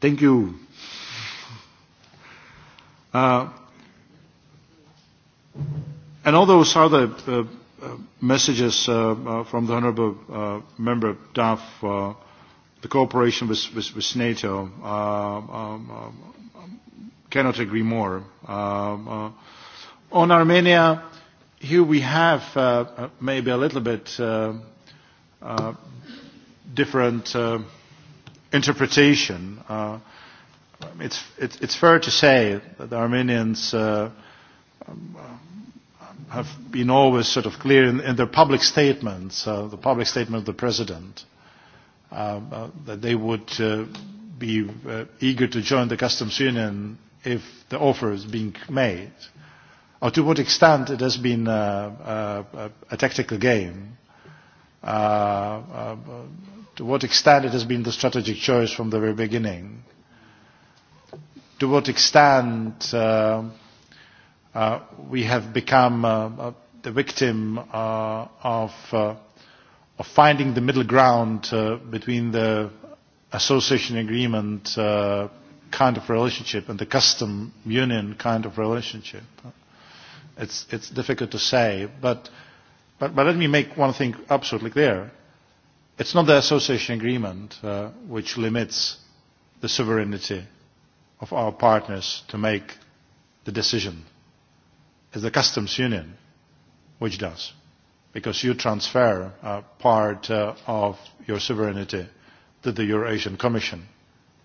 S3: Thank you Uh, and all those other uh, uh messages uh, uh, from the Honourable uh, Member Duff, uh, the cooperation with, with, with NATO, uh, um, um, cannot agree more. Uh, uh, on Armenia, here we have uh, uh, maybe a little bit uh, uh, different uh, interpretation. Uh, It's, it, it's fair to say that the Armenians uh, um, have been always sort of clear in, in their public statements, uh, the public statement of the president, uh, uh, that they would uh, be uh, eager to join the customs union if the offer is being made. Or to what extent it has been uh, uh, a tactical game, uh, uh, to what extent it has been the strategic choice from the very beginning. Uh, to what extent uh, uh, we have become uh, uh, the victim uh, of, uh, of finding the middle ground uh, between the association agreement uh, kind of relationship and the custom union kind of relationship. It's, it's difficult to say, but, but, but let me make one thing absolutely clear. It's not the association agreement uh, which limits the sovereignty of our partners to make the decision. It's the customs union which does, because you transfer uh, part uh, of your sovereignty to the Eurasian Commission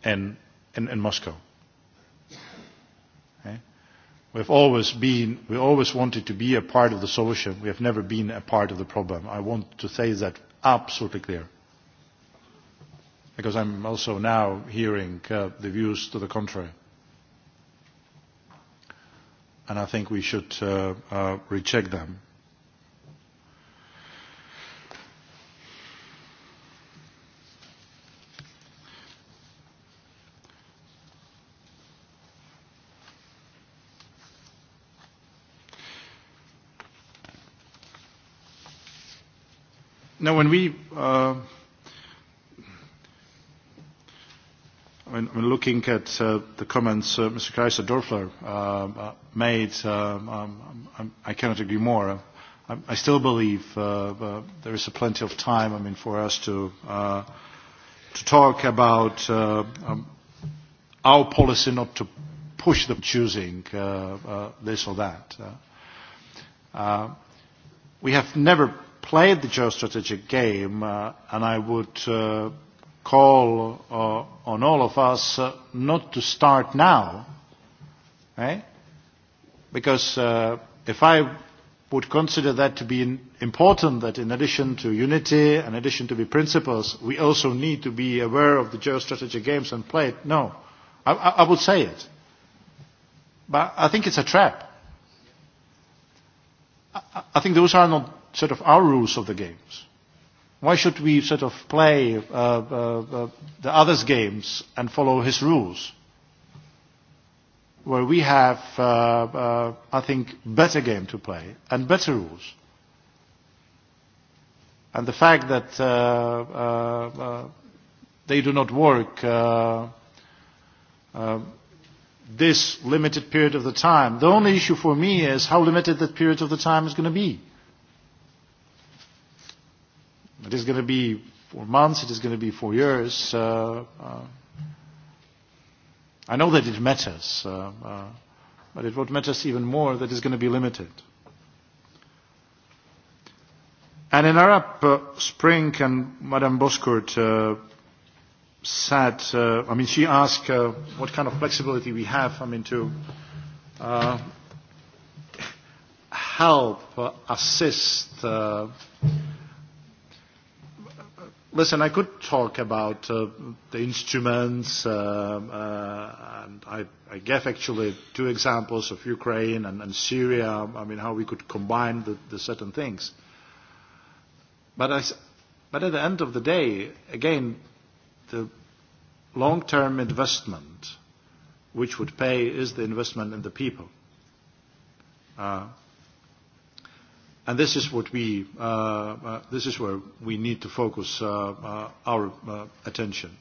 S3: in, in, in Moscow. Okay? We've always been, we always wanted to be a part of the solution. We have never been a part of the problem. I want to say that absolutely clear because I'm also now hearing uh, the views to the contrary. And I think we should uh, uh, recheck them. Now, when we uh, when, when looking at uh, the comments uh, Mr. Kaiser Dorfler uh, uh, made, uh, um, I'm, um, um, I cannot agree more. I, um, I still believe uh, uh, there is a plenty of time. I mean, for us to uh, to talk about uh, um, our policy, not to push them choosing uh, uh, this or that. Uh, uh, we have never played the geostrategic game, uh, and I would. Uh, call uh, on all of us uh, not to start now, eh? because uh, if I would consider that to be important, that in addition to unity, in addition to the principles, we also need to be aware of the geostrategic games and play it, no. I, I, I would say it. But I think it's a trap. I, I think those are not sort of our rules of the games. Why should we sort of play uh, uh, uh, the others' games and follow his rules? Where we have, uh, uh, I think, better game to play and better rules. And the fact that uh, uh, uh, they do not work uh, uh, this limited period of the time, the only issue for me is how limited that period of the time is going to be. Uh, It is going to be for months, it is going to be for years. Uh, uh, I know that it matters, uh, uh, but it what matters even more that is going to be limited. And in Arab uh, Spring, and Madame Boscourt uh, said, uh, I mean, she asked uh, what kind of flexibility we have, I mean, to uh, help, uh, assist, uh, Listen, I could talk about uh, the instruments, uh, uh, and I, I gave actually two examples of Ukraine and, and Syria, I mean, how we could combine the, the certain things. But, I, but at the end of the day, again, the long-term investment which would pay is the investment in the people. Uh, And this is what we, uh, uh, this is where we need to focus uh, uh, our uh, attention.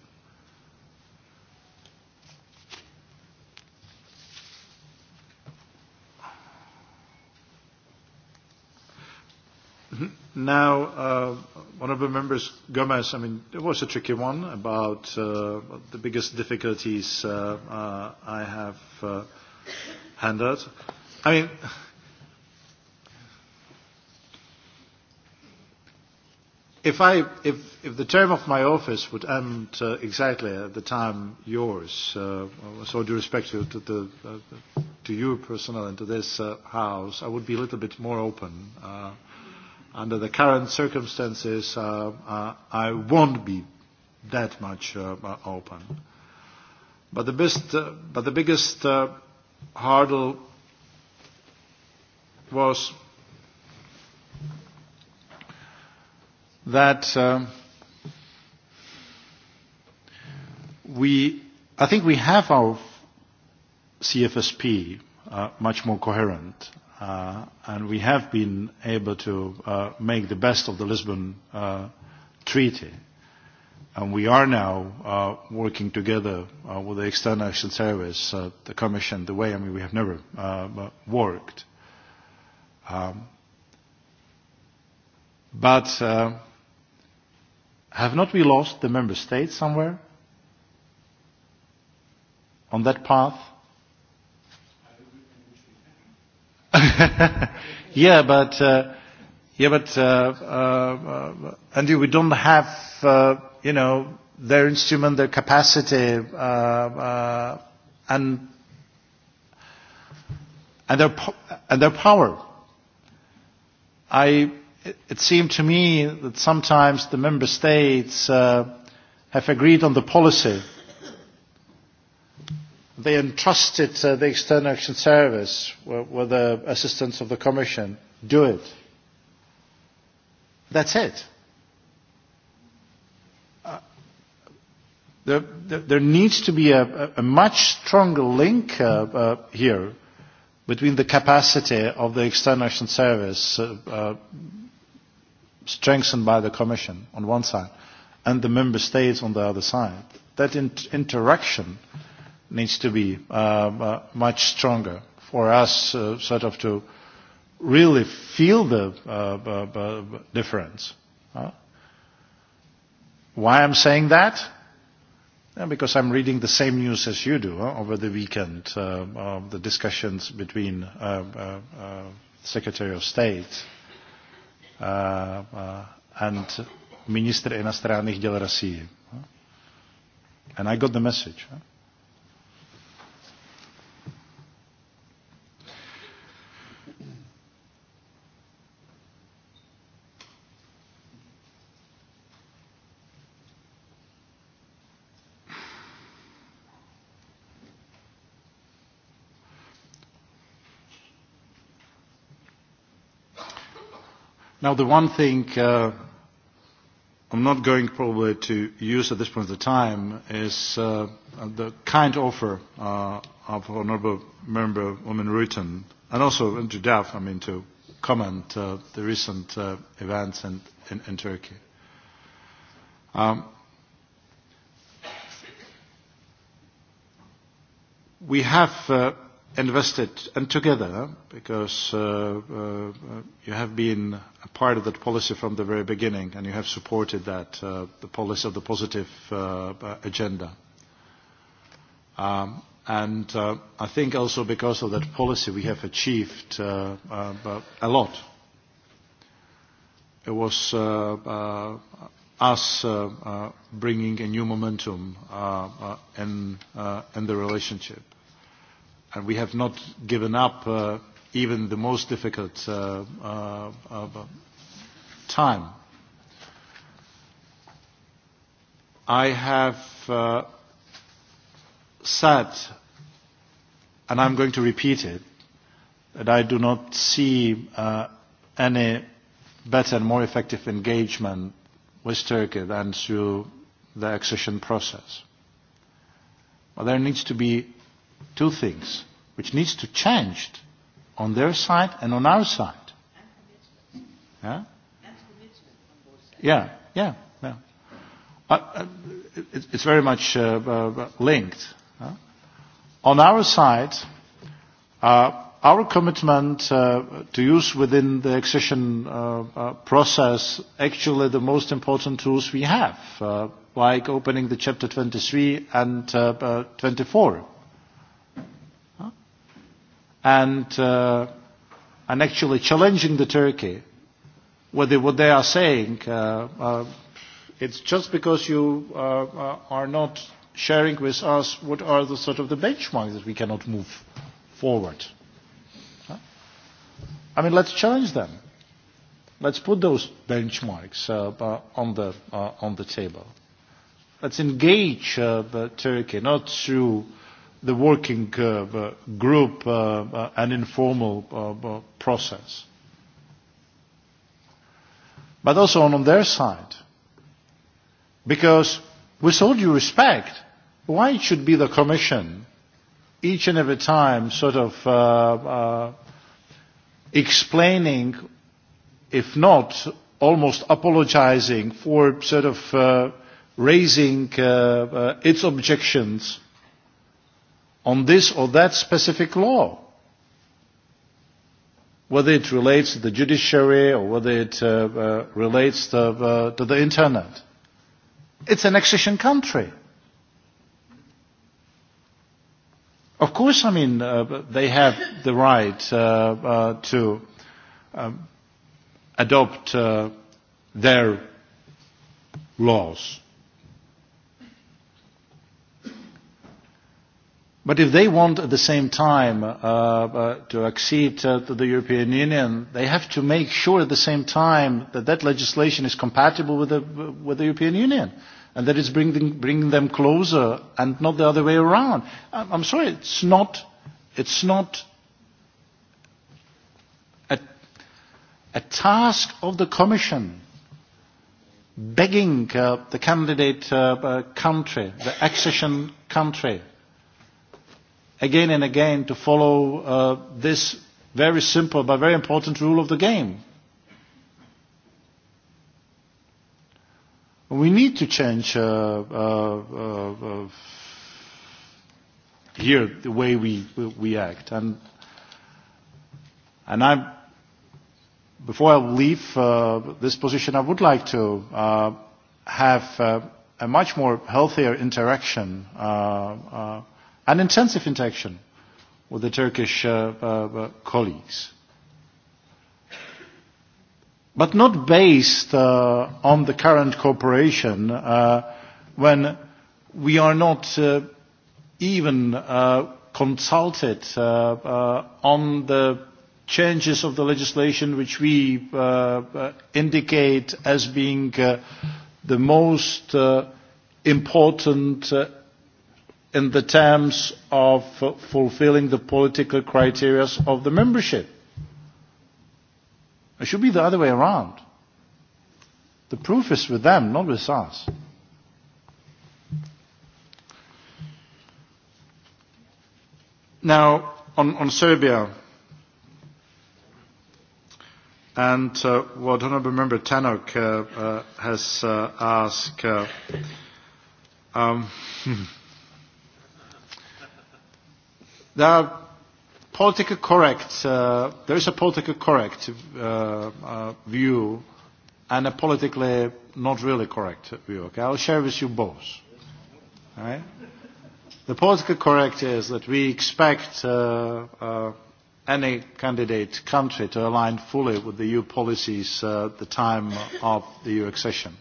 S3: Mm-hmm. Now, uh, honorable members, Gomez, I mean, it was a tricky one about uh, the biggest difficulties uh, uh, I have uh, handled. I mean, If, I, if, if the term of my office would end uh, exactly at the time yours, uh, so due respect to, to, the, uh, to you personally and to this uh, House, I would be a little bit more open. Uh, under the current circumstances, uh, uh, I won't be that much uh, uh open. But the, best, uh, but the biggest uh, hurdle was that uh, we, I think we have our CFSP uh, much more coherent, uh, and we have been able to uh, make the best of the Lisbon uh, Treaty. And we are now uh, working together uh, with the External Action Service, uh, the Commission, the way I mean we have never uh, worked. Um, but uh, Have not we lost the member states somewhere on that path? yeah, but uh, yeah, but uh, uh, and we don't have uh, you know their instrument, their capacity, uh, uh, and and their po- and their power. I it, it seemed to me that sometimes the member states uh, have agreed on the policy. They entrusted uh, the External Action Service with, with the assistance of the Commission. Do it. That's it. Uh, there, there, there needs to be a, a much stronger link uh, uh, here between the capacity of the External Action Service uh, uh, strengthened by the Commission on one side and the Member States on the other side, that in- interaction needs to be uh, uh, much stronger for us uh, sort of to really feel the uh, uh, uh difference. Uh, why I'm saying that? Yeah, because I'm reading the same news as you do huh, over the weekend, uh, of the discussions between uh, uh, uh, Secretary of State uh, and Minister иностранных дел России. And I got the message. Huh? Now, the one thing uh, I'm not going probably to use at this point of the time is uh, the kind offer uh, of Honourable Member Woman Rutan and also and to Daf, I mean, to comment uh, the recent uh, events in, in, in Turkey. Um, we have uh, invested, and together, because uh, uh, uh, you have been a part of that policy from the very beginning, and you have supported that, uh, the policy of the positive uh, uh, agenda. Um, and uh, I think also because of that policy we have achieved uh, uh, a lot. It was uh, uh, us uh, uh, bringing a new momentum uh, uh, in, uh, in the relationship. Uh, and we have not given up uh, even the most difficult uh, uh, uh, time. I have uh, said, and I'm going to repeat it, that I do not see uh, any better and more effective engagement with Turkey than through the accession process. But there needs to be two things which needs to change on their side and on our side. Yeah? Yeah, yeah, yeah. Uh, it, it's very much uh, uh, linked. Uh. On our side, uh, our commitment uh, to use within the accession uh, uh, process actually the most important tools we have, uh, like opening the chapter 23 and uh, uh, 24 and, uh, and actually challenging the Turkey, whether what they are saying, uh, uh, it's just because you uh, uh, are not sharing with us what are the sort of the benchmarks that we cannot move forward. Huh? I mean, let's challenge them. Let's put those benchmarks uh, uh, on, the, uh, on the table. Let's engage uh, Turkey, not through uh, the working uh, group, uh, uh, an informal uh, uh, process. But also on, on their side. Because with all due respect, why it should be the Commission each and every time sort of uh, uh, explaining, if not almost apologizing for sort of uh, raising uh, uh, its objections on this or that specific law, whether it relates to the judiciary or whether it uh, uh, relates to, uh, to the internet. It's an accession country. Of course, I mean, uh, they have the right uh, uh, to um, adopt uh, their laws. But if they want at the same time uh, uh, to accede uh, to the European Union, they have to make sure at the same time that that legislation is compatible with the, with the European Union and that it's bringing, bringing them closer and not the other way around. I'm, I'm sorry, it's not, it's not a, a task of the Commission begging uh, the candidate uh, uh, country, the accession country, again and again to follow uh, this very simple but very important rule of the game. We need to change uh, uh, uh, uh, here the way we, we act. And, and I'm, before I leave uh, this position, I would like to uh, have uh, a much more healthier interaction uh, uh, and intensive interaction with the Turkish uh, uh, uh, colleagues. But not based uh, on the current cooperation uh, when we are not uh, even uh, consulted uh, uh, on the changes of the legislation which we uh, uh, indicate as being uh, the most uh, important uh, in the terms of fulfilling the political criteria of the membership. It should be the other way around. The proof is with them, not with us. Now, on, on Serbia, and uh, what Honourable Member Tanok uh, uh, has uh, asked, uh, um, hmm there are political correct, uh, there is a political correct uh, uh, view and a politically not really correct view. Okay, I'll share with you both. All right? The political correct is that we expect uh, uh, any candidate country to align fully with the EU policies uh, at the time of the EU accession.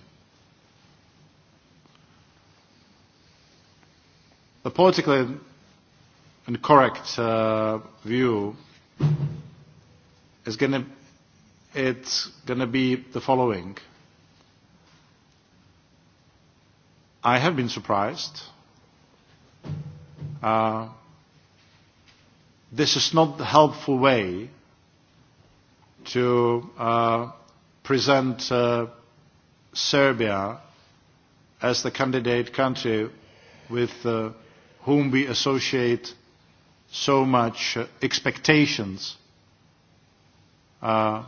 S3: The politically and correct uh, view is gonna it's gonna be the following. I have been surprised. Uh, this is not the helpful way to uh, present uh, Serbia as the candidate country with uh, whom we associate so much uh, expectations uh,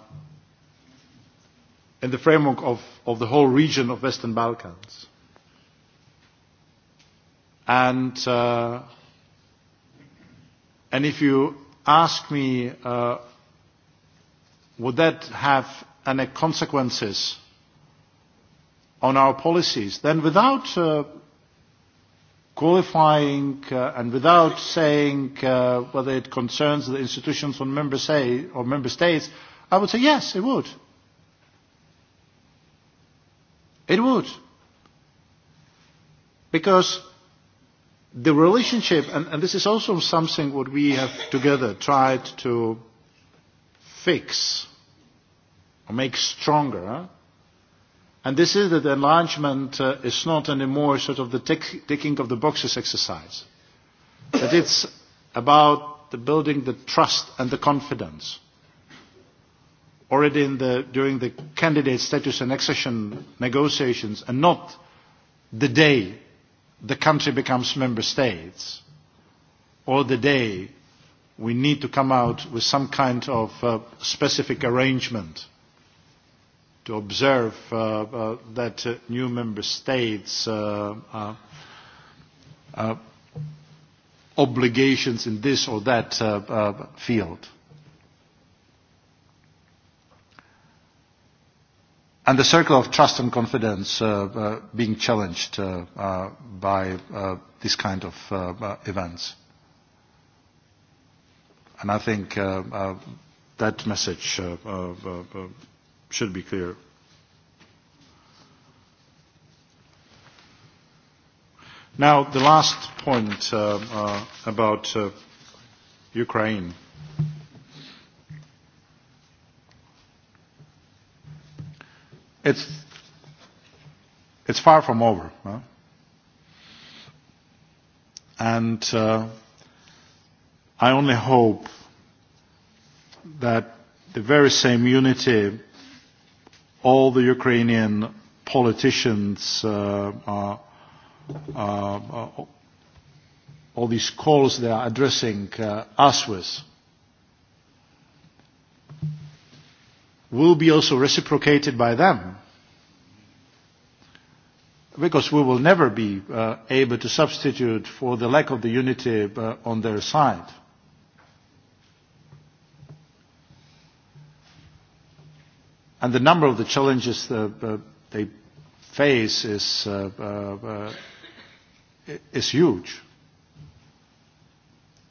S3: in the framework of, of the whole region of Western Balkans. And, uh, and if you ask me, uh, would that have any consequences on our policies, then without uh, qualifying uh, and without saying uh, whether it concerns the institutions on member say or member states, I would say yes, it would. It would. Because the relationship, and, and this is also something what we have together tried to fix or make stronger, huh? And this is that enlargement uh, is not anymore sort of the tick, ticking of the boxes exercise. That it's about the building the trust and the confidence. Already in the, during the candidate status and accession negotiations, and not the day the country becomes member states, or the day we need to come out with some kind of uh, specific arrangement to observe uh, uh, that uh, new member states uh, uh, uh, obligations in this or that uh, uh, field. And the circle of trust and confidence uh, uh, being challenged uh, uh, by uh, this kind of uh, uh, events. And I think uh, uh, that message uh, uh, uh, should be clear. Now, the last point uh, uh, about uh, Ukraine. It's, it's far from over. Huh? And uh, I only hope that the very same unity all the Ukrainian politicians, uh, uh, uh, uh, all these calls they are addressing uh, us with, will be also reciprocated by them. Because we will never be uh, able to substitute for the lack of the unity uh, on their side. And the number of the challenges uh, uh, they face is, uh, uh, uh, is huge.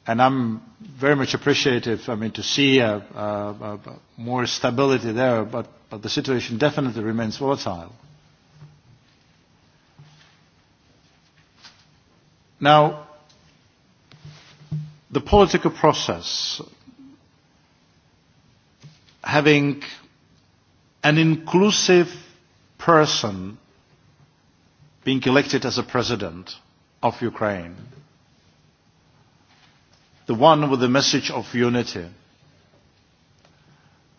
S3: And I'm very much appreciative, I mean, to see uh, uh, uh, more stability there, but, but the situation definitely remains volatile. Now, the political process having an inclusive person being elected as a president of Ukraine, the one with the message of unity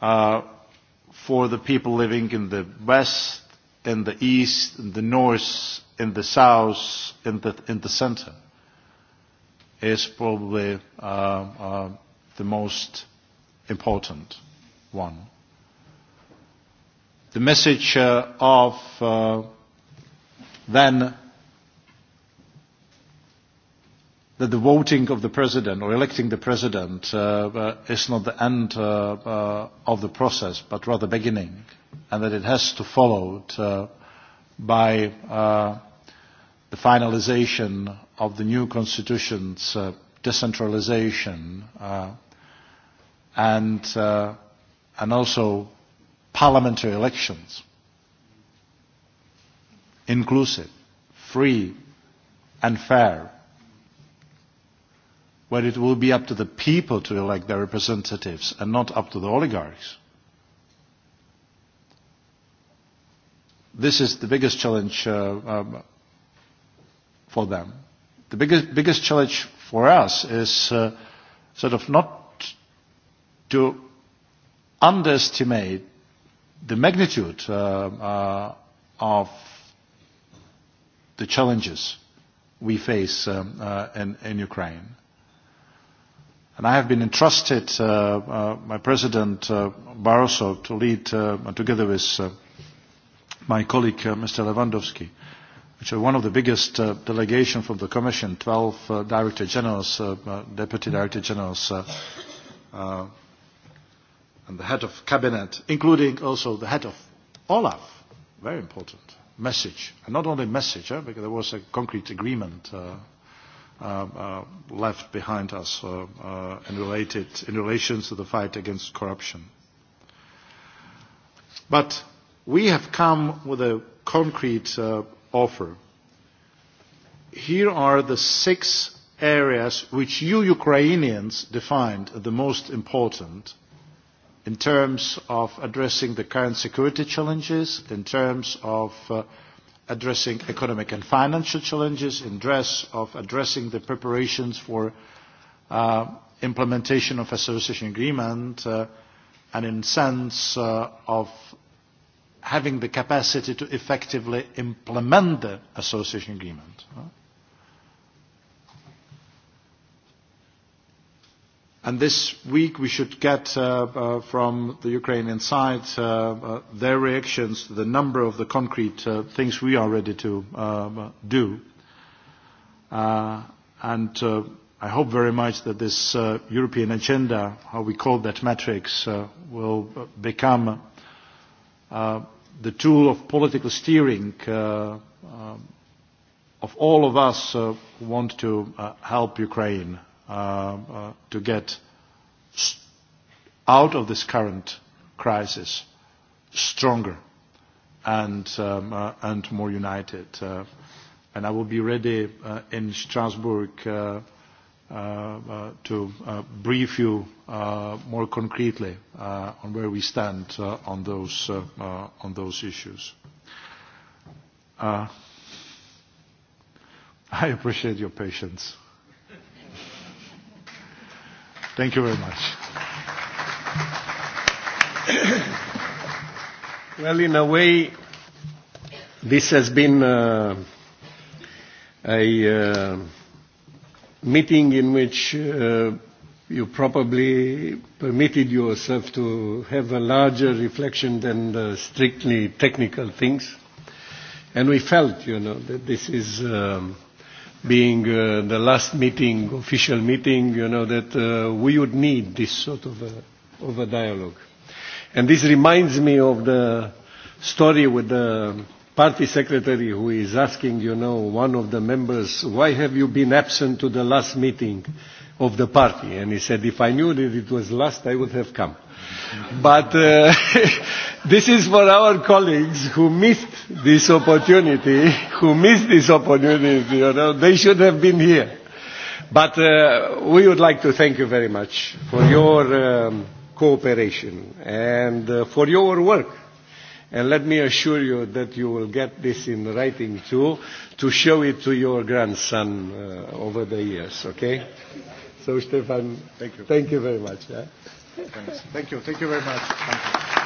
S3: uh, for the people living in the west, in the east, in the north, in the south, in the, in the center, is probably uh, uh, the most important one the message uh, of uh, then that the voting of the president or electing the president uh, uh, is not the end uh, uh, of the process, but rather beginning, and that it has to follow it, uh, by uh, the finalization of the new constitution's uh, decentralization uh, and, uh, and also parliamentary elections. Inclusive, free and fair, where it will be up to the people to elect their representatives and not up to the oligarchs. This is the biggest challenge uh, um, for them. The biggest, biggest challenge for us is uh, sort of not to underestimate the magnitude uh, uh, of the challenges we face um, uh, in, in Ukraine. And I have been entrusted uh, uh, by President uh, Barroso to lead, uh, together with uh, my colleague uh, Mr. Lewandowski, which are one of the biggest uh, delegation from the Commission, 12 uh, Director Generals, uh, uh, Deputy Director Generals uh, uh, and the head of cabinet, including also the head of Olaf, very important message, and not only message, eh, because there was a concrete agreement uh, uh, uh, left behind us uh, uh, in, related, in relation to the fight against corruption. But we have come with a concrete uh, offer. Here are the six areas which you Ukrainians defined the most important in terms of addressing the current security challenges, in terms of uh, addressing economic and financial challenges, in terms of addressing the preparations for uh, implementation of association agreement, uh, and in sense uh, of having the capacity to effectively implement the association agreement. Uh. And this week we should get uh, uh, from the Ukrainian side uh, uh, their reactions to the number of the concrete uh, things we are ready to uh, uh, do. Uh, and uh, I hope very much that this uh, European agenda, how we call that matrix, uh, will become uh, the tool of political steering uh, uh, of all of us uh, who want to uh, help Ukraine uh, uh, to get out of this current crisis stronger and, um, uh, and more united. Uh, and I will be ready uh, in Strasbourg uh, uh, uh, to uh, brief you uh, more concretely uh, on where we stand uh, on, those, uh, uh, on those issues. Uh, I appreciate your patience.
S1: Thank you very much. well, in a way, this has been uh, a uh, meeting in which uh, you probably permitted yourself to have a larger reflection than the strictly technical things. And we felt, you know, that this is um, being uh, the last meeting, official meeting, you know, that uh, we would need this sort of a, uh, of a dialogue. And this reminds me of the story with the party secretary who is asking, you know, one of the members, why have you been absent to the last meeting? Mm-hmm of the party. And he said, if I knew that it was last, I would have come. But uh, this is for our colleagues who missed this opportunity, who missed this opportunity, you know, they should have been here. But uh, we would like to thank you very much for your um, cooperation and uh, for your work. And let me assure you that you will get this in writing too, to show it to your grandson uh, over the years, okay? So, Stefan, thank you, thank you very much. Yeah? Thanks. Thank you. Thank you very much. Thank you.